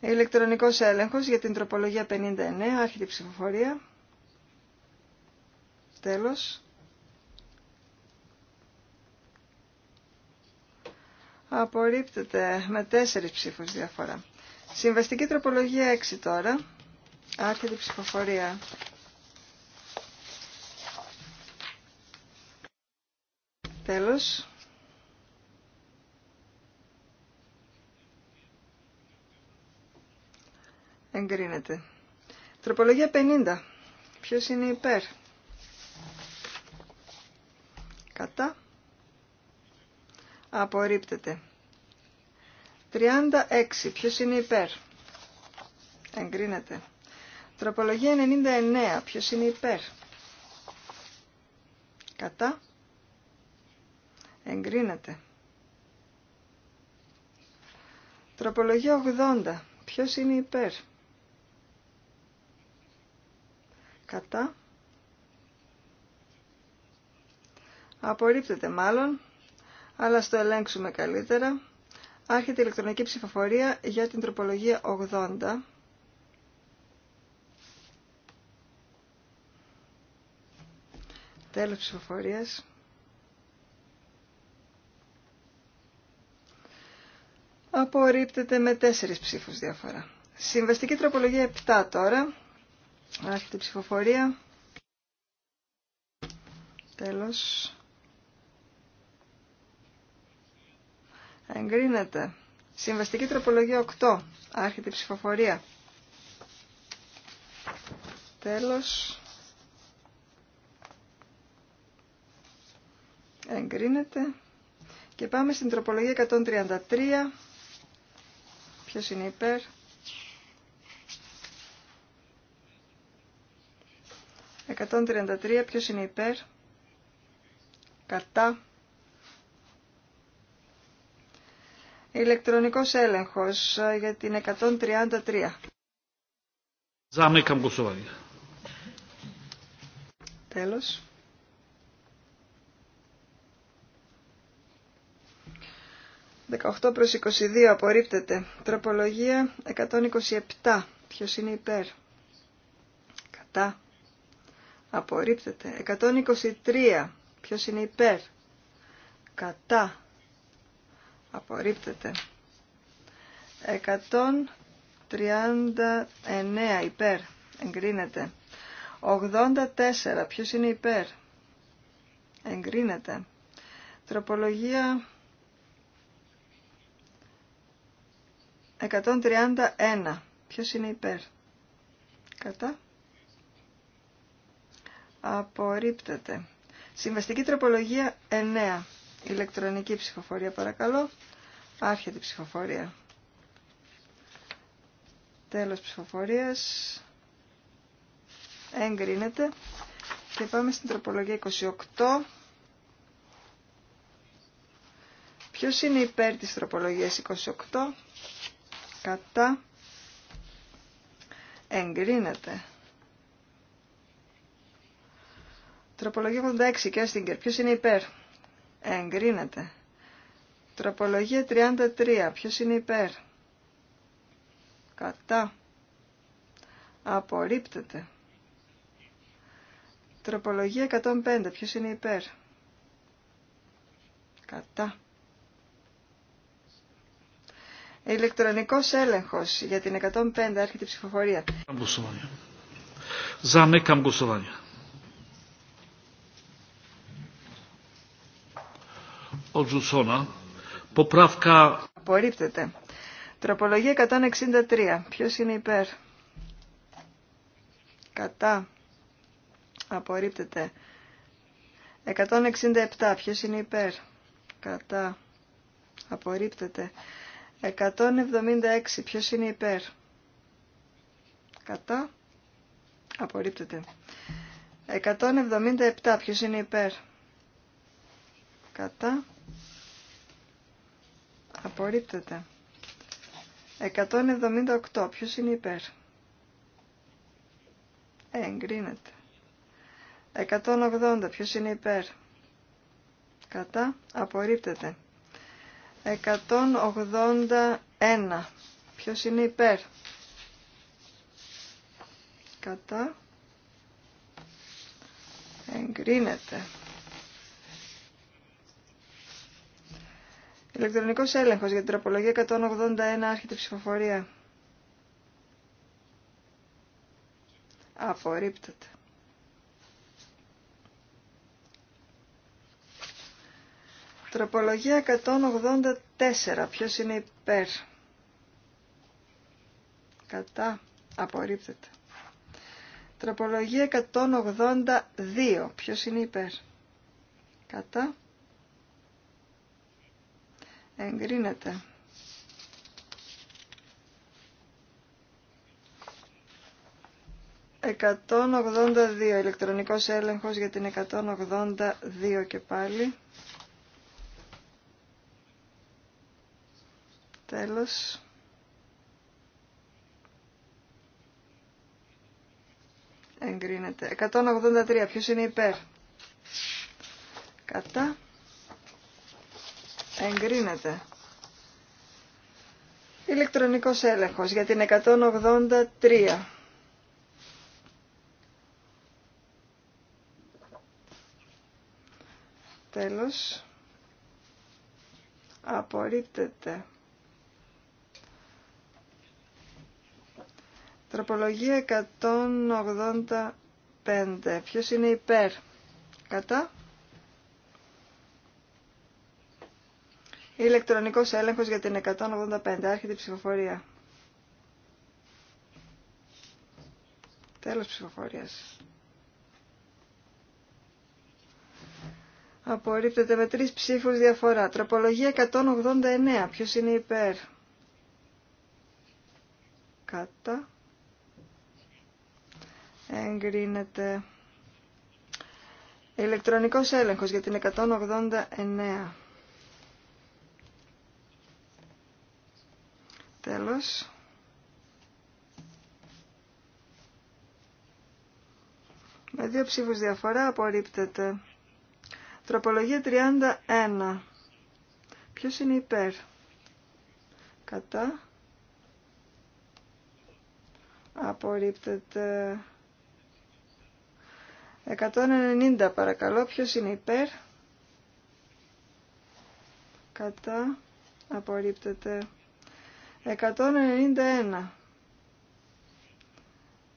Ηλεκτρονικός έλεγχος για την τροπολογία 59, άρχιτη ψηφοφορία. Τέλος. Απορρίπτεται με τέσσερις ψήφους διαφορά. Συμβαστική τροπολογία 6 τώρα. άρχιτη ψηφοφορία. Τέλος. Εγκρίνεται. Τροπολογία 50. Ποιος είναι υπέρ. Κατά. Απορρίπτεται. 36. Ποιος είναι υπέρ. Εγκρίνεται. Τροπολογία 99. Ποιος είναι υπέρ. Κατά. Εγκρίνεται. Τροπολογία 80. Ποιος είναι υπέρ. κατά απορρίπτεται μάλλον αλλά στο ελέγξουμε καλύτερα άρχεται η ηλεκτρονική ψηφοφορία για την τροπολογία 80 τέλος ψηφοφορίας απορρίπτεται με τέσσερις ψήφους διαφορά. Συμβαστική τροπολογία 7 τώρα Άρχεται η ψηφοφορία. Τέλος. Εγκρίνεται. Συμβαστική τροπολογία 8. Άρχεται η ψηφοφορία. Τέλος. Εγκρίνεται. Και πάμε στην τροπολογία 133. Ποιος είναι υπέρ. 133 ποιος είναι υπέρ κατά ηλεκτρονικός έλεγχος ε, για την 133 Zamykam głosowanie. Τέλος. Δεκαοχτώ προς 22 απορρίπτεται. Τροπολογία 127. Ποιος είναι υπέρ. Κατά. Απορρίπτεται. 123. Ποιος είναι υπέρ. Κατά. Απορρίπτεται. 139 υπέρ. Εγκρίνεται. 84. Ποιος είναι υπέρ. Εγκρίνεται. Τροπολογία 131. Ποιος είναι υπέρ. Κατά. Απορρίπτεται. Συμβαστική τροπολογία 9. Ηλεκτρονική ψηφοφορία παρακαλώ. Άρχεται η ψηφοφορία. Τέλος ψηφοφορίας. Εγκρίνεται. Και πάμε στην τροπολογία 28. Ποιος είναι υπέρ της τροπολογίας 28. Κατά. Εγκρίνεται. Τροπολογία 86, Κέστιγκερ. Ποιος είναι υπέρ. Ε, εγκρίνεται. Τροπολογία 33. Ποιος είναι υπέρ. Κατά. Απορρίπτεται. Τροπολογία 105. Ποιος είναι υπέρ. Κατά. Ηλεκτρονικός έλεγχος για την 105 έρχεται η ψηφοφορία. Zamykam głosowanie. Odrzucona. Poprawka. Απορρίπτεται. Τροπολογία 163. Ποιος είναι υπέρ. Κατά. Απορρίπτεται. 167. Ποιος είναι υπέρ. Κατά. Απορρίπτεται. 176. Ποιος είναι υπέρ. Κατά. Απορρίπτεται. 177. Ποιος είναι υπέρ. Κατά. Απορρίπτεται. 178. Ποιος είναι υπέρ. Ε, εγκρίνεται. 180. Ποιος είναι υπέρ. Κατά. Απορρίπτεται. 181. Ποιος είναι υπέρ. Κατά. Εγκρίνεται. Ηλεκτρονικό έλεγχος για την τροπολογία 181 άρχεται ψηφοφορία. Απορρίπτεται. Τροπολογία 184. Ποιο είναι υπέρ. Κατά. Απορρίπτεται. Τροπολογία 182. Ποιο είναι υπέρ. Κατά. Εγκρίνεται. «182» ηλεκτρονικός έλεγχος για την 182 και πάλι. Τέλος. Εγκρίνεται. 183. Ποιος είναι υπέρ. Κατά. Εγκρίνεται. Ηλεκτρονικός έλεγχος για την 183. Τέλος. Απορρίπτεται. Τροπολογία 185. Ποιος είναι υπέρ. Κατά. Ηλεκτρονικός έλεγχος για την 185. Άρχεται η ψηφοφορία. Τέλος ψηφοφορίας. Απορρίπτεται με τρεις ψήφους διαφορά. Τροπολογία 189. Ποιος είναι υπέρ. Κατά. Εγκρίνεται. Ηλεκτρονικός έλεγχος για την 189. Τέλος. Με δύο ψήφους διαφορά απορρίπτεται. Τροπολογία 31. Ποιος είναι υπέρ. Κατά. Απορρίπτεται. 190 παρακαλώ. Ποιος είναι υπέρ. Κατά. Απορρίπτεται. 191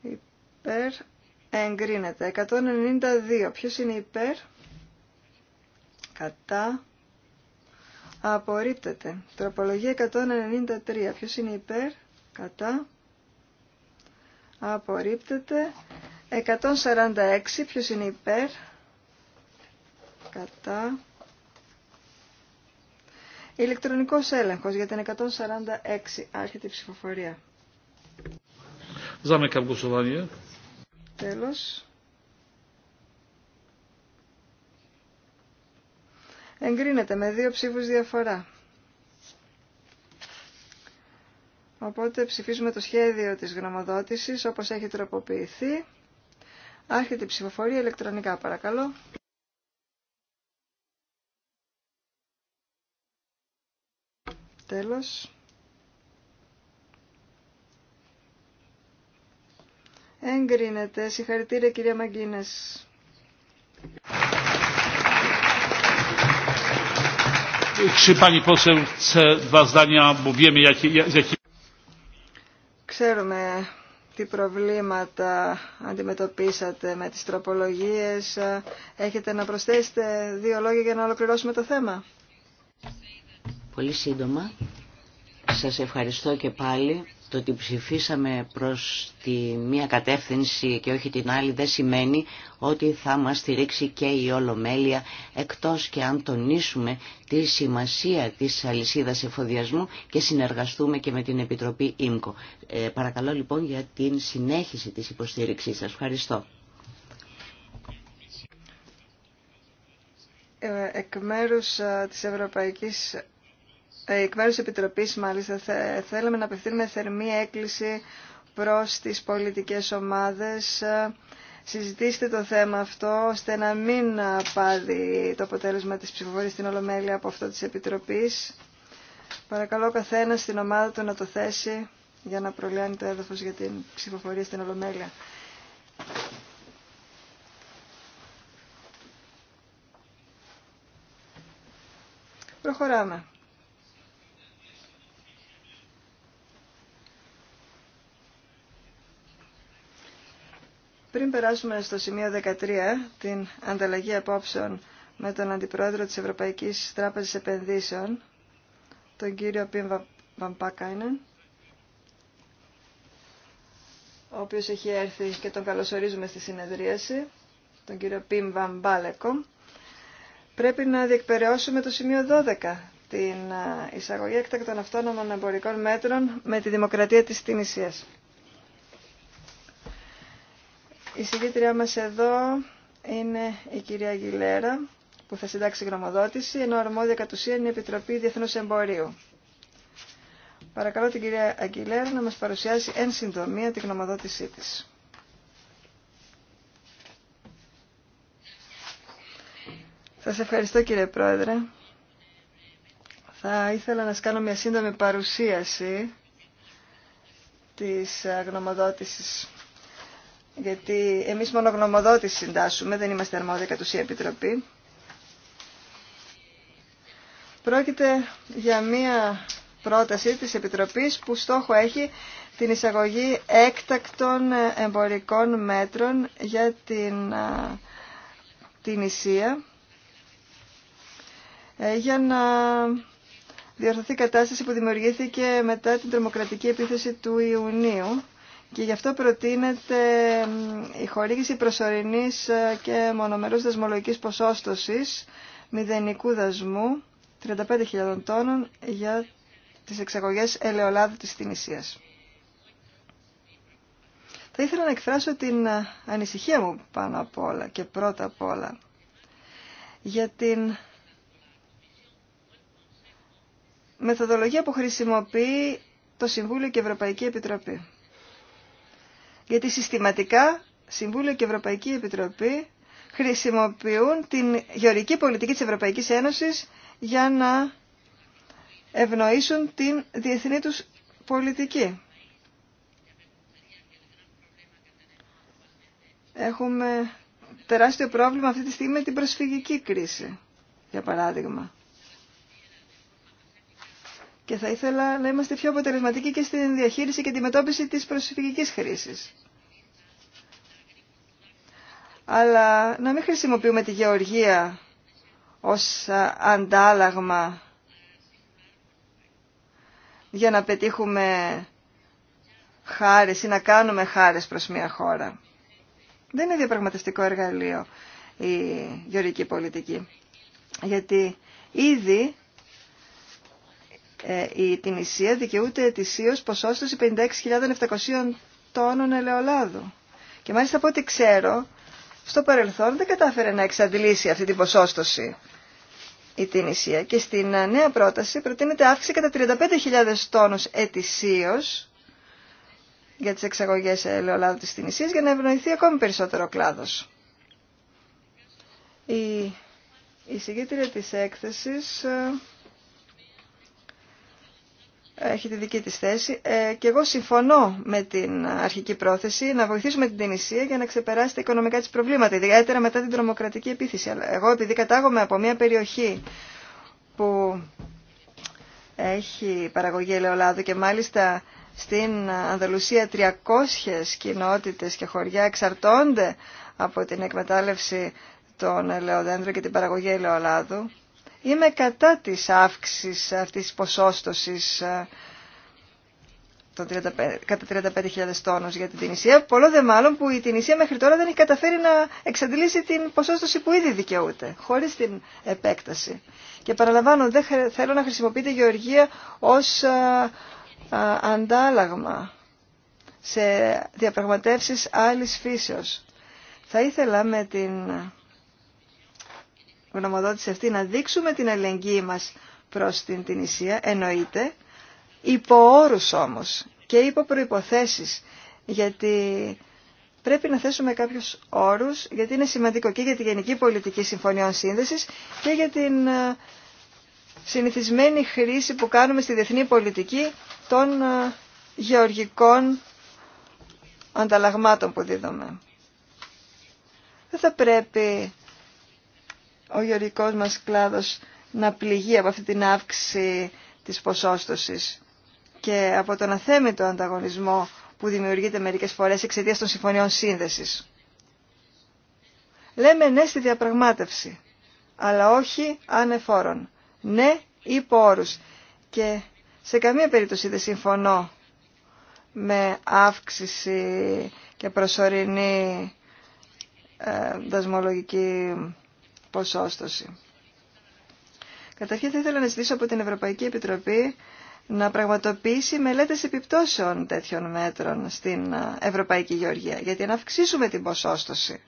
υπέρ εγκρίνεται 192 ποιος είναι υπέρ κατά απορρίπτεται τροπολογία 193 ποιος είναι υπέρ κατά απορρίπτεται 146 ποιος είναι υπέρ κατά Ηλεκτρονικός έλεγχος για την 146. Άρχεται η ψηφοφορία. Τέλο. Τέλος. Εγκρίνεται με δύο ψήφους διαφορά. Οπότε ψηφίζουμε το σχέδιο της γνωμοδότησης όπως έχει τροποποιηθεί. Άρχεται η ψηφοφορία ηλεκτρονικά παρακαλώ. Τέλος. Εγκρίνεται. Συγχαρητήρια κυρία Μαγκίνες. Ξέρουμε τι προβλήματα αντιμετωπίσατε με τις τροπολογίες. Έχετε να προσθέσετε δύο λόγια για να ολοκληρώσουμε το θέμα. Πολύ σύντομα, σας ευχαριστώ και πάλι. Το ότι ψηφίσαμε προς τη μία κατεύθυνση και όχι την άλλη δεν σημαίνει ότι θα μας στηρίξει και η Ολομέλεια εκτός και αν τονίσουμε τη σημασία της αλυσίδας εφοδιασμού και συνεργαστούμε και με την Επιτροπή ΙΜΚΟ. Ε, παρακαλώ λοιπόν για την συνέχιση της υποστήριξής σας. Ευχαριστώ. Ε, εκ μέρους ε, της Ευρωπαϊκής ε, εκ μέρους της Επιτροπής μάλιστα θέλαμε να απευθύνουμε θερμή έκκληση προς τις πολιτικές ομάδες. Ε, συζητήστε το θέμα αυτό ώστε να μην πάδει το αποτέλεσμα της ψηφοφορίας στην Ολομέλεια από αυτό της Επιτροπής. Παρακαλώ καθένα στην ομάδα του να το θέσει για να προλιάνει το έδαφος για την ψηφοφορία στην Ολομέλεια. Προχωράμε. Πριν περάσουμε στο σημείο 13, την ανταλλαγή απόψεων με τον Αντιπρόεδρο της Ευρωπαϊκής Τράπεζας Επενδύσεων, τον κύριο Πιμ Βαμπάκαϊνεν, ο οποίος έχει έρθει και τον καλωσορίζουμε στη συνεδρίαση, τον κύριο Πιμ Βαμπάλεκο, πρέπει να διεκπαιρεώσουμε το σημείο 12, την ε, εισαγωγή εκτακτών αυτόνομων εμπορικών μέτρων με τη δημοκρατία της Τινησίας. Η συγκήτριά μας εδώ είναι η κυρία Αγγιλέρα που θα συντάξει γνωμοδότηση, ενώ αρμόδια κατ' ουσία είναι η Επιτροπή Διεθνούς Εμπορίου. Παρακαλώ την κυρία Αγγιλέρα να μας παρουσιάσει εν συντομία τη γνωμοδότησή της. Σας ευχαριστώ κύριε Πρόεδρε. Θα ήθελα να σας κάνω μια σύντομη παρουσίαση της ε, γνωμοδότησης γιατί εμείς μόνο γνωμοδότηση συντάσσουμε, δεν είμαστε αρμόδια κατ' ουσία επιτροπή. Πρόκειται για μία πρόταση της Επιτροπής που στόχο έχει την εισαγωγή έκτακτων εμπορικών μέτρων για την, την Ισία ε, για να διορθωθεί η κατάσταση που δημιουργήθηκε μετά την τρομοκρατική επίθεση του Ιουνίου και γι' αυτό προτείνεται η χορήγηση προσωρινής ε, και μονομερούς δεσμολογικής ποσόστοσης μηδενικού δασμού 35.000 τόνων για τις εξαγωγές ελαιολάδου της Τινησίας. Θα ήθελα να εκφράσω την ε, ανησυχία μου πάνω απ' όλα και πρώτα απ' όλα για την μεθοδολογία που χρησιμοποιεί το Συμβούλιο και η Ευρωπαϊκή Επιτροπή γιατί συστηματικά Συμβούλιο και Ευρωπαϊκή Επιτροπή χρησιμοποιούν την γεωρική πολιτική της Ευρωπαϊκής Ένωσης για να ευνοήσουν την διεθνή τους πολιτική. Έχουμε τεράστιο πρόβλημα αυτή τη στιγμή με την προσφυγική κρίση, για παράδειγμα. Και θα ήθελα να είμαστε πιο αποτελεσματικοί και στην διαχείριση και τη μετώπιση της προσφυγικής χρήσης. Αλλά να μην χρησιμοποιούμε τη γεωργία ως αντάλλαγμα για να πετύχουμε χάρες ή να κάνουμε χάρες προς μια χώρα. Δεν είναι διαπραγματευτικό εργαλείο η γεωργική πολιτική. Γιατί ήδη ε, η Τινησία δικαιούται ετησίω ποσόστοση 56.700 τόνων ελαιολάδου. Και μάλιστα από ό,τι ξέρω, στο παρελθόν δεν κατάφερε να εξαντλήσει αυτή την ποσόστοση η Τινησία. Και στην ε, νέα πρόταση προτείνεται αύξηση κατά 35.000 τόνους ετησίω για τις εξαγωγές ελαιολάδου της Τινησίας για να ευνοηθεί ακόμη περισσότερο ο κλάδος. Η, η τη της έκθεσης ε, έχει τη δική της θέση ε, και εγώ συμφωνώ με την αρχική πρόθεση να βοηθήσουμε την Τινησία για να ξεπεράσει τα οικονομικά της προβλήματα, ιδιαίτερα μετά την τρομοκρατική επίθεση. Αλλά εγώ επειδή κατάγομαι από μια περιοχή που έχει παραγωγή ελαιολάδου και μάλιστα στην Ανδαλουσία 300 κοινότητες και χωριά εξαρτώνται από την εκμετάλλευση των ελαιοδέντρων και την παραγωγή ελαιολάδου Είμαι κατά της αύξησης αυτής της ποσόστοσης ε, κατά 35.000 τόνους για την Τινησία, πολλό δε μάλλον που η Τινησία μέχρι τώρα δεν έχει καταφέρει να εξαντλήσει την ποσόστοση που ήδη δικαιούται, χωρίς την επέκταση. Και παραλαμβάνω, δεν θέλω να χρησιμοποιείται η γεωργία ως ε, ε, αντάλλαγμα σε διαπραγματεύσεις άλλης φύσεως. Θα ήθελα με την γνωμοδότηση αυτή να δείξουμε την αλληλεγγύη μας προς την Τινησία, εννοείται, υπό όρους όμως και υπό προϋποθέσεις, γιατί πρέπει να θέσουμε κάποιους όρους, γιατί είναι σημαντικό και για τη Γενική Πολιτική Συμφωνιών Σύνδεσης και για την ε, συνηθισμένη χρήση που κάνουμε στη διεθνή πολιτική των ε, γεωργικών ανταλλαγμάτων που δίδουμε. Δεν θα πρέπει ο γεωρικός μας κλάδος να πληγεί από αυτή την αύξηση της ποσόστοσης και από τον αθέμητο ανταγωνισμό που δημιουργείται μερικές φορές εξαιτία των συμφωνιών σύνδεσης. Λέμε ναι στη διαπραγμάτευση, αλλά όχι ανεφόρον. Ναι υπό όρους. Και σε καμία περίπτωση δεν συμφωνώ με αύξηση και προσωρινή ε, δασμολογική ποσόστοση. Καταρχήν θα ήθελα να ζητήσω από την Ευρωπαϊκή Επιτροπή να πραγματοποιήσει μελέτες επιπτώσεων τέτοιων μέτρων στην ε, Ευρωπαϊκή Γεωργία. Γιατί αν αυξήσουμε την ποσόστοση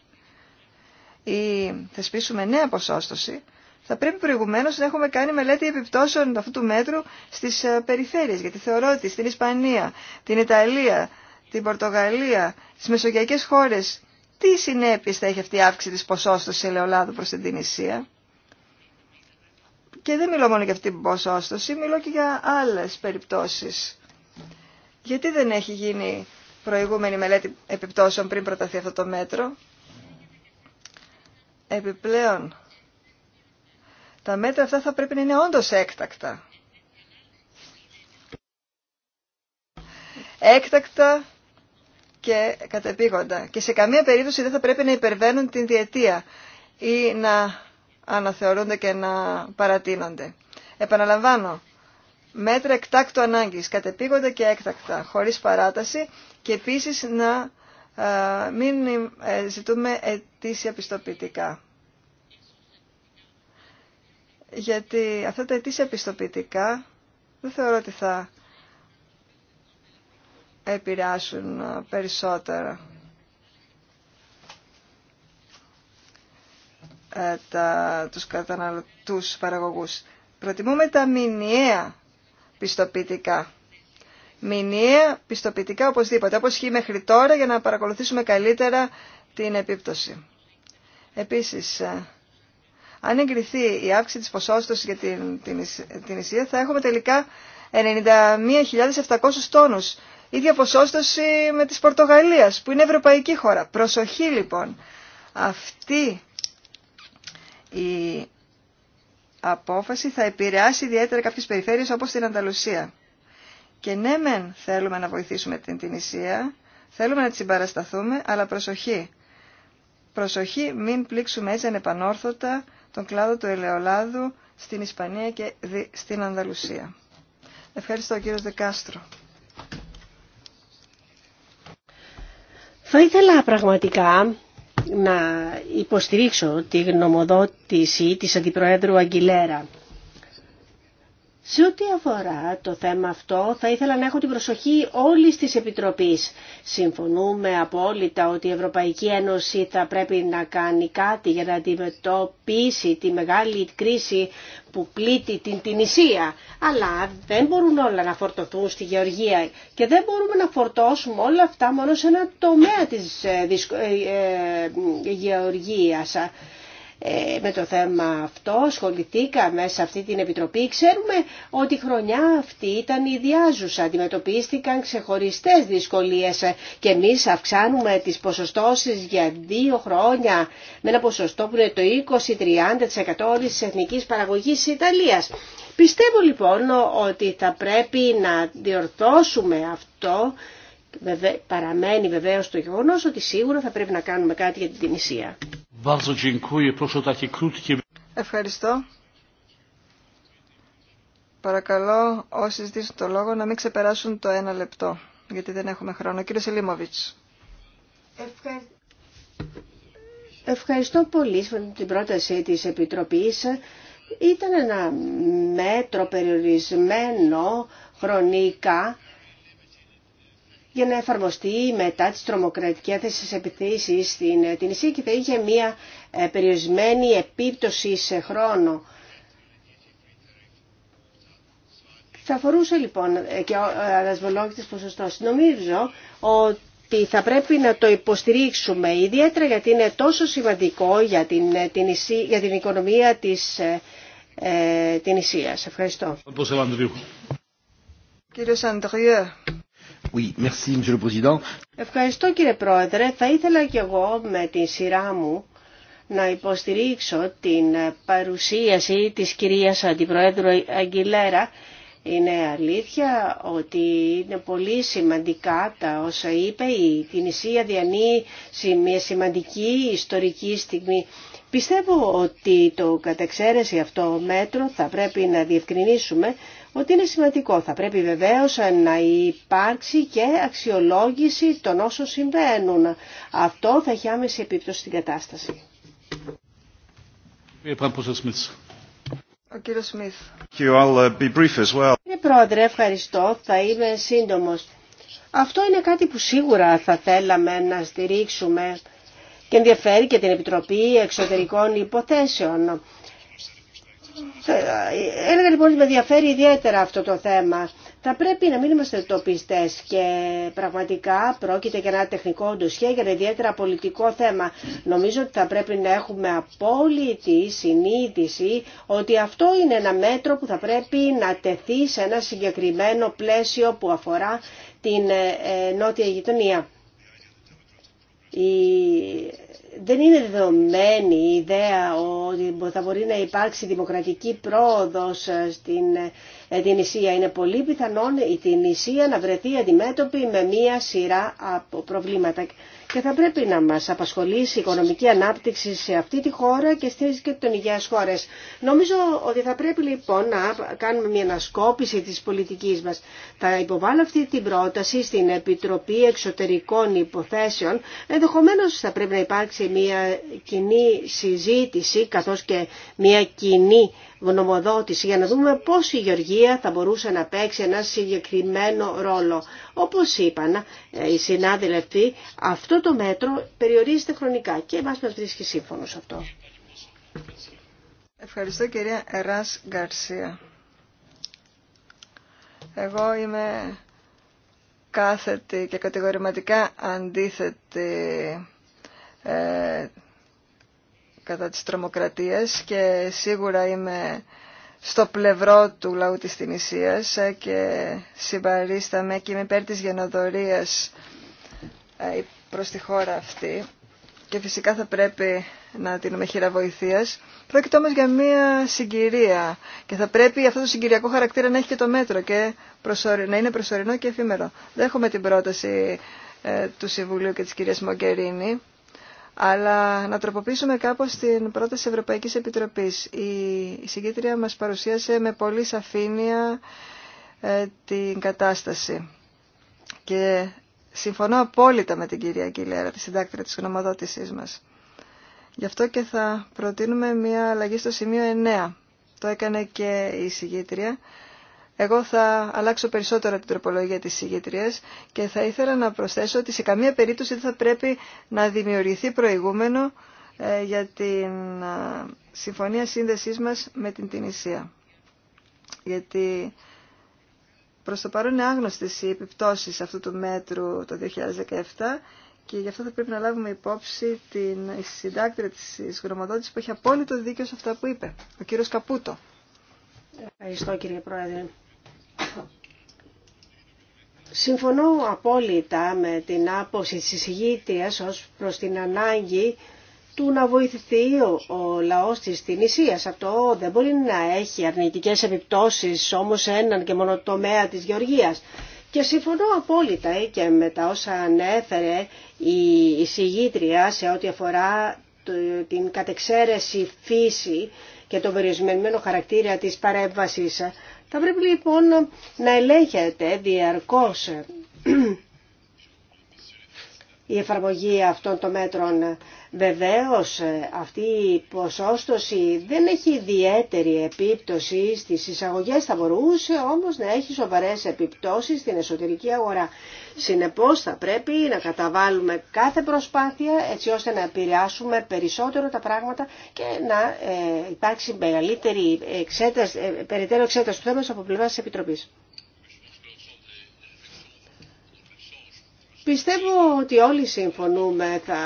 ή θεσπίσουμε νέα ποσόστοση, θα πρέπει προηγουμένως να έχουμε κάνει μελέτη επιπτώσεων αυτού του μέτρου στις ε, περιφέρειες. Γιατί θεωρώ ότι στην Ισπανία, την Ιταλία, την Πορτογαλία, στις μεσογειακές χώρες τι συνέπειες θα έχει αυτή η αύξηση της ποσόστοσης ελαιολάδου προς την Τινησία. Και δεν μιλώ μόνο για αυτή την ποσόστοση, μιλώ και για άλλες περιπτώσεις. Γιατί δεν έχει γίνει προηγούμενη μελέτη επιπτώσεων πριν προταθεί αυτό το μέτρο. Επιπλέον, τα μέτρα αυτά θα πρέπει να είναι όντως έκτακτα. Έκτακτα και κατεπήγοντα. Και σε καμία περίπτωση δεν θα πρέπει να υπερβαίνουν την διετία ή να αναθεωρούνται και να παρατείνονται. Επαναλαμβάνω, μέτρα εκτάκτου ανάγκης, κατεπήγοντα και έκτακτα, χωρίς παράταση και επίσης να ε, μην ε, ζητούμε αιτήσια πιστοποιητικά. Γιατί αυτά τα αιτήσια πιστοποιητικά δεν θεωρώ ότι θα επηρεάσουν περισσότερα ε, τα, τους καταναλωτούς παραγωγούς. Προτιμούμε τα μηνιαία πιστοποιητικά. Μηνιαία πιστοποιητικά οπωσδήποτε, όπως έχει μέχρι τώρα για να παρακολουθήσουμε καλύτερα την επίπτωση. Επίσης, ε, αν εγκριθεί η αύξηση της ποσότητας για την, την, Ισία, θα έχουμε τελικά 91.700 τόνους ίδια ποσόστοση με της Πορτογαλίας που είναι ευρωπαϊκή χώρα. Προσοχή λοιπόν. Αυτή η απόφαση θα επηρεάσει ιδιαίτερα κάποιες περιφέρειες όπως την Ανταλουσία. Και ναι μεν θέλουμε να βοηθήσουμε την Τινησία, θέλουμε να τη συμπαρασταθούμε, αλλά προσοχή. Προσοχή μην πλήξουμε έτσι ανεπανόρθωτα τον κλάδο του ελαιολάδου στην Ισπανία και στην Ανταλουσία. Ευχαριστώ κύριο Δεκάστρο. Θα ήθελα πραγματικά να υποστηρίξω τη γνωμοδότηση της Αντιπροέδρου Αγγιλέρα σε ό,τι αφορά το θέμα αυτό, θα ήθελα να έχω την προσοχή όλης της Επιτροπής. Συμφωνούμε απόλυτα ότι η Ευρωπαϊκή Ένωση θα πρέπει να κάνει κάτι για να αντιμετωπίσει τη μεγάλη κρίση που πλήττει την Τινησία. Αλλά δεν μπορούν όλα να φορτωθούν στη Γεωργία και δεν μπορούμε να φορτώσουμε όλα αυτά μόνο σε ένα τομέα της ε, ε, ε, Γεωργίας. Ε, με το θέμα αυτό, ασχοληθήκαμε σε αυτή την Επιτροπή. Ξέρουμε ότι η χρονιά αυτή ήταν ιδιάζουσα, αντιμετωπίστηκαν ξεχωριστές δυσκολίες και εμεί αυξάνουμε τις ποσοστώσεις για δύο χρόνια με ένα ποσοστό που είναι το 20-30% της εθνικής παραγωγής της Ιταλίας. Πιστεύω λοιπόν ότι θα πρέπει να διορθώσουμε αυτό παραμένει βεβαίως το γεγονός ότι σίγουρα θα πρέπει να κάνουμε κάτι για την Τινησία. Ευχαριστώ. Παρακαλώ όσοι ζητήσουν το λόγο να μην ξεπεράσουν το ένα λεπτό, γιατί δεν έχουμε χρόνο. Κύριε Σελίμωβιτς. Ευχαριστώ πολύ την πρόταση της Επιτροπής. Ήταν ένα μέτρο περιορισμένο χρονικά για να εφαρμοστεί μετά τις τρομοκρατικές επιθέσεις στην ε, την και θα είχε μία ε, περιορισμένη επίπτωση σε χρόνο. Θα αφορούσε λοιπόν ε, και ο αδασμολόγητης ποσοστός. Νομίζω ότι θα πρέπει να το υποστηρίξουμε ιδιαίτερα γιατί είναι τόσο σημαντικό για την, την, για την οικονομία της ε, την Ισίας. Ευχαριστώ. Ευχαριστώ κύριε Πρόεδρε. Θα ήθελα κι εγώ με τη σειρά μου να υποστηρίξω την παρουσίαση της κυρίας Αντιπροέδρου Αγγιλέρα. Είναι αλήθεια ότι είναι πολύ σημαντικά τα όσα είπε. Η Τινησία διανύει σε μια σημαντική ιστορική στιγμή. Πιστεύω ότι το κατεξαίρεση αυτό μέτρο θα πρέπει να διευκρινίσουμε ότι είναι σημαντικό. Θα πρέπει βεβαίως να υπάρξει και αξιολόγηση των όσων συμβαίνουν. Αυτό θα έχει άμεση επίπτωση στην κατάσταση. Ε, Ο uh, Κύριε Πρόεδρε, ευχαριστώ. Θα είμαι σύντομος. Αυτό είναι κάτι που σίγουρα θα θέλαμε να στηρίξουμε και ενδιαφέρει και την Επιτροπή Εξωτερικών Υποθέσεων. Έλεγα λοιπόν ότι με ενδιαφέρει ιδιαίτερα αυτό το θέμα. Θα πρέπει να μην είμαστε τοπιστέ και πραγματικά πρόκειται για ένα τεχνικό ντοσιέ, για ένα ιδιαίτερα πολιτικό θέμα. Νομίζω ότι θα πρέπει να έχουμε απόλυτη συνείδηση ότι αυτό είναι ένα μέτρο που θα πρέπει να τεθεί σε ένα συγκεκριμένο πλαίσιο που αφορά την ε, ε, νότια γειτονία δεν είναι δεδομένη η ιδέα ότι θα μπορεί να υπάρξει δημοκρατική πρόοδος ε, στην ε, την Είναι πολύ πιθανόν η την να βρεθεί αντιμέτωπη με μία σειρά από προβλήματα και θα πρέπει να μας απασχολήσει η οικονομική ανάπτυξη σε αυτή τη χώρα και στις και υγείας χώρες. Νομίζω ότι θα πρέπει λοιπόν να κάνουμε μια ανασκόπηση της πολιτικής μας. Θα υποβάλω αυτή την πρόταση στην Επιτροπή Εξωτερικών Υποθέσεων. Ενδεχομένως θα πρέπει να υπάρξει μια κοινή συζήτηση καθώς και μια κοινή για να δούμε πώς η Γεωργία θα μπορούσε να παίξει ένα συγκεκριμένο ρόλο. Όπως είπαν ε, οι συνάδελφοι, αυτό το μέτρο περιορίζεται χρονικά και εμάς μας βρίσκει σύμφωνο σε αυτό. Ευχαριστώ κυρία Εράς Γκαρσία. Εγώ είμαι κάθετη και κατηγορηματικά αντίθετη ε, κατά της τρομοκρατίας και σίγουρα είμαι στο πλευρό του λαού της Τινησίας ε, και συμπαρίσταμαι και είμαι υπέρ της γενοδορίας ε, προς τη χώρα αυτή και φυσικά θα πρέπει να την χείρα βοηθείας. Πρόκειται όμως για μία συγκυρία και θα πρέπει αυτό το συγκυριακό χαρακτήρα να έχει και το μέτρο και να είναι προσωρινό και εφήμερο. Δέχομαι την πρόταση ε, του Συμβουλίου και της κυρίας Μογκερίνη αλλά να τροποποιήσουμε κάπως την πρόταση Ευρωπαϊκής Επιτροπής. Η συγκήτρια μας παρουσίασε με πολύ σαφήνεια ε, την κατάσταση. Και συμφωνώ απόλυτα με την κυρία Κιλέρα, τη συντάκτρια της γνωμοδότησής μας. Γι' αυτό και θα προτείνουμε μια αλλαγή στο σημείο 9. Το έκανε και η συγκήτρια εγώ θα αλλάξω περισσότερα την τροπολογία της ηγετρίας και θα ήθελα να προσθέσω ότι σε καμία περίπτωση δεν θα πρέπει να δημιουργηθεί προηγούμενο ε, για την ε, συμφωνία σύνδεσής μας με την Τινησία. Γιατί προς το παρόν είναι άγνωστες οι επιπτώσεις αυτού του μέτρου το 2017 και γι' αυτό θα πρέπει να λάβουμε υπόψη την συντάκτρια της γνωμοδότησης που έχει απόλυτο δίκιο σε αυτά που είπε, ο κύριος Καπούτο. Ευχαριστώ κύριε Πρόεδρε. Συμφωνώ απόλυτα με την άποψη της εισηγήτριας ως προς την ανάγκη του να βοηθηθεί ο, ο λαός της Ισία. Αυτό δεν μπορεί να έχει αρνητικές επιπτώσεις όμως σε έναν και μόνο τομέα της Γεωργίας. Και συμφωνώ απόλυτα ε, και με τα όσα ανέφερε η εισηγήτρια σε ό,τι αφορά την κατεξαίρεση φύση και τον περιορισμένο χαρακτήρα της παρέμβασης. Θα πρέπει λοιπόν να ελέγχεται διαρκώς η εφαρμογή αυτών των μέτρων. Βεβαίως αυτή η ποσόστοση δεν έχει ιδιαίτερη επίπτωση στις εισαγωγές, θα μπορούσε όμως να έχει σοβαρές επιπτώσεις στην εσωτερική αγορά. Συνεπώς θα πρέπει να καταβάλουμε κάθε προσπάθεια έτσι ώστε να επηρεάσουμε περισσότερο τα πράγματα και να ε, υπάρξει μεγαλύτερη εξέταση, ε, περαιτέρω εξέταση του θέματος από πλευρά της Επιτροπής. Πιστεύω ότι όλοι συμφωνούμε, θα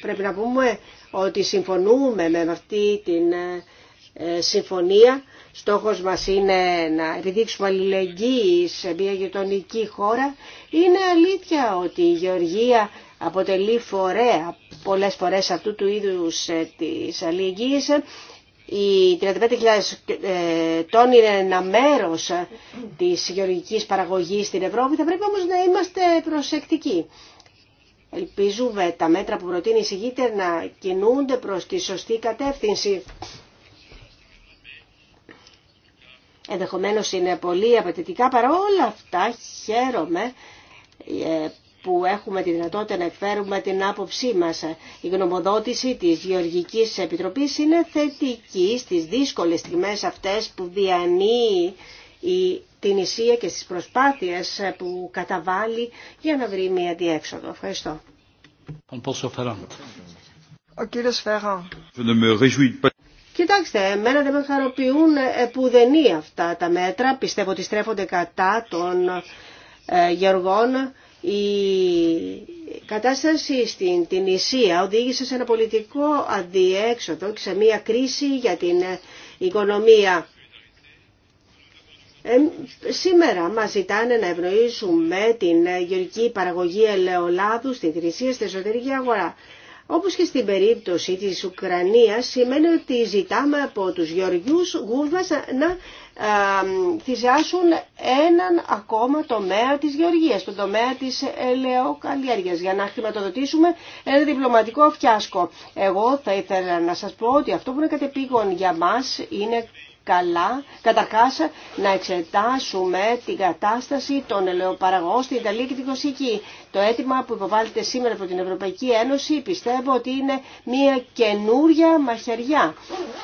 πρέπει να πούμε ότι συμφωνούμε με αυτή την ε, συμφωνία. Στόχος μας είναι να επιδείξουμε αλληλεγγύη σε μια γειτονική χώρα. Είναι αλήθεια ότι η Γεωργία αποτελεί φορέα πολλές φορές αυτού του είδους ε, της αλληλεγγύης οι 35.000 ε, τόνοι είναι ένα μέρος της γεωργικής παραγωγής στην Ευρώπη, θα πρέπει όμως να είμαστε προσεκτικοί. Ελπίζουμε τα μέτρα που προτείνει η να κινούνται προς τη σωστή κατεύθυνση. Ενδεχομένως είναι πολύ απαιτητικά, παρόλα αυτά χαίρομαι ε, που έχουμε τη δυνατότητα να εκφέρουμε την άποψή μας. Η γνωμοδότηση της Γεωργικής Επιτροπής είναι θετική στις δύσκολες στιγμές αυτές που διανύει η, την Ισία και στις προσπάθειες που καταβάλει για να βρει μια διέξοδο. Ευχαριστώ. Ο κύριος Κοιτάξτε, εμένα δεν με χαροποιούν είναι αυτά τα μέτρα. Πιστεύω ότι στρέφονται κατά των ε, γεωργών η κατάσταση στην Ισία οδήγησε σε ένα πολιτικό αντιέξοδο και σε μια κρίση για την οικονομία. Ε, σήμερα μας ζητάνε να ευνοήσουμε την γεωργική παραγωγή ελαιολάδου στην Τινησία, στην εσωτερική αγορά. Όπως και στην περίπτωση της Ουκρανίας σημαίνει ότι ζητάμε από τους γεωργιούς γούρβας να θυσιάσουν έναν ακόμα τομέα της γεωργίας, τον τομέα της ελαιοκαλλιέργειας, για να χρηματοδοτήσουμε ένα διπλωματικό φιάσκο. Εγώ θα ήθελα να σας πω ότι αυτό που είναι κατεπήγον για μας είναι καλά, καταρχάς να εξετάσουμε την κατάσταση των ελαιοπαραγωγών στην Ιταλία και την Κωσική. Το αίτημα που υποβάλλεται σήμερα από την Ευρωπαϊκή Ένωση πιστεύω ότι είναι μια καινούρια μαχαιριά.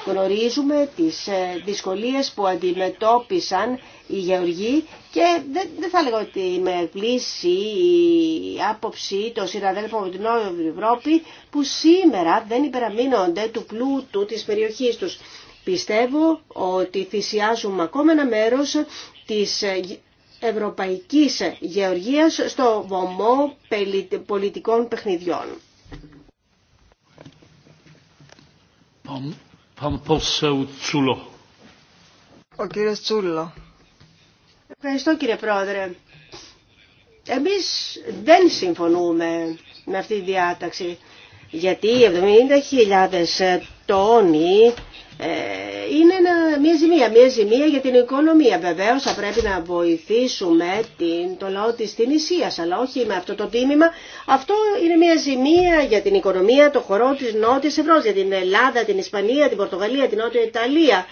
Γνωρίζουμε τις ε, δυσκολίες που αντιμετώπισαν οι γεωργοί και δεν, δεν θα λέγω ότι με πλήση η άποψη των συναδέλφων από την Ευρώπη που σήμερα δεν υπεραμείνονται του πλούτου της περιοχής τους. Πιστεύω ότι θυσιάζουμε ακόμα ένα μέρος της ευρωπαϊκής γεωργίας στο βωμό πολιτικών παιχνιδιών. Ο κύριος Τσούλο. Ευχαριστώ κύριε Πρόεδρε. Εμείς δεν συμφωνούμε με αυτή τη διάταξη γιατί 70.000 τόνοι ε, είναι μια ζημία, μια ζημία για την οικονομία. Βεβαίως θα πρέπει να βοηθήσουμε την, το λαό της ισία, αλλά όχι με αυτό το τίμημα. Αυτό είναι μια ζημία για την οικονομία, το χωρό της Νότιας Ευρώς, για την Ελλάδα, την Ισπανία, την Πορτογαλία, την Νότια Ιταλία.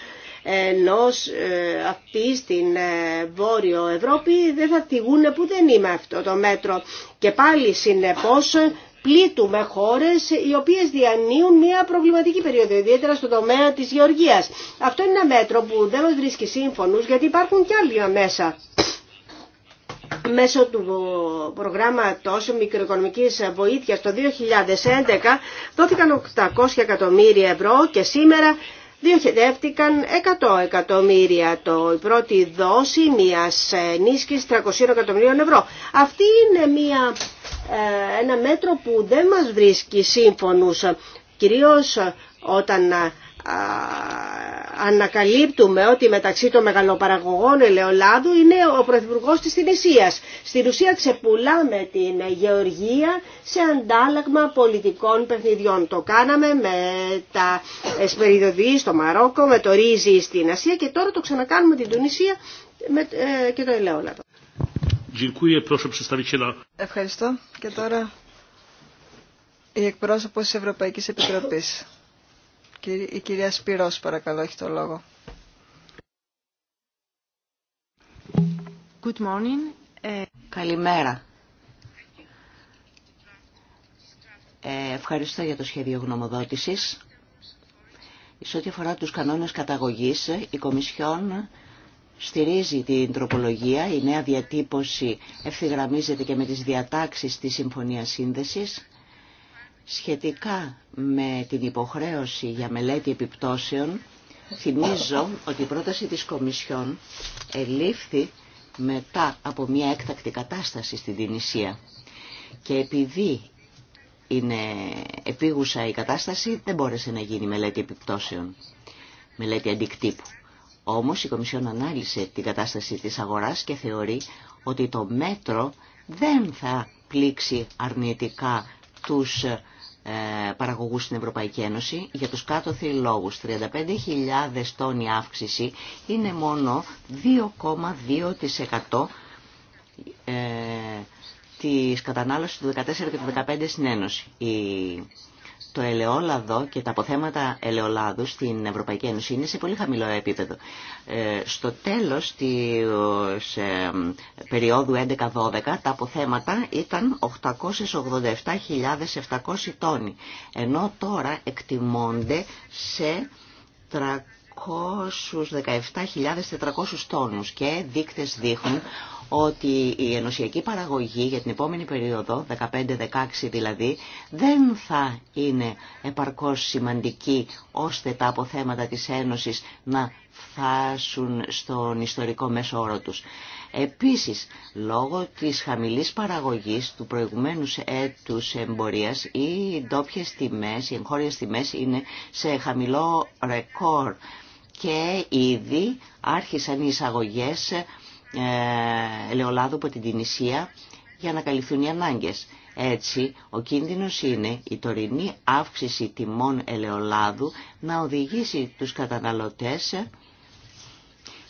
Ενώ ε, αυτοί στην ε, Βόρειο Ευρώπη δεν θα τηγούν που δεν είμαι αυτό το μέτρο. Και πάλι συνεπώς πλήττουμε χώρες οι οποίες διανύουν μια προβληματική περίοδο, ιδιαίτερα στον τομέα της γεωργίας. Αυτό είναι ένα μέτρο που δεν μας βρίσκει σύμφωνους γιατί υπάρχουν και άλλοι μέσα μέσω του προγράμματος μικροοικονομικής βοήθειας το 2011 δόθηκαν 800 εκατομμύρια ευρώ και σήμερα διοχετεύτηκαν 100 εκατομμύρια το η πρώτη δόση μιας ενίσχυσης 300 εκατομμυρίων ευρώ. Αυτή είναι μια ε, ένα μέτρο που δεν μας βρίσκει σύμφωνους, κυρίως ε, όταν ε, ανακαλύπτουμε ότι μεταξύ των μεγαλοπαραγωγών ελαιολάδου είναι ο Πρωθυπουργός της Τινησίας. Στην ουσία ξεπουλάμε την γεωργία σε αντάλλαγμα πολιτικών παιχνιδιών. Το κάναμε με τα εσπεριδοδοί στο Μαρόκο, με το ρύζι στην Ασία και τώρα το ξανακάνουμε την Τινησία και το ελαιόλαδο. Ευχαριστώ. Και τώρα η εκπρόσωπο τη Ευρωπαϊκή Επιτροπή, Η κυρία Σπυρός, παρακαλώ, έχει το λόγο. Good morning. Ε, Καλημέρα. Ε, ευχαριστώ για το σχέδιο γνωμοδότησης. Σε ό,τι αφορά τους κανόνες καταγωγής, η Κομισιόν στηρίζει την τροπολογία, η νέα διατύπωση ευθυγραμμίζεται και με τις διατάξεις της Συμφωνίας Σύνδεσης σχετικά με την υποχρέωση για μελέτη επιπτώσεων θυμίζω ότι η πρόταση της Κομισιόν ελήφθη μετά από μια έκτακτη κατάσταση στην Τινησία και επειδή είναι επίγουσα η κατάσταση δεν μπόρεσε να γίνει μελέτη επιπτώσεων, μελέτη αντικτύπου. Όμως η Κομισιόν ανάλυσε την κατάσταση της αγοράς και θεωρεί ότι το μέτρο δεν θα πλήξει αρνητικά τους ε, παραγωγούς στην Ευρωπαϊκή Ένωση για τους κάτω λόγους. 35.000 τόνοι αύξηση είναι μόνο 2,2% ε, της κατανάλωσης του 2014 και του 2015 στην Ένωση. Η το ελαιόλαδο και τα αποθέματα ελαιολάδου στην Ευρωπαϊκή Ένωση είναι σε πολύ χαμηλό επίπεδο. Ε, στο τέλος της ε, περίοδου 11-12 τα αποθέματα ήταν 887.700 τόνοι, ενώ τώρα εκτιμώνται σε 317.400 τόνους και δείκτες δείχνουν ότι η ενωσιακή παραγωγή για την επόμενη περίοδο, 15-16 δηλαδή, δεν θα είναι επαρκώς σημαντική ώστε τα αποθέματα της Ένωσης να φτάσουν στον ιστορικό μέσο όρο τους. Επίσης, λόγω της χαμηλής παραγωγής του προηγουμένου έτους εμπορίας, οι ντόπιε τιμές, οι εγχώριες τιμές είναι σε χαμηλό ρεκόρ και ήδη άρχισαν οι εισαγωγές ε, ελαιολάδου από την Τινησία για να καλυφθούν οι ανάγκες. Έτσι, ο κίνδυνος είναι η τωρινή αύξηση τιμών ελαιολάδου να οδηγήσει τους καταναλωτές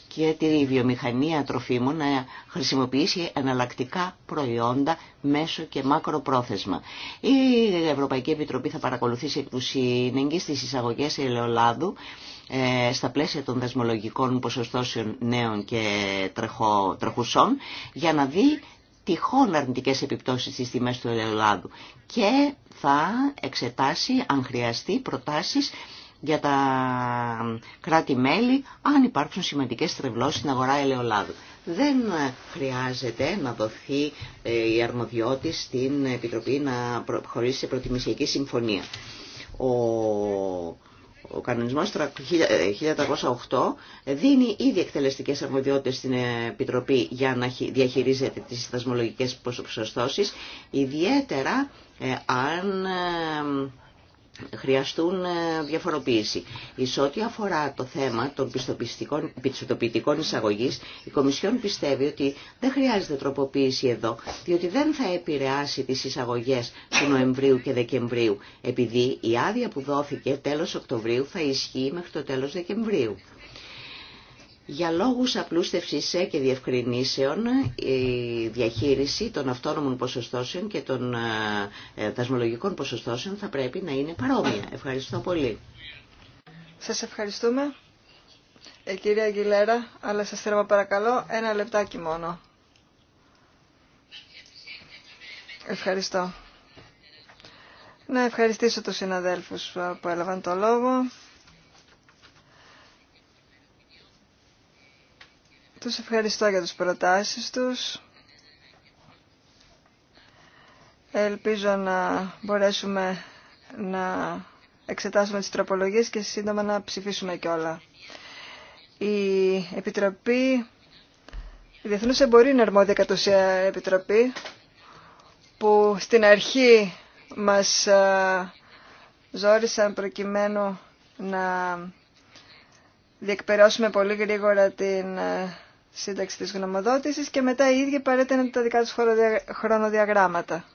και τη βιομηχανία τροφίμων να χρησιμοποιήσει εναλλακτικά προϊόντα μέσω και μακροπρόθεσμα. Η Ευρωπαϊκή Επιτροπή θα παρακολουθήσει τους του συνεγγύς εισαγωγές ελαιολάδου ε, στα πλαίσια των δεσμολογικών ποσοστώσεων νέων και τρεχουσών για να δει τυχόν αρνητικές επιπτώσεις στις τιμές του ελαιολάδου και θα εξετάσει αν χρειαστεί προτάσεις για τα κράτη-μέλη αν υπάρξουν σημαντικές στρεβλώσεις στην αγορά ελαιολάδου. Δεν χρειάζεται να δοθεί ε, η αρμοδιότη στην Επιτροπή να προχωρήσει σε προτιμησιακή συμφωνία. Ο ο κανονισμός 1408 ε, δίνει ήδη εκτελεστικές αρμοδιότητες στην Επιτροπή για να διαχειρίζεται τις δασμολογικές ποσοστώσεις, ιδιαίτερα ε, αν ε, χρειαστούν ε, διαφοροποίηση. Εις ό,τι αφορά το θέμα των πιστοποιητικών εισαγωγή, η Κομισιόν πιστεύει ότι δεν χρειάζεται τροποποίηση εδώ, διότι δεν θα επηρεάσει τις εισαγωγέ του Νοεμβρίου και Δεκεμβρίου, επειδή η άδεια που δόθηκε τέλος Οκτωβρίου θα ισχύει μέχρι το τέλος Δεκεμβρίου. Για λόγους απλούστευσης και διευκρινήσεων, η διαχείριση των αυτόνομων ποσοστώσεων και των ε, ε, δασμολογικών ποσοστώσεων θα πρέπει να είναι παρόμοια. Ευχαριστώ πολύ. Σας ευχαριστούμε. Ε, κυρία Αγγιλέρα, αλλά σας θέλω παρακαλώ ένα λεπτάκι μόνο. Ευχαριστώ. Να ευχαριστήσω τους συναδέλφους που έλαβαν το λόγο. Τους ευχαριστώ για τις προτάσεις τους. Ελπίζω να μπορέσουμε να εξετάσουμε τις τροπολογίες και σύντομα να ψηφίσουμε κιόλα. Η Επιτροπή η Διεθνούς Εμπορίου είναι αρμόδια κατ' ουσία Επιτροπή που στην αρχή μας ε, ζόρισαν προκειμένου να διεκπαιρώσουμε πολύ γρήγορα την ε, σύνταξη της γνωμοδότησης και μετά οι ίδιοι παρέτεναν τα δικά τους χρονοδιαγράμματα.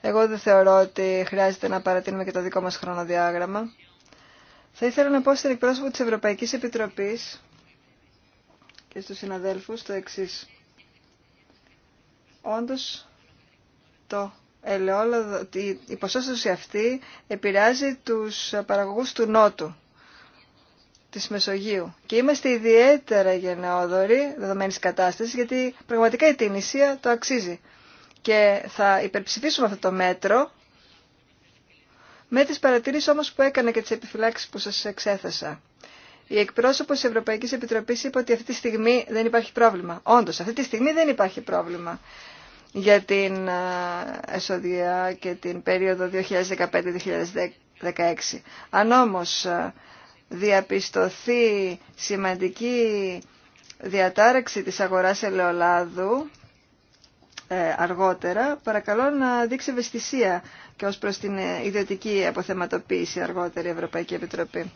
Εγώ δεν θεωρώ ότι χρειάζεται να παρατείνουμε και το δικό μας χρονοδιάγραμμα. Θα ήθελα να πω στην εκπρόσωπο της Ευρωπαϊκής Επιτροπής και στους συναδέλφους το εξής. Όντως, το ελαιόλαδο, η ποσόστοση αυτή επηρεάζει τους παραγωγούς του Νότου. Τη Μεσογείου. Και είμαστε ιδιαίτερα γενναιόδοροι δεδομένης κατάστασης γιατί πραγματικά η Τινησία το αξίζει. Και θα υπερψηφίσουμε αυτό το μέτρο με τις παρατηρήσεις όμως που έκανα και τι επιφυλάξει που σα εξέθεσα. Η εκπρόσωπος της Ευρωπαϊκής Επιτροπής είπε ότι αυτή τη στιγμή δεν υπάρχει πρόβλημα. Όντως, αυτή τη στιγμή δεν υπάρχει πρόβλημα για την εσοδιά και την περίοδο 2015-2016. Αν όμως διαπιστωθεί σημαντική διατάραξη της αγοράς ελαιολάδου ε, αργότερα, παρακαλώ να δείξει ευαισθησία και ως προς την ιδιωτική αποθεματοποίηση αργότερη Ευρωπαϊκή Επιτροπή.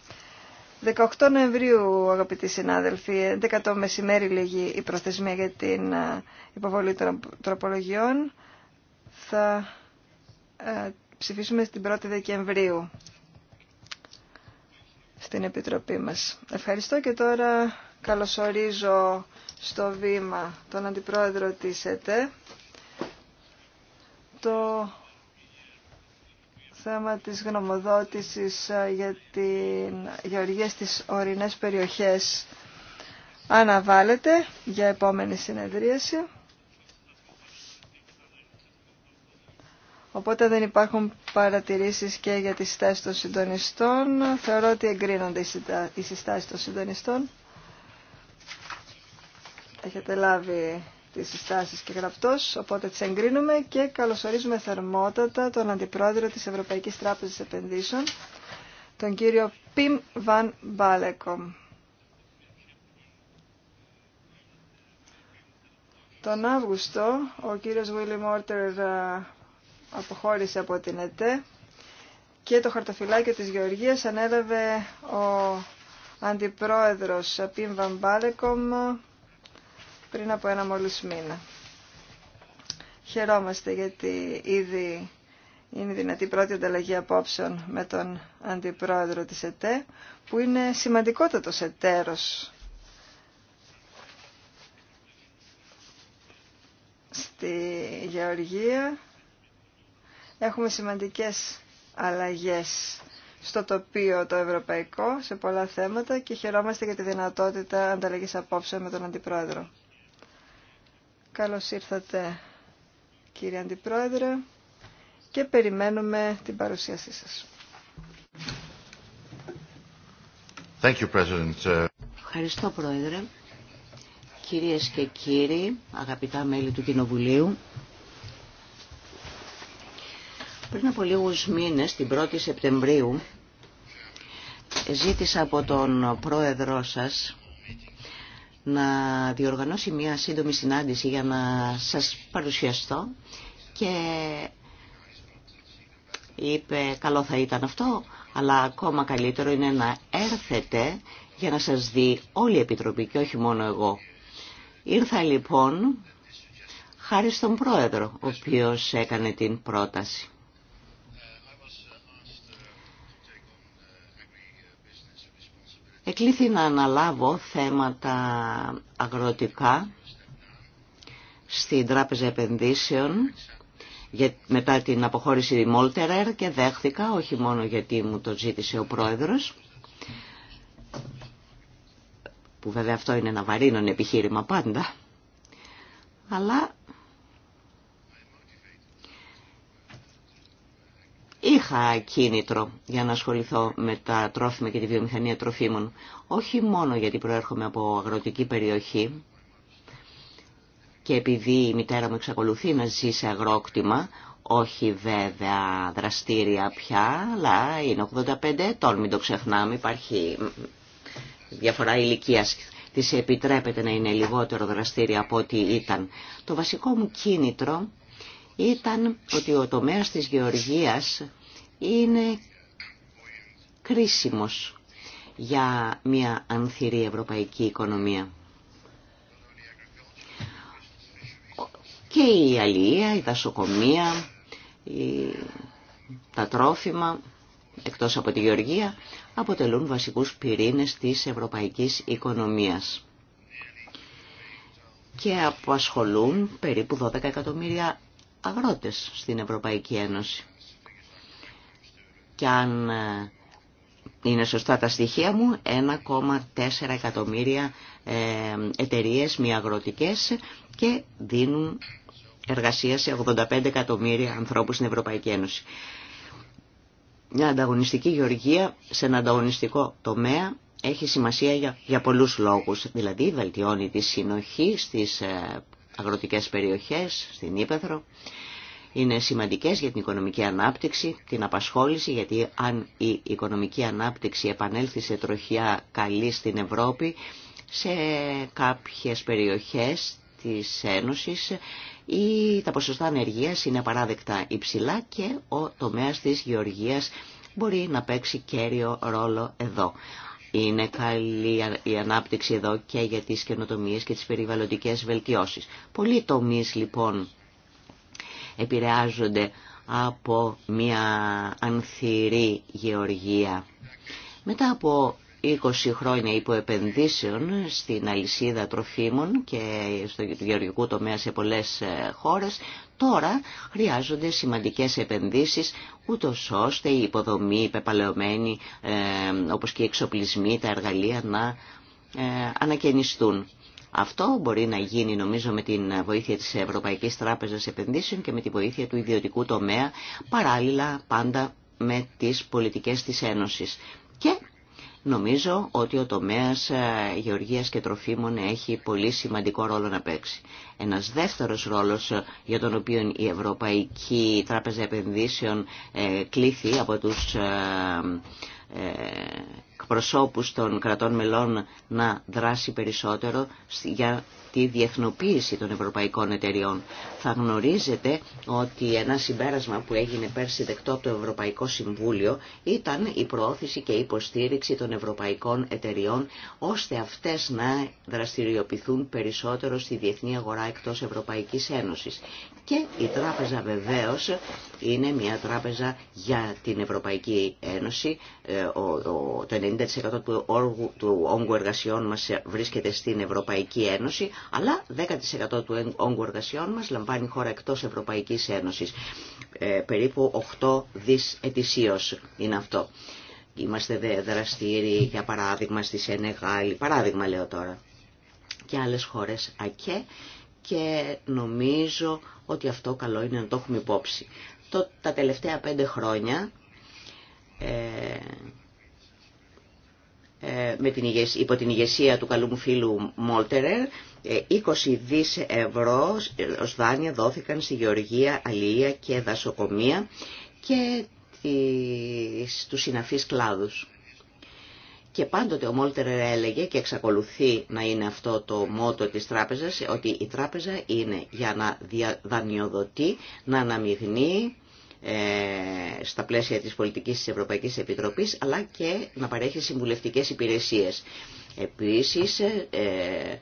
18 Νοεμβρίου, αγαπητοί συνάδελφοι, 11 το μεσημέρι λίγη η προθεσμία για την ε, υποβολή των τροπολογιών. Θα ε, ψηφίσουμε στην 1η Δεκεμβρίου στην Επιτροπή μας. Ευχαριστώ και τώρα καλωσορίζω στο βήμα τον Αντιπρόεδρο της ΕΤΕ. Το θέμα της γνωμοδότησης για την γεωργία στις ορεινές περιοχές αναβάλλεται για επόμενη συνεδρίαση. Οπότε δεν υπάρχουν παρατηρήσεις και για τις συστάσεις των συντονιστών. Θεωρώ ότι εγκρίνονται οι συστάσεις των συντονιστών. Έχετε λάβει τις συστάσεις και γραπτός, οπότε τις εγκρίνουμε και καλωσορίζουμε θερμότατα τον Αντιπρόεδρο της Ευρωπαϊκής Τράπεζας Επενδύσεων, τον κύριο Πιμ Βαν Μπάλεκομ. Τον Αύγουστο, ο κύριος Βίλι Μόρτερ αποχώρησε από την ΕΤΕ και το χαρτοφυλάκιο της Γεωργίας ανέλαβε ο αντιπρόεδρος απίν Βαμπάλεκομ πριν από ένα μόλις μήνα. Χαιρόμαστε γιατί ήδη είναι δυνατή πρώτη ανταλλαγή απόψεων με τον αντιπρόεδρο της ΕΤΕ που είναι σημαντικότατος εταίρος στη Γεωργία Έχουμε σημαντικές αλλαγές στο τοπίο το ευρωπαϊκό σε πολλά θέματα και χαιρόμαστε για τη δυνατότητα ανταλλαγής απόψεων με τον Αντιπρόεδρο. Καλώς ήρθατε κύριε Αντιπρόεδρε και περιμένουμε την παρουσίασή σας. Thank you, President. Ευχαριστώ Πρόεδρε. Κυρίες και κύριοι, αγαπητά μέλη του Κοινοβουλίου, πριν από λίγους μήνες, την 1η Σεπτεμβρίου, ζήτησα από τον πρόεδρό σας να διοργανώσει μια σύντομη συνάντηση για να σας παρουσιαστώ και είπε καλό θα ήταν αυτό, αλλά ακόμα καλύτερο είναι να έρθετε για να σας δει όλη η Επιτροπή και όχι μόνο εγώ. Ήρθα λοιπόν χάρη στον πρόεδρο, ο οποίος έκανε την πρόταση. εκλήθη να αναλάβω θέματα αγροτικά στην Τράπεζα Επενδύσεων μετά την αποχώρηση Μόλτερερ και δέχθηκα, όχι μόνο γιατί μου το ζήτησε ο πρόεδρος, που βέβαια αυτό είναι ένα βαρύνον επιχείρημα πάντα, αλλά είχα κίνητρο για να ασχοληθώ με τα τρόφιμα και τη βιομηχανία τροφίμων. Όχι μόνο γιατί προέρχομαι από αγροτική περιοχή και επειδή η μητέρα μου εξακολουθεί να ζει σε αγρόκτημα, όχι βέβαια δραστήρια πια, αλλά είναι 85 ετών, μην το ξεχνάμε, υπάρχει διαφορά ηλικίας της επιτρέπεται να είναι λιγότερο δραστήρια από ό,τι ήταν. Το βασικό μου κίνητρο ήταν ότι ο τομέας της γεωργίας είναι κρίσιμος για μια ανθυρή ευρωπαϊκή οικονομία. Και η αλληλεία, η δασοκομεία, τα τρόφιμα, εκτός από τη γεωργία, αποτελούν βασικούς πυρήνες της ευρωπαϊκής οικονομίας και απασχολούν περίπου 12 εκατομμύρια αγρότες στην Ευρωπαϊκή Ένωση και αν ε, είναι σωστά τα στοιχεία μου, 1,4 εκατομμύρια ε, εταιρείες μη αγροτικές και δίνουν εργασία σε 85 εκατομμύρια ανθρώπους στην Ευρωπαϊκή Ένωση. Μια ανταγωνιστική γεωργία σε ένα ανταγωνιστικό τομέα έχει σημασία για, για πολλούς λόγους. Δηλαδή βελτιώνει τη συνοχή στις ε, αγροτικές περιοχές, στην Ήπεθρο, είναι σημαντικές για την οικονομική ανάπτυξη, την απασχόληση, γιατί αν η οικονομική ανάπτυξη επανέλθει σε τροχιά καλή στην Ευρώπη, σε κάποιες περιοχές της Ένωσης ή τα ποσοστά ανεργίας είναι παράδεκτα υψηλά και ο τομέας της γεωργίας μπορεί να παίξει κέριο ρόλο εδώ. Είναι καλή η ανάπτυξη εδώ και για τις καινοτομίες και τις περιβαλλοντικές βελτιώσεις. Πολλοί τομείς λοιπόν επηρεάζονται από μια ανθυρή γεωργία. Μετά από 20 χρόνια υποεπενδύσεων στην αλυσίδα τροφίμων και στο γεωργικό τομέα σε πολλές ε, χώρες, τώρα χρειάζονται σημαντικές επενδύσεις, ούτω ώστε η υποδομή, η πεπαλαιωμένη, ε, όπως και οι εξοπλισμοί, τα εργαλεία να ε, ανακαινιστούν. Αυτό μπορεί να γίνει νομίζω με την βοήθεια της Ευρωπαϊκής Τράπεζας Επενδύσεων και με τη βοήθεια του ιδιωτικού τομέα παράλληλα πάντα με τις πολιτικές της Ένωσης. Και νομίζω ότι ο τομέας ε, γεωργίας και τροφίμων έχει πολύ σημαντικό ρόλο να παίξει. Ένας δεύτερος ρόλος ε, για τον οποίο η Ευρωπαϊκή Τράπεζα Επενδύσεων ε, κλήθη από τους εκπροσώπους των κρατών μελών να δράσει περισσότερο για η διεθνοποίηση των ευρωπαϊκών εταιριών. Θα γνωρίζετε ότι ένα συμπέρασμα που έγινε πέρσι δεκτό από το Ευρωπαϊκό Συμβούλιο ήταν η προώθηση και η υποστήριξη των ευρωπαϊκών εταιριών ώστε αυτές να δραστηριοποιηθούν περισσότερο στη διεθνή αγορά εκτός Ευρωπαϊκής Ένωσης. Και η τράπεζα βεβαίως είναι μια τράπεζα για την Ευρωπαϊκή Ένωση. Ε, το 90% του όγκου εργασιών μας βρίσκεται στην Ευρωπαϊκή Ένωση, αλλά 10% του όγκου εργασιών μας λαμβάνει χώρα εκτός Ευρωπαϊκής Ένωσης. Ε, περίπου 8 δις ετησίως είναι αυτό. Είμαστε δραστήριοι, για παράδειγμα, στη Σενεγάλη, παράδειγμα λέω τώρα, και άλλες χώρες ΑΚΕ και νομίζω ότι αυτό καλό είναι να το έχουμε υπόψη. τα τελευταία πέντε χρόνια ε, ε με την, υπό την ηγεσία του καλού μου φίλου Μόλτερερ 20 ε, δις ευρώ ως δάνεια δόθηκαν στη γεωργία, Αλληλία και δασοκομεία και τις, τους συναφείς κλάδους. Και πάντοτε ο Μόλτερ έλεγε και εξακολουθεί να είναι αυτό το μότο της τράπεζας ότι η τράπεζα είναι για να δανειοδοτεί, να αναμειγνύει ε, στα πλαίσια της πολιτικής της Ευρωπαϊκής Επιτροπής αλλά και να παρέχει συμβουλευτικές υπηρεσίες. Επίσης ε, ε,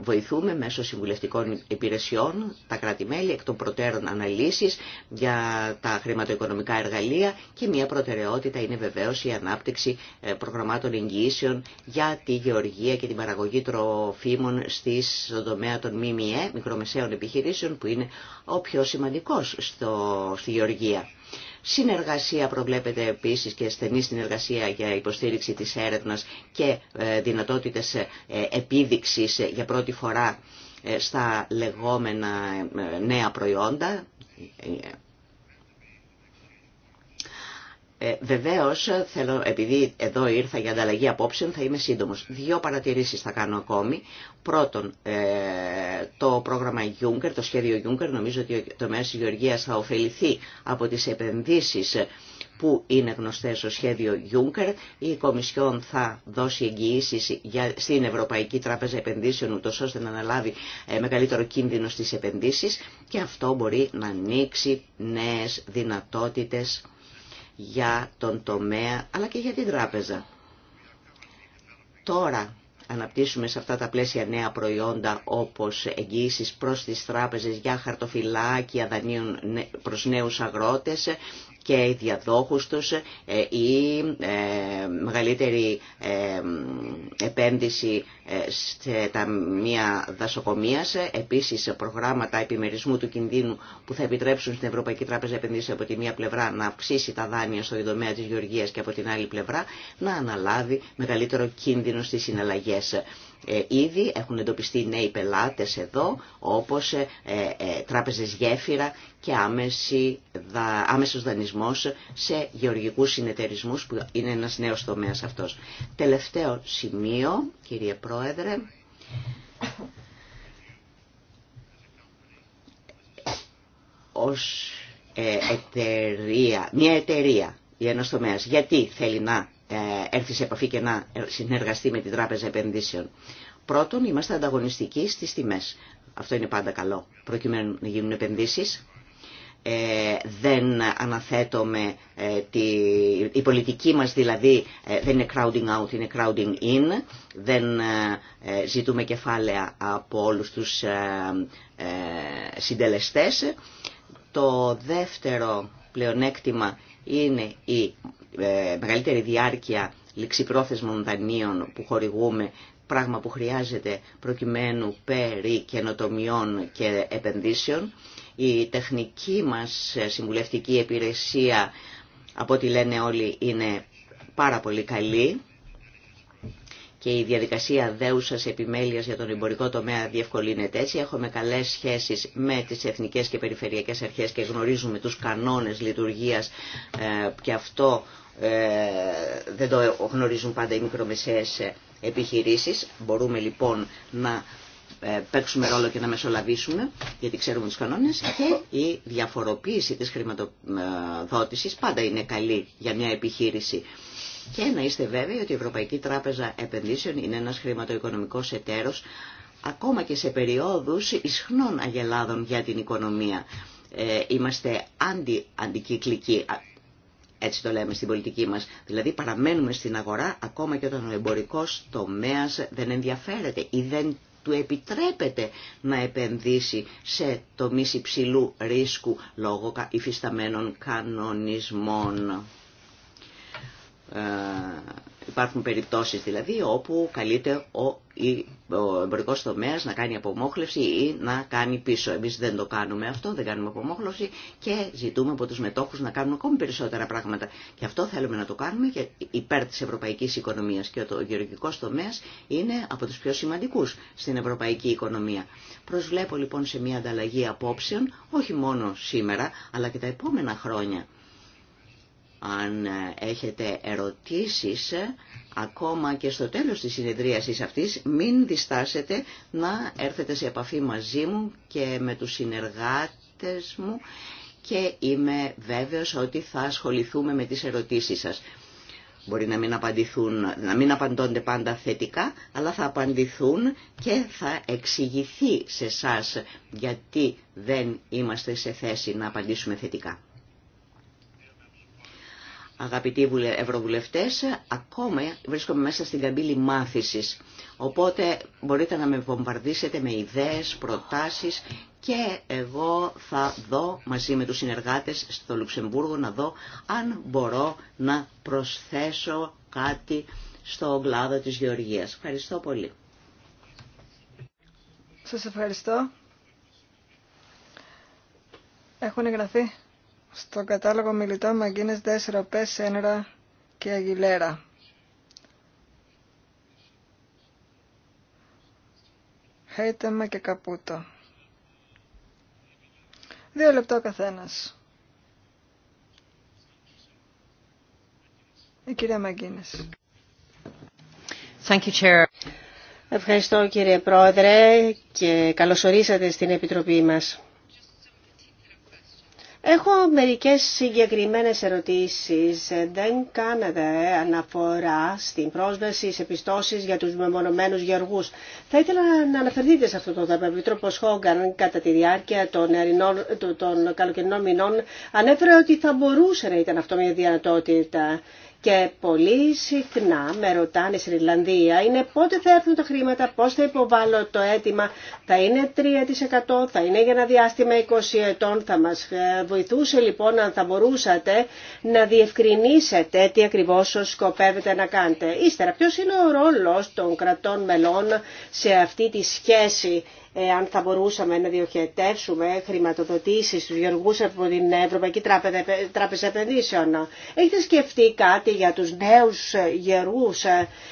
βοηθούμε μέσω συμβουλευτικών υπηρεσιών τα κράτη-μέλη εκ των προτέρων αναλύσεις για τα χρηματοοικονομικά εργαλεία και μια προτεραιότητα είναι βεβαίως η ανάπτυξη ε, προγραμμάτων εγγυήσεων για τη γεωργία και την παραγωγή τροφίμων στις, στον τομέα των ΜΜΕ, μικρομεσαίων επιχειρήσεων, που είναι ο πιο σημαντικός στο, στη γεωργία. Συνεργασία προβλέπεται επίσης και στενή συνεργασία για υποστήριξη της έρευνας και ε, δυνατότητες ε, επίδειξης για πρώτη φορά ε, στα λεγόμενα νέα προϊόντα ε, βεβαίως, θέλω, επειδή εδώ ήρθα για ανταλλαγή απόψεων, θα είμαι σύντομο. Δύο παρατηρήσει θα κάνω ακόμη. Πρώτον, ε, το πρόγραμμα Juncker, το σχέδιο Juncker, νομίζω ότι το μέσο τη Γεωργίας θα ωφεληθεί από τι επενδύσει που είναι γνωστέ στο σχέδιο Juncker. Η Κομισιόν θα δώσει εγγυήσει στην Ευρωπαϊκή Τράπεζα Επενδύσεων, ούτω ώστε να αναλάβει ε, μεγαλύτερο κίνδυνο στι επενδύσει. και αυτό μπορεί να ανοίξει νέε δυνατότητε για τον τομέα αλλά και για την τράπεζα. Τώρα αναπτύσσουμε σε αυτά τα πλαίσια νέα προϊόντα όπως εγγύησεις προς τις τράπεζες για χαρτοφυλάκια δανείων προς νέους αγρότες και οι διαδόχους τους ε, ή ε, μεγαλύτερη ε, επένδυση σε μία δασοκομείας, επίσης προγράμματα επιμερισμού του κινδύνου που θα επιτρέψουν στην Ευρωπαϊκή Τράπεζα Επενδύσεων από τη μία πλευρά να αυξήσει τα δάνεια στο τομέα της γεωργίας και από την άλλη πλευρά να αναλάβει μεγαλύτερο κίνδυνο στις συναλλαγές. Ε, ήδη, έχουν εντοπιστεί νέοι πελάτες εδώ, όπως ε, ε, τράπεζες γέφυρα και άμεση, δα, άμεσος δανεισμός σε γεωργικούς συνεταιρισμούς που είναι ένας νέος τομέας αυτός. Τελευταίο σημείο, κύριε Πρόεδρε, ως εταιρεία, μια εταιρεία ή ένας τομέας, γιατί θέλει να ε, έρθει σε επαφή και να συνεργαστεί με την Τράπεζα Επενδύσεων. Πρώτον, είμαστε ανταγωνιστικοί στις τιμές. Αυτό είναι πάντα καλό, προκειμένου να γίνουν επενδύσεις. Ε, δεν αναθέτουμε ε, τη, η πολιτική μας δηλαδή δεν είναι crowding out, είναι crowding in δεν ζητούμε κεφάλαια από όλους τους συντελεστές το δεύτερο πλεονέκτημα είναι η ε, μεγαλύτερη διάρκεια ληξιπρόθεσμων δανείων που χορηγούμε, πράγμα που χρειάζεται προκειμένου περί καινοτομιών και επενδύσεων. Η τεχνική μας συμβουλευτική υπηρεσία, από ό,τι λένε όλοι, είναι πάρα πολύ καλή και η διαδικασία δέουσας επιμέλειας για τον εμπορικό τομέα διευκολύνεται έτσι. Έχουμε καλές σχέσεις με τις εθνικές και περιφερειακές αρχές και γνωρίζουμε τους κανόνες λειτουργίας ε, και αυτό ε, δεν το γνωρίζουν πάντα οι μικρομεσαίες επιχειρήσεις. Μπορούμε λοιπόν να ε, παίξουμε ρόλο και να μεσολαβήσουμε, γιατί ξέρουμε τους κανόνες, και η διαφοροποίηση της χρηματοδότησης πάντα είναι καλή για μια επιχείρηση. Και να είστε βέβαιοι ότι η Ευρωπαϊκή Τράπεζα Επενδύσεων είναι ένας χρηματοοικονομικός εταίρος, ακόμα και σε περιόδους ισχνών αγελάδων για την οικονομία. Ε, είμαστε αντι-αντικυκλικοί. Έτσι το λέμε στην πολιτική μας. Δηλαδή παραμένουμε στην αγορά ακόμα και όταν ο εμπορικός τομέας δεν ενδιαφέρεται ή δεν του επιτρέπεται να επενδύσει σε τομείς υψηλού ρίσκου λόγω υφισταμένων κανονισμών. Ε, Υπάρχουν περιπτώσεις δηλαδή όπου καλείται ο, η, ο εμπορικός τομέας να κάνει απομόχλευση ή να κάνει πίσω. Εμείς δεν το κάνουμε αυτό, δεν κάνουμε απομόχλευση και ζητούμε από τους μετόχους να κάνουν ακόμη περισσότερα πράγματα. Και αυτό θέλουμε να το κάνουμε και υπέρ της ευρωπαϊκής οικονομίας και ο γεωργικός τομέας είναι από τους πιο σημαντικούς στην ευρωπαϊκή οικονομία. Προσβλέπω λοιπόν σε μια ανταλλαγή απόψεων, όχι μόνο σήμερα, αλλά και τα επόμενα χρόνια αν ε, έχετε ερωτήσεις, ε, ακόμα και στο τέλος της συνεδρίασης αυτής, μην διστάσετε να έρθετε σε επαφή μαζί μου και με τους συνεργάτες μου και είμαι βέβαιος ότι θα ασχοληθούμε με τις ερωτήσεις σας. Μπορεί να μην, απαντηθούν, να μην απαντώνται πάντα θετικά, αλλά θα απαντηθούν και θα εξηγηθεί σε σας γιατί δεν είμαστε σε θέση να απαντήσουμε θετικά αγαπητοί ευρωβουλευτές, ακόμα βρίσκομαι μέσα στην καμπύλη μάθησης. Οπότε μπορείτε να με βομβαρδίσετε με ιδέες, προτάσεις και εγώ θα δω μαζί με τους συνεργάτες στο Λουξεμβούργο να δω αν μπορώ να προσθέσω κάτι στο κλάδο της Γεωργίας. Ευχαριστώ πολύ. Σας ευχαριστώ. Έχουν εγγραφεί στο κατάλογο μιλητών Μαγκίνες Δέσσερα, Σένερα και Αγγιλέρα. Χαίτεμα και Καπούτο. Δύο λεπτά καθένας. Η κυρία Μαγκίνες. Ευχαριστώ κύριε Πρόεδρε και καλωσορίσατε στην Επιτροπή μας. Έχω μερικές συγκεκριμένες ερωτήσεις. Δεν κάνατε αναφορά στην πρόσβαση σε πιστώσεις για τους μεμονωμένους γεωργούς. Θα ήθελα να αναφερθείτε σε αυτό το θέμα. Επιτρόπος Χόγκαν κατά τη διάρκεια των, των καλοκαιρινών μηνών ανέφερε ότι θα μπορούσε να ήταν αυτό μια δυνατότητα. Και πολύ συχνά με ρωτάνε στην Ιρλανδία είναι πότε θα έρθουν τα χρήματα, πώς θα υποβάλω το αίτημα, θα είναι 3%, θα είναι για ένα διάστημα 20 ετών, θα μας ε, βοηθούσε λοιπόν αν θα μπορούσατε να διευκρινίσετε τι ακριβώς σκοπεύετε να κάνετε. Ύστερα ποιος είναι ο ρόλος των κρατών μελών σε αυτή τη σχέση αν θα μπορούσαμε να διοχετεύσουμε χρηματοδοτήσεις στους γεωργούς από την Ευρωπαϊκή Τράπεζα Επενδύσεων. Έχετε σκεφτεί κάτι για τους νέους γεωργούς.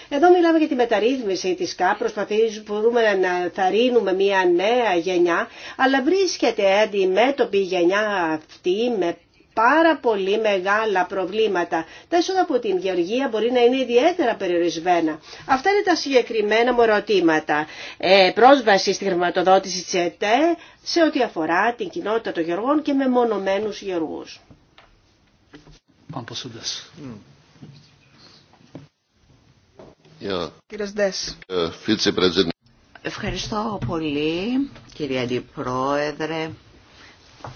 Εδώ μιλάμε για τη μεταρρύθμιση της ΚΑ, προσπαθούμε να θαρρύνουμε μια νέα γενιά, αλλά βρίσκεται αντιμέτωπη η γενιά αυτή με πάρα πολύ μεγάλα προβλήματα. Τα έσοδα από την γεωργία μπορεί να είναι ιδιαίτερα περιορισμένα. Αυτά είναι τα συγκεκριμένα μου ερωτήματα. Ε, πρόσβαση στη χρηματοδότηση της ΕΤΕ σε ό,τι αφορά την κοινότητα των γεωργών και με μονομένους γεωργούς. Ε, Ευχαριστώ πολύ κύριε Αντιπρόεδρε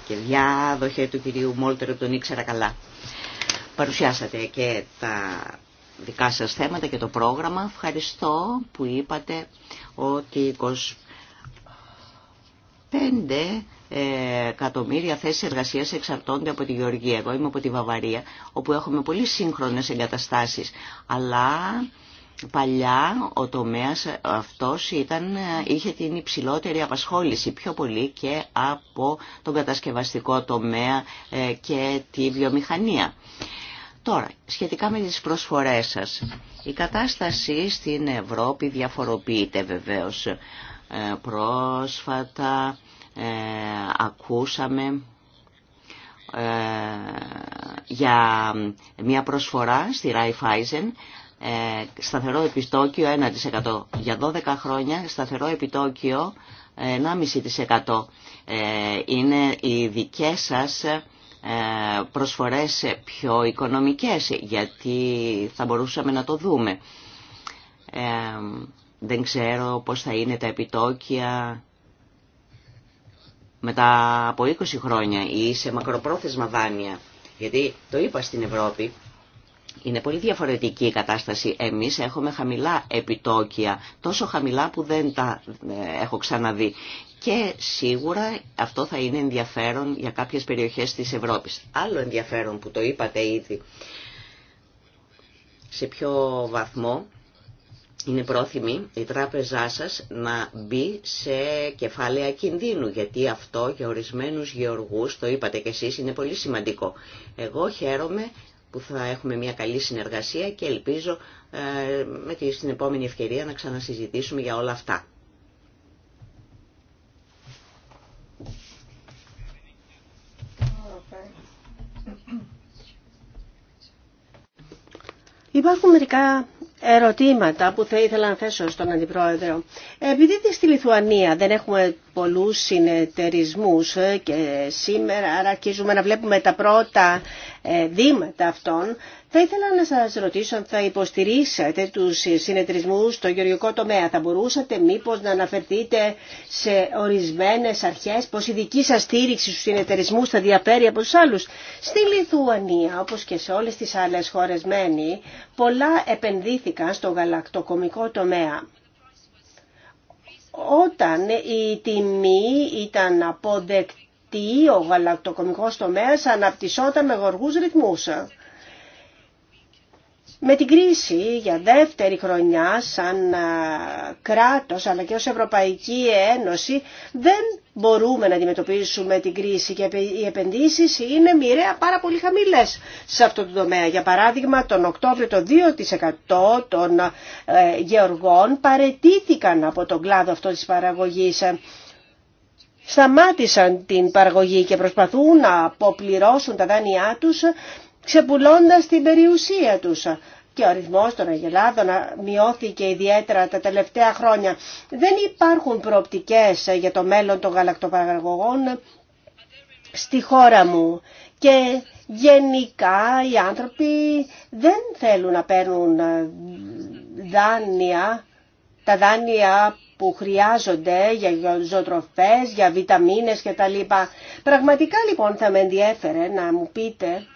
και διάδοχε του κυρίου Μόλτερ τον ήξερα καλά. Παρουσιάσατε και τα δικά σας θέματα και το πρόγραμμα. Ευχαριστώ που είπατε ότι 25 ε, εκατομμύρια θέσεις εργασίας εξαρτώνται από τη Γεωργία. Εγώ είμαι από τη Βαβαρία, όπου έχουμε πολύ σύγχρονες εγκαταστάσεις. Αλλά Παλιά ο τομέας αυτός ήταν, είχε την υψηλότερη απασχόληση πιο πολύ και από τον κατασκευαστικό τομέα ε, και τη βιομηχανία. Τώρα, σχετικά με τις προσφορές σας, η κατάσταση στην Ευρώπη διαφοροποιείται βεβαίως. Ε, πρόσφατα ε, ακούσαμε για μια προσφορά στη Raiffeisen ε, σταθερό επιτόκιο 1% για 12 χρόνια, σταθερό επιτόκιο 1,5%. Ε, είναι οι δικές σας ε, προσφορές πιο οικονομικές, γιατί θα μπορούσαμε να το δούμε. δεν ξέρω πώς θα είναι τα επιτόκια μετά από 20 χρόνια ή σε μακροπρόθεσμα δάνεια. Γιατί το είπα στην Ευρώπη, είναι πολύ διαφορετική η κατάσταση. Εμείς έχουμε χαμηλά επιτόκια, τόσο χαμηλά που δεν τα ε, έχω ξαναδεί. Και σίγουρα αυτό θα είναι ενδιαφέρον για κάποιες περιοχές της Ευρώπης. Άλλο ενδιαφέρον που το είπατε ήδη. Σε ποιο βαθμό είναι πρόθυμη η τράπεζά σας να μπει σε κεφάλαια κινδύνου, γιατί αυτό για ορισμένους γεωργούς, το είπατε κι εσείς, είναι πολύ σημαντικό. Εγώ χαίρομαι που θα έχουμε μια καλή συνεργασία και ελπίζω ε, με τη, στην επόμενη ευκαιρία να ξανασυζητήσουμε για όλα αυτά. Υπάρχουν μερικά ερωτήματα που θα ήθελα να θέσω στον Αντιπρόεδρο. Ε, επειδή στη Λιθουανία δεν έχουμε πολλούς συνεταιρισμούς ε, και σήμερα αρχίζουμε να βλέπουμε τα πρώτα δήματα ε, αυτών. Θα ήθελα να σας ρωτήσω αν θα υποστηρίξετε τους συνεταιρισμούς στο γεωργικό τομέα. Θα μπορούσατε μήπως να αναφερθείτε σε ορισμένες αρχές πως η δική σας στήριξη στους συνεταιρισμούς θα διαφέρει από τους άλλους. Στη Λιθουανία, όπως και σε όλες τις άλλες χώρες μένει, πολλά επενδύθηκαν στο γαλακτοκομικό τομέα. Όταν η τιμή ήταν αποδεκτή, ο γαλακτοκομικός τομέας αναπτυσσόταν με γοργούς ρυθμούς. Με την κρίση για δεύτερη χρονιά σαν ε, κράτος αλλά και ως Ευρωπαϊκή Ένωση δεν μπορούμε να αντιμετωπίσουμε την κρίση και οι επενδύσεις είναι μοιραία πάρα πολύ χαμηλές σε αυτό το τομέα. Για παράδειγμα, τον Οκτώβριο το 2% των ε, γεωργών παρετήθηκαν από τον κλάδο αυτό της παραγωγής σταμάτησαν την παραγωγή και προσπαθούν να αποπληρώσουν τα δάνειά τους ξεπουλώντας την περιουσία τους και ο αριθμός των αγελάδων μειώθηκε ιδιαίτερα τα τελευταία χρόνια. Δεν υπάρχουν προοπτικές για το μέλλον των γαλακτοπαραγωγών στη χώρα μου και γενικά οι άνθρωποι δεν θέλουν να παίρνουν δάνεια, τα δάνεια που χρειάζονται για ζωτροφές, για βιταμίνες κτλ. Πραγματικά λοιπόν θα με ενδιέφερε να μου πείτε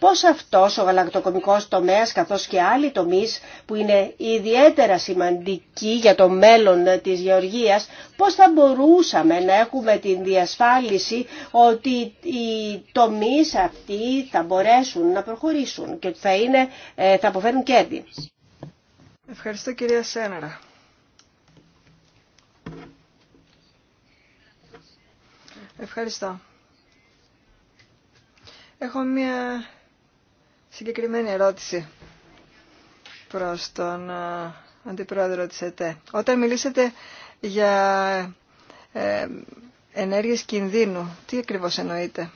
πώς αυτός ο γαλακτοκομικός τομέας καθώς και άλλοι τομείς που είναι ιδιαίτερα σημαντικοί για το μέλλον της γεωργίας, πώς θα μπορούσαμε να έχουμε την διασφάλιση ότι οι τομείς αυτοί θα μπορέσουν να προχωρήσουν και ότι θα, είναι, ε, θα αποφέρουν κέρδη. Ευχαριστώ κυρία Σένερα. Ευχαριστώ. Έχω μία συγκεκριμένη ερώτηση προς τον ε, Αντιπρόεδρο της ΕΤΕ. Όταν μιλήσατε για ε, ενέργειες κινδύνου, τι ακριβώς εννοείτε.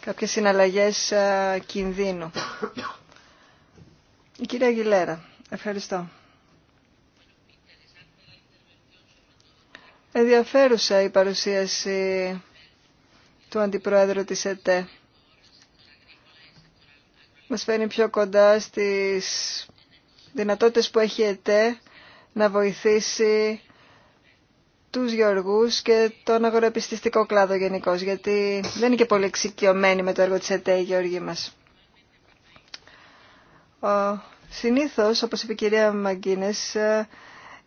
Κάποιες συναλλαγές ε, κινδύνου. Η κυρία Αγγιλέρα, ευχαριστώ. Ενδιαφέρουσα η παρουσίαση του Αντιπρόεδρου της ΕΤΕ μας φέρνει πιο κοντά στις δυνατότητες που έχει ΕΤΕ να βοηθήσει τους γεωργούς και τον αγοροεπιστήστικο κλάδο γενικώ, γιατί δεν είναι και πολύ εξοικειωμένοι με το έργο της ΕΤΕ οι γεωργοί μας. Συνήθως, όπως είπε η κυρία Μαγκίνες, ε,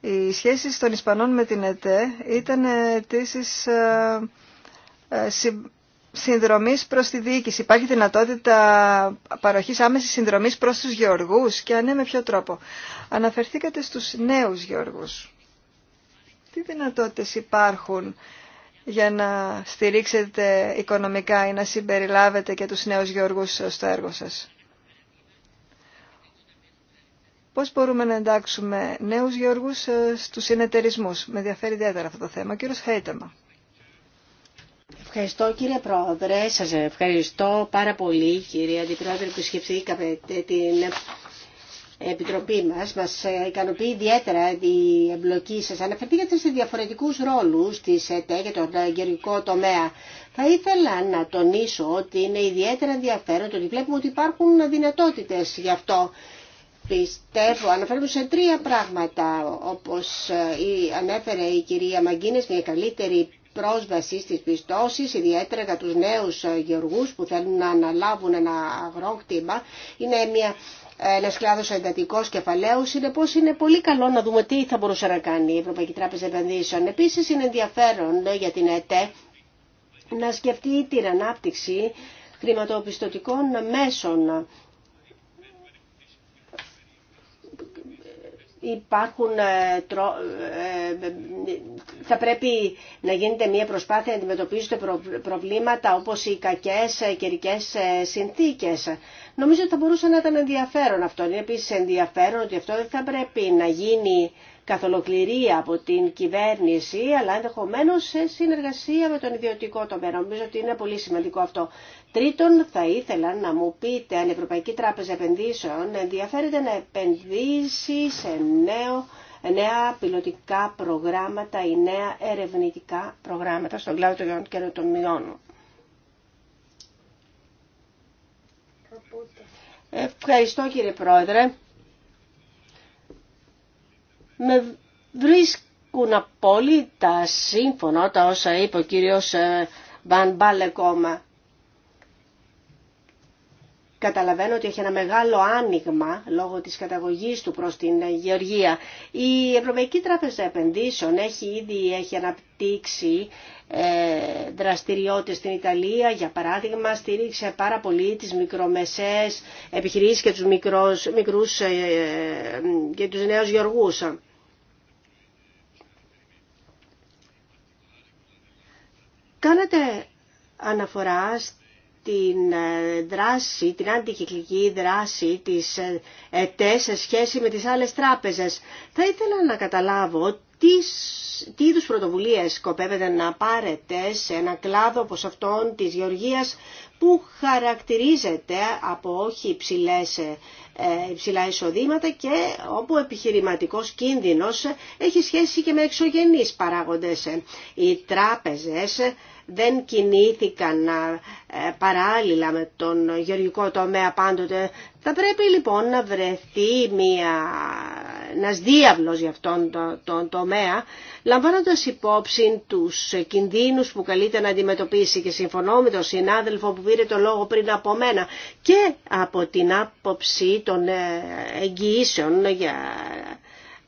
οι σχέσεις των Ισπανών με την ΕΤΕ ήταν ε, αιτήσει ε, συνδρομής προς τη διοίκηση. Υπάρχει δυνατότητα παροχής άμεσης συνδρομής προς τους γεωργούς και αν ναι ποιο τρόπο. Αναφερθήκατε στους νέους γεωργούς. Τι δυνατότητες υπάρχουν για να στηρίξετε οικονομικά ή να συμπεριλάβετε και τους νέους γεωργούς στο έργο σας. Πώς μπορούμε να εντάξουμε νέους γεωργούς ε, στους συνεταιρισμούς. Με ενδιαφέρει ιδιαίτερα αυτό το θέμα. Κύριος Χαϊτεμα. Ευχαριστώ κύριε Πρόεδρε, σας ευχαριστώ πάρα πολύ κύριε Αντιπρόεδρε που σκεφτήκατε την Επιτροπή μας. Μας ικανοποιεί ιδιαίτερα η εμπλοκή σας. Αναφερθήκατε σε διαφορετικούς ρόλους της ΕΤΕ και τον αγγελικό τομέα. Θα ήθελα να τονίσω ότι είναι ιδιαίτερα ενδιαφέρον ότι βλέπουμε ότι υπάρχουν δυνατότητες γι' αυτό. Πιστεύω, αναφέρουμε σε τρία πράγματα, όπως ανέφερε η κυρία Μαγκίνες, μια καλύτερη πρόσβαση στις πιστώσεις, ιδιαίτερα για τους νέους ε, γεωργούς που θέλουν να αναλάβουν ένα αγρόκτημα. Είναι μια, ε, ένας κλάδος εντατικός κεφαλαίου, συνεπώς είναι πολύ καλό να δούμε τι θα μπορούσε να κάνει η Ευρωπαϊκή Τράπεζα Επενδύσεων. Επίσης είναι ενδιαφέρον για την ΕΤΕ να σκεφτεί την ανάπτυξη χρηματοπιστωτικών μέσων Ε, ε, ε, θα πρέπει να γίνεται μια προσπάθεια να αντιμετωπίζονται προβλήματα όπως οι κακές καιρικέ συνθήκες. Νομίζω ότι θα μπορούσε να ήταν ενδιαφέρον αυτό. Είναι επίσης ενδιαφέρον ότι αυτό δεν θα πρέπει να γίνει καθ' ολοκληρία από την κυβέρνηση, αλλά ενδεχομένω σε συνεργασία με τον ιδιωτικό τομέα. Νομίζω ότι είναι πολύ σημαντικό αυτό. Τρίτον, θα ήθελα να μου πείτε αν η Ευρωπαϊκή Τράπεζα Επενδύσεων ενδιαφέρεται να επενδύσει σε νέο, νέα πιλωτικά προγράμματα ή νέα ερευνητικά προγράμματα στον κλάδο των μειών. Ευχαριστώ κύριε Πρόεδρε με βρίσκουν απόλυτα σύμφωνα τα όσα είπε ο κύριος ε, Βαν Μπάλεκόμα. Καταλαβαίνω ότι έχει ένα μεγάλο άνοιγμα λόγω της καταγωγής του προς την ε, Γεωργία. Η Ευρωπαϊκή Τράπεζα Επενδύσεων έχει ήδη έχει αναπτύξει ε, δραστηριότητες στην Ιταλία. Για παράδειγμα, στήριξε πάρα πολύ τις μικρομεσαίες επιχειρήσεις και τους, μικρός, ε, και τους νέους γεωργούς. Κάνατε αναφορά στην ε, δράση, την αντικυκλική δράση της ε, ΕΤΕ σε σχέση με τις άλλες τράπεζες. Θα ήθελα να καταλάβω τι είδους πρωτοβουλίες σκοπεύετε να πάρετε σε ένα κλάδο όπως αυτόν της Γεωργίας που χαρακτηρίζεται από όχι υψηλές ε, ε, υψηλά εισοδήματα και όπου ο επιχειρηματικός κίνδυνος έχει σχέση και με εξωγενείς παράγοντες. Οι τράπεζες δεν κινήθηκαν ε, παράλληλα με τον γεωργικό τομέα πάντοτε. Θα πρέπει λοιπόν να βρεθεί μια, ένας διάβλος για αυτόν τον, τομέα, λαμβάνοντας υπόψη τους κινδύνους που καλείται να αντιμετωπίσει και συμφωνώ με τον συνάδελφο που πήρε το λόγο πριν από μένα και από την άποψη των ε, εγγυήσεων για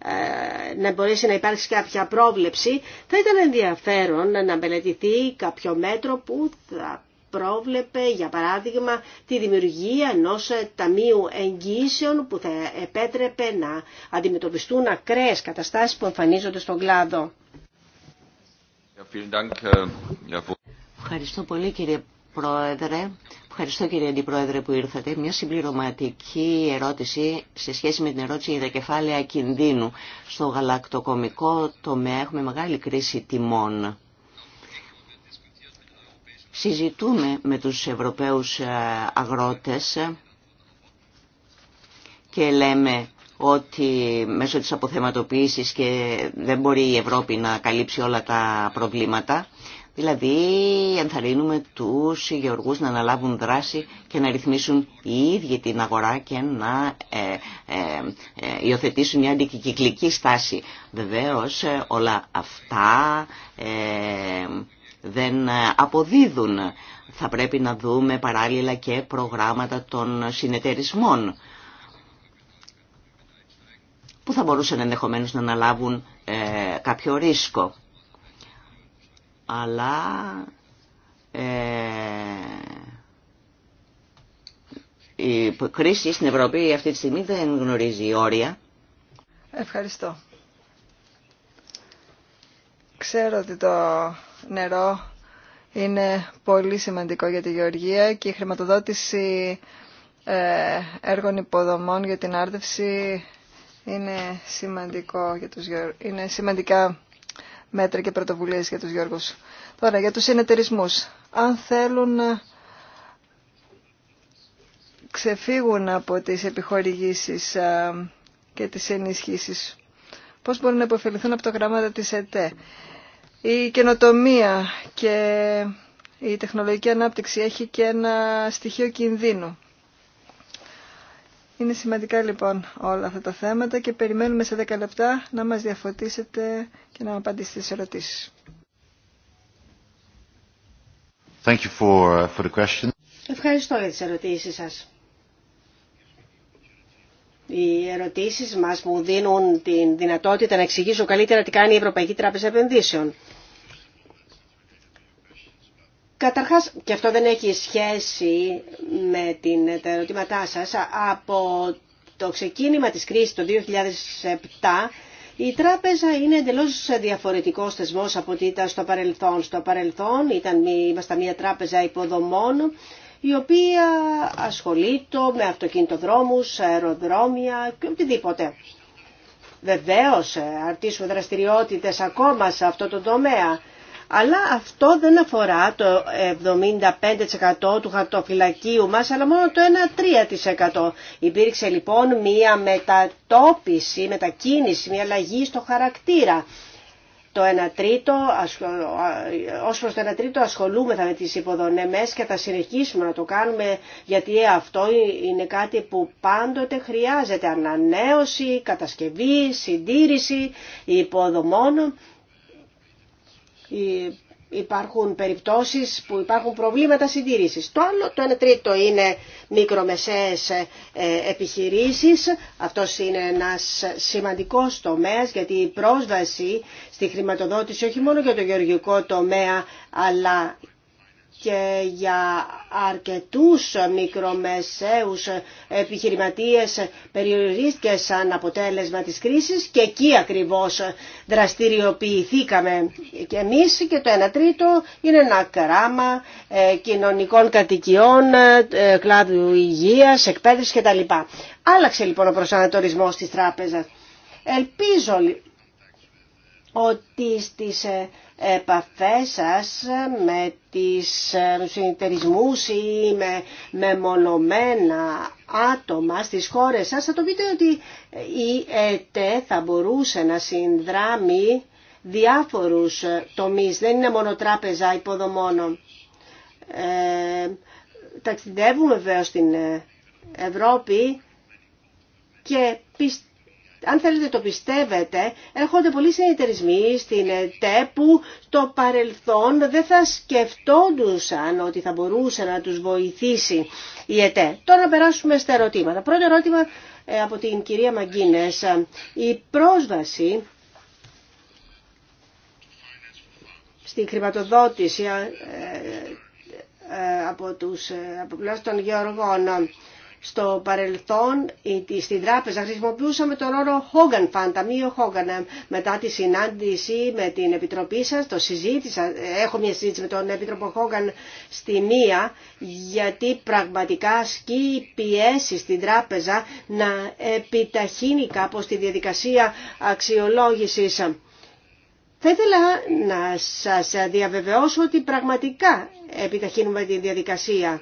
ε, να μπορέσει να υπάρξει κάποια πρόβλεψη, θα ήταν ενδιαφέρον να μελετηθεί κάποιο μέτρο που θα πρόβλεπε, για παράδειγμα, τη δημιουργία ενός ταμείου εγγύσεων που θα επέτρεπε να αντιμετωπιστούν ακραίες καταστάσεις που εμφανίζονται στον κλάδο. Äh, Ευχαριστώ πολύ κύριε Πρόεδρε. Ευχαριστώ κύριε Αντιπρόεδρε που ήρθατε. Μια συμπληρωματική ερώτηση σε σχέση με την ερώτηση για τα κεφάλαια κινδύνου. Στο γαλακτοκομικό τομέα έχουμε μεγάλη κρίση τιμών. Συζητούμε με τους Ευρωπαίους ε, αγρότες και λέμε ότι μέσω της αποθεματοποίησης και δεν μπορεί η Ευρώπη να καλύψει όλα τα προβλήματα. Δηλαδή ενθαρρύνουμε τους γεωργούς να αναλάβουν δράση και να ρυθμίσουν οι ίδιοι την αγορά και να ε, ε, ε υιοθετήσουν μια αντικυκλική στάση. Βεβαίως ε, όλα αυτά δεν αποδίδουν. Θα πρέπει να δούμε παράλληλα και προγράμματα των συνεταιρισμών που θα μπορούσαν ενδεχομένως να αναλάβουν κάποιο ρίσκο αλλά ε, η κρίση στην Ευρώπη αυτή τη στιγμή δεν γνωρίζει όρια. Ευχαριστώ. Ξέρω ότι το νερό είναι πολύ σημαντικό για τη γεωργία και η χρηματοδότηση ε, έργων υποδομών για την άρδευση είναι σημαντικό για τους είναι σημαντικά μέτρα και πρωτοβουλίες για τους Γιώργους. Τώρα, για τους συνεταιρισμού. Αν θέλουν να ξεφύγουν από τις επιχορηγήσεις και τις ενισχύσεις, πώς μπορούν να υποφεληθούν από τα γράμματα της ΕΤΕ. Η καινοτομία και η τεχνολογική ανάπτυξη έχει και ένα στοιχείο κινδύνου. Είναι σημαντικά λοιπόν όλα αυτά τα θέματα και περιμένουμε σε 10 λεπτά να μας διαφωτίσετε και να απαντήσετε στις ερωτήσεις. Uh, Ευχαριστώ για τις ερωτήσεις σας. Οι ερωτήσεις μας μου δίνουν την δυνατότητα να εξηγήσω καλύτερα τι κάνει η Ευρωπαϊκή Τράπεζα Επενδύσεων. Καταρχάς, και αυτό δεν έχει σχέση με την, τα ερωτήματά σας, από το ξεκίνημα της κρίσης το 2007, η τράπεζα είναι εντελώς διαφορετικός θεσμό από ό,τι ήταν στο παρελθόν. Στο παρελθόν ήταν, ήμασταν μια τράπεζα υποδομών, η οποία ασχολείται με αυτοκινητοδρόμους, αεροδρόμια και οτιδήποτε. Βεβαίως, αρτήσουμε δραστηριότητες ακόμα σε αυτό το τομέα αλλά αυτό δεν αφορά το 75% του χαρτοφυλακίου μας, αλλά μόνο το 1-3%. Υπήρξε λοιπόν μία μετατόπιση, μετακίνηση, μία αλλαγή στο χαρακτήρα. Το 1 τρίτο, ως προς το 1 τρίτο ασχολούμεθα με τις υποδονεμές και θα συνεχίσουμε να το κάνουμε γιατί ε, αυτό είναι κάτι που πάντοτε χρειάζεται ανανέωση, κατασκευή, συντήρηση υποδομών υπάρχουν περιπτώσεις που υπάρχουν προβλήματα συντήρησης. Το άλλο, το 1 τρίτο είναι μικρομεσαίες ε, επιχειρήσεις. Αυτός είναι ένας σημαντικός τομέας γιατί η πρόσβαση στη χρηματοδότηση όχι μόνο για το γεωργικό τομέα αλλά και για αρκετούς μικρομεσαίους επιχειρηματίες περιορίστηκε σαν αποτέλεσμα της κρίσης και εκεί ακριβώς δραστηριοποιηθήκαμε και εμείς και το 1 τρίτο είναι ένα κράμα ε, κοινωνικών κατοικιών, ε, κλάδου υγείας, εκπαίδευση κτλ. Άλλαξε λοιπόν ο προσανατορισμός της τράπεζας. Ελπίζω ότι στις ε, επαφές σας με τις ε, συνεταιρισμούς ή με μονομένα άτομα στις χώρες σας θα το πείτε ότι η ΕΤΕ θα μπορούσε να συνδράμει διάφορους τομείς. Δεν είναι μόνο τράπεζα υποδομών. Ε, ταξιδεύουμε βέβαια στην ε, Ευρώπη και πιστεύουμε αν θέλετε το πιστεύετε, έρχονται πολλοί συνεταιρισμοί στην ΕΤΕ που στο παρελθόν δεν θα σκεφτόντουσαν ότι θα μπορούσε να τους βοηθήσει η ΕΤΕ. Τώρα να περάσουμε στα ερωτήματα. Πρώτο ερώτημα ε, από την κυρία Μαγκίνες. Η πρόσβαση στην χρηματοδότηση ε, ε, από, τους, από τον των γεωργών στο παρελθόν στην τράπεζα χρησιμοποιούσαμε τον όρο Hogan Fund, ταμείο Hogan. Μετά τη συνάντηση με την Επιτροπή σας, το συζήτησα, έχω μια συζήτηση με τον Επίτροπο Hogan στη μία, γιατί πραγματικά ασκεί πιέση στην τράπεζα να επιταχύνει κάπως τη διαδικασία αξιολόγησης. Θα ήθελα να σας διαβεβαιώσω ότι πραγματικά επιταχύνουμε τη διαδικασία.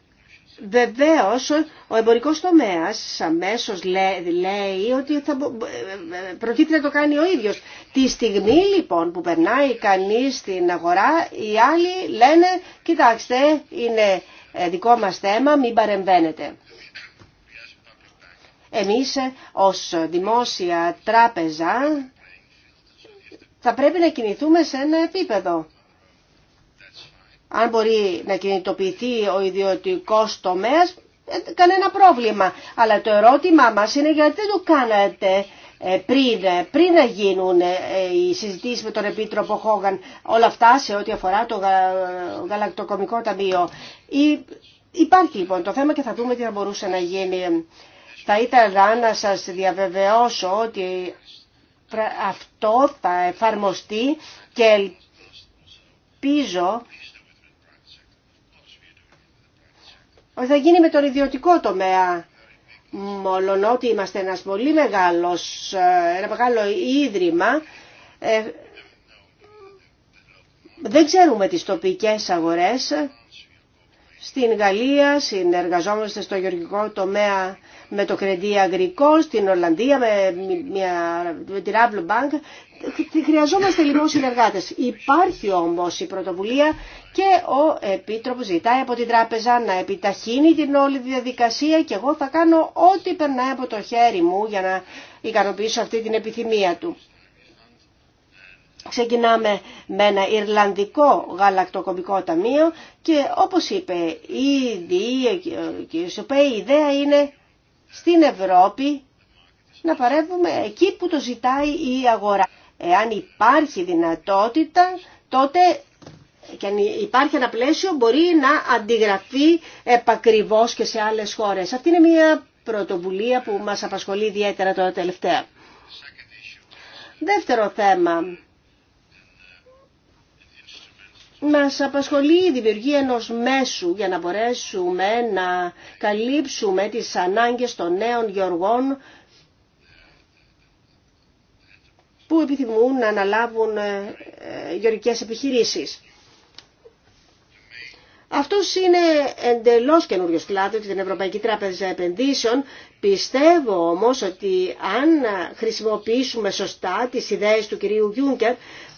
Βεβαίως, ο εμπορικός τομέας αμέσως λέει ότι θα ε, ε, προτίθεται να το κάνει ο ίδιος. Τη στιγμή λοιπόν που περνάει κανείς στην αγορά, οι άλλοι λένε «Κοιτάξτε, είναι ε, δικό μας θέμα, μην παρεμβαίνετε». Εμείς ως δημόσια τράπεζα θα πρέπει να κινηθούμε σε ένα επίπεδο αν μπορεί να κινητοποιηθεί ο ιδιωτικός τομέας, ε, κανένα πρόβλημα. Αλλά το ερώτημά μας είναι γιατί δεν το κάνατε ε, πριν, ε, πριν να γίνουν οι συζητήσεις με τον Επίτροπο Χόγαν, όλα αυτά σε ό,τι αφορά το Γαλακτοκομικό Ταμείο. Υπάρχει λοιπόν το θέμα και θα δούμε τι θα μπορούσε να γίνει. Θα ήθελα να σας διαβεβαιώσω ότι αυτό θα εφαρμοστεί και ελπίζω ότι θα γίνει με τον ιδιωτικό τομέα. ότι είμαστε ένας πολύ μεγάλος, ε, ένα μεγάλο ίδρυμα, ε, δεν ξέρουμε τις τοπικές αγορές. Στην Γαλλία συνεργαζόμαστε στο γεωργικό τομέα με το κρεντή αγρικό, στην Ολλανδία με, μια, με την Χρειαζόμαστε λοιπόν συνεργάτε. Υπάρχει όμως η πρωτοβουλία και ο επίτροπο ζητάει από την τράπεζα να επιταχύνει την όλη διαδικασία και εγώ θα κάνω ό,τι περνάει από το χέρι μου για να ικανοποιήσω αυτή την επιθυμία του. Ξεκινάμε με ένα Ιρλανδικό γαλακτοκομικό ταμείο και όπως είπε ήδη ο η ιδέα είναι στην Ευρώπη να παρεύουμε εκεί που το ζητάει η αγορά. Εάν υπάρχει δυνατότητα, τότε και αν υπάρχει ένα πλαίσιο μπορεί να αντιγραφεί επακριβώς και σε άλλες χώρες. Αυτή είναι μια πρωτοβουλία που μας απασχολεί ιδιαίτερα τώρα τελευταία. Δεύτερο θέμα. Μας απασχολεί η δημιουργία ενός μέσου για να μπορέσουμε να καλύψουμε τις ανάγκες των νέων γεωργών που επιθυμούν να αναλάβουν ε, ε, γεωργικές επιχειρήσεις. Αυτό είναι εντελώ καινούριο κλάδο για την Ευρωπαϊκή Τράπεζα Επενδύσεων. Πιστεύω όμω ότι αν χρησιμοποιήσουμε σωστά τι ιδέε του κυρίου Γιούγκερ,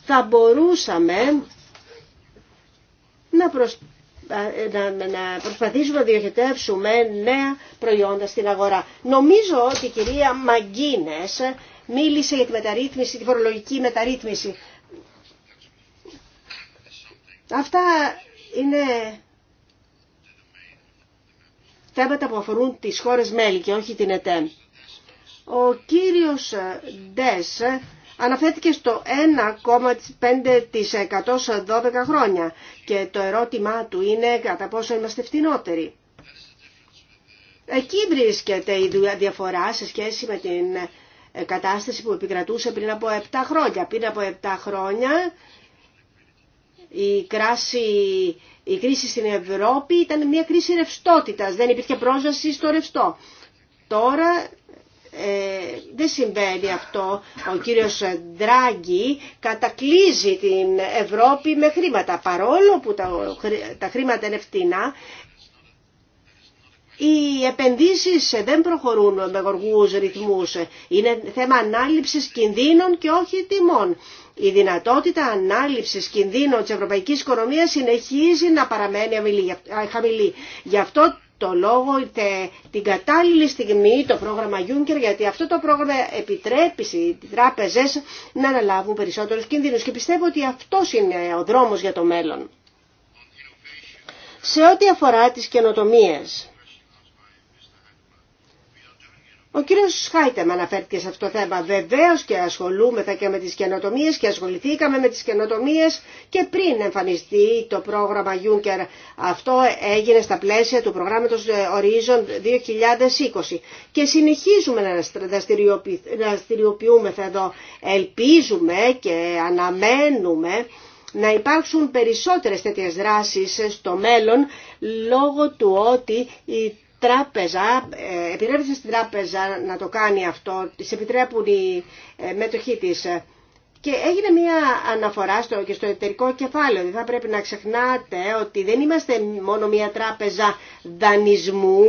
θα μπορούσαμε ε, να, να προσπαθήσουμε να διοχετεύσουμε νέα προϊόντα στην αγορά. Νομίζω ότι η κυρία Μαγκίνες μίλησε για τη μεταρρύθμιση, τη φορολογική μεταρρύθμιση. Αυτά είναι θέματα που αφορούν τις χώρες μέλη και όχι την ΕΤΕ. Ο κύριος Ντες αναφέρθηκε στο 1,5% σε 112 χρόνια και το ερώτημά του είναι κατά πόσο είμαστε φτηνότεροι. Εκεί βρίσκεται η διαφορά σε σχέση με την κατάσταση που επικρατούσε πριν από 7 χρόνια. Πριν από 7 χρόνια η, κράση, η κρίση στην Ευρώπη ήταν μια κρίση ρευστότητας, δεν υπήρχε πρόσβαση στο ρευστό. Τώρα ε, δεν συμβαίνει αυτό. Ο κύριος Ντράγκη κατακλίζει την Ευρώπη με χρήματα. Παρόλο που τα, τα χρήματα είναι φτηνά, οι επενδύσει δεν προχωρούν με γοργού ρυθμού. Είναι θέμα ανάληψη κινδύνων και όχι τιμών. Η δυνατότητα ανάληψη κινδύνων τη Ευρωπαϊκή οικονομίας συνεχίζει να παραμένει χαμηλή. Γι' αυτό το λόγο είτε την κατάλληλη στιγμή το πρόγραμμα Juncker, γιατί αυτό το πρόγραμμα επιτρέπει οι τράπεζες να αναλάβουν περισσότερους κινδύνους και πιστεύω ότι αυτό είναι ο δρόμος για το μέλλον. Σε ό,τι αφορά τις καινοτομίες, ο κύριο Χάιτεμ αναφέρθηκε σε αυτό το θέμα. Βεβαίως και ασχολούμεθα και με τις καινοτομίε και ασχοληθήκαμε με τις καινοτομίε και πριν εμφανιστεί το πρόγραμμα Juncker. Αυτό έγινε στα πλαίσια του προγράμματος ε, Horizon 2020 και συνεχίζουμε να δραστηριοποιούμεθα εδώ. Ελπίζουμε και αναμένουμε να υπάρξουν περισσότερες τέτοιες δράσεις στο μέλλον λόγω του ότι τράπεζα, ε, επιτρέπεται στην τράπεζα να το κάνει αυτό, τη επιτρέπουν οι ε, μέτοχοί της. Και έγινε μια αναφορά στο, και στο εταιρικό κεφάλαιο. Δεν θα πρέπει να ξεχνάτε ότι δεν είμαστε μόνο μια τράπεζα δανεισμού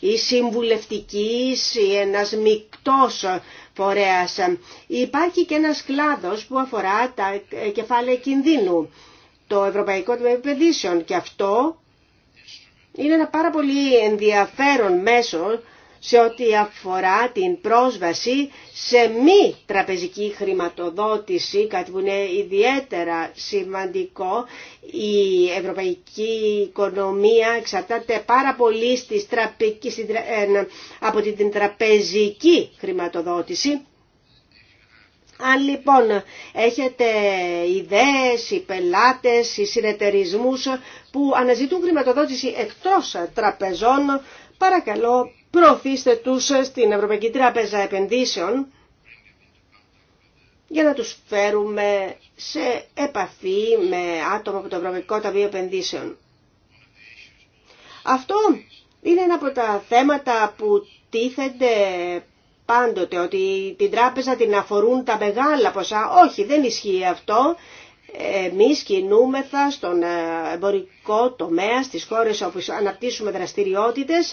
ή συμβουλευτικής ή ένας μικτός φορέας. Υπάρχει και ένας κλάδος που αφορά τα ε, κεφάλαια κινδύνου, το Ευρωπαϊκό Τμήμα Επενδύσεων και αυτό είναι ένα πάρα πολύ ενδιαφέρον μέσο σε ό,τι αφορά την πρόσβαση σε μη τραπεζική χρηματοδότηση, κάτι που είναι ιδιαίτερα σημαντικό. Η ευρωπαϊκή οικονομία εξαρτάται πάρα πολύ στις τραπε... Ε, από την τραπεζική χρηματοδότηση αν λοιπόν έχετε ιδέες οι πελάτες οι συνεταιρισμούς που αναζητούν χρηματοδότηση εκτός τραπεζών, παρακαλώ προωθήστε τους στην Ευρωπαϊκή Τράπεζα Επενδύσεων για να τους φέρουμε σε επαφή με άτομα από το Ευρωπαϊκό Ταμείο Επενδύσεων. Αυτό είναι ένα από τα θέματα που τίθενται πάντοτε ότι την τράπεζα την αφορούν τα μεγάλα ποσά. Όχι, δεν ισχύει αυτό. Εμείς κινούμεθα στον ε, εμπορικό τομέα, στις χώρες όπου αναπτύσσουμε δραστηριότητες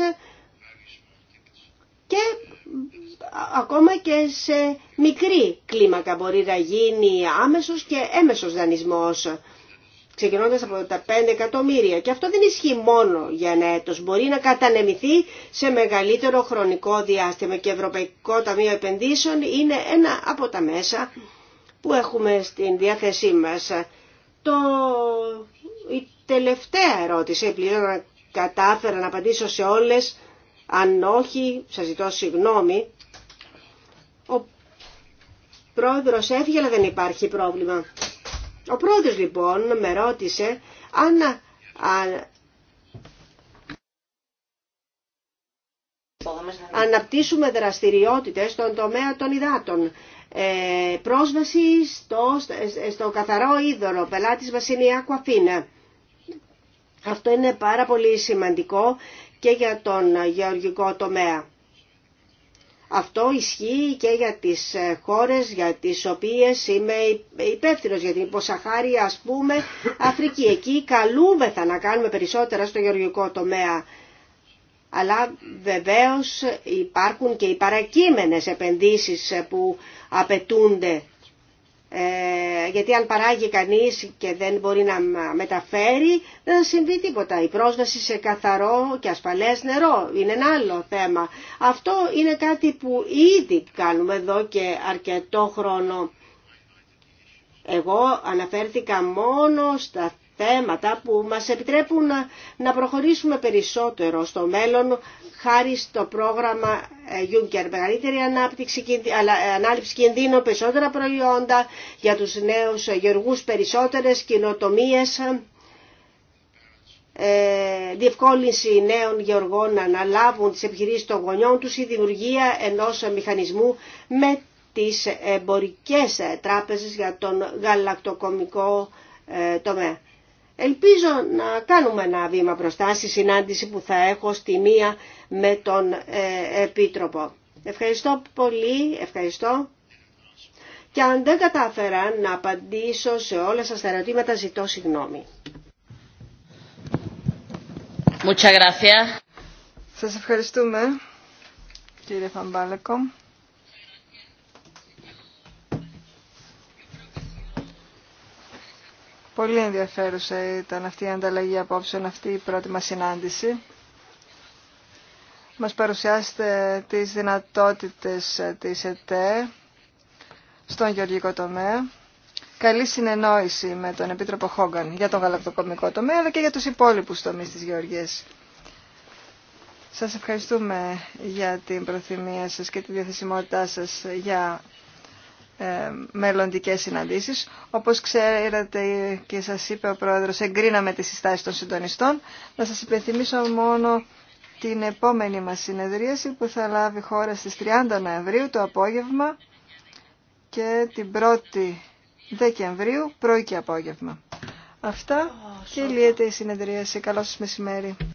και ε, ακόμα και σε μικρή κλίμακα μπορεί να γίνει άμεσος και έμεσος δανεισμός ξεκινώντας από τα 5 εκατομμύρια. Και αυτό δεν ισχύει μόνο για ένα έτος. Μπορεί να κατανεμηθεί σε μεγαλύτερο χρονικό διάστημα και Ευρωπαϊκό Ταμείο Επενδύσεων είναι ένα από τα μέσα που έχουμε στην διάθεσή μας. Το... Η τελευταία ερώτηση, πληρώ να κατάφερα να απαντήσω σε όλες, αν όχι, σας ζητώ συγγνώμη. Ο πρόεδρος έφυγε, αλλά δεν υπάρχει πρόβλημα. Ο πρώτος λοιπόν με ρώτησε αν, αν αναπτύσσουμε δραστηριότητες στον τομέα των υδάτων. Ε, πρόσβαση στο, στο καθαρό είδωρο, πελάτης Βασινιάκου Αφίνα. Αυτό είναι πάρα πολύ σημαντικό και για τον γεωργικό τομέα. Αυτό ισχύει και για τις ε, χώρες για τις οποίες είμαι υπεύθυνο για την υποσαχάρια ας πούμε Αφρική. Εκεί καλούμεθα να κάνουμε περισσότερα στο γεωργικό τομέα. Αλλά βεβαίως υπάρχουν και οι παρακείμενες επενδύσεις ε, που απαιτούνται ε, γιατί αν παράγει κανείς και δεν μπορεί να μεταφέρει δεν θα συμβεί τίποτα. Η πρόσβαση σε καθαρό και ασφαλές νερό είναι ένα άλλο θέμα. Αυτό είναι κάτι που ήδη κάνουμε εδώ και αρκετό χρόνο. Εγώ αναφέρθηκα μόνο στα θέματα που μας επιτρέπουν να, προχωρήσουμε περισσότερο στο μέλλον χάρη στο πρόγραμμα ε, Juncker. Μεγαλύτερη ανάπτυξη, ε, ανάληψη κινδύνων, περισσότερα προϊόντα για τους νέους γεωργούς, περισσότερες κοινοτομίες, ε, διευκόλυνση νέων γεωργών να αναλάβουν τις επιχειρήσεις των γονιών τους ή δημιουργία ενός μηχανισμού με τις εμπορικές τράπεζες για τον γαλακτοκομικό τομέα. Ελπίζω να κάνουμε ένα βήμα μπροστά στη συνάντηση που θα έχω στη μία με τον ε, Επίτροπο. Ευχαριστώ πολύ, ευχαριστώ. Και αν δεν κατάφερα να απαντήσω σε όλα σας τα ερωτήματα, ζητώ συγγνώμη. Σας ευχαριστούμε, κύριε Φαμπάλεκο. Πολύ ενδιαφέρουσα ήταν αυτή η ανταλλαγή απόψεων, αυτή η πρώτη μας συνάντηση. Μας παρουσιάσετε τις δυνατότητες της ΕΤΕ στον γεωργικό τομέα. Καλή συνεννόηση με τον Επίτροπο Χόγκαν για τον γαλακτοκομικό τομέα, αλλά και για τους υπόλοιπους τομείς της γεωργίας. Σας ευχαριστούμε για την προθυμία σας και τη διαθεσιμότητά σας για ε, μελλοντικές συναντήσεις. Όπως ξέρετε και σας είπε ο Πρόεδρος, εγκρίναμε τις συστάσεις των συντονιστών. Να σας υπενθυμίσω μόνο την επόμενη μας συνεδρίαση που θα λάβει χώρα στις 30 Νοεμβρίου το απόγευμα και την 1η Δεκεμβρίου πρωί και απόγευμα. Αυτά και λύεται η συνεδρίαση. Καλό σας μεσημέρι.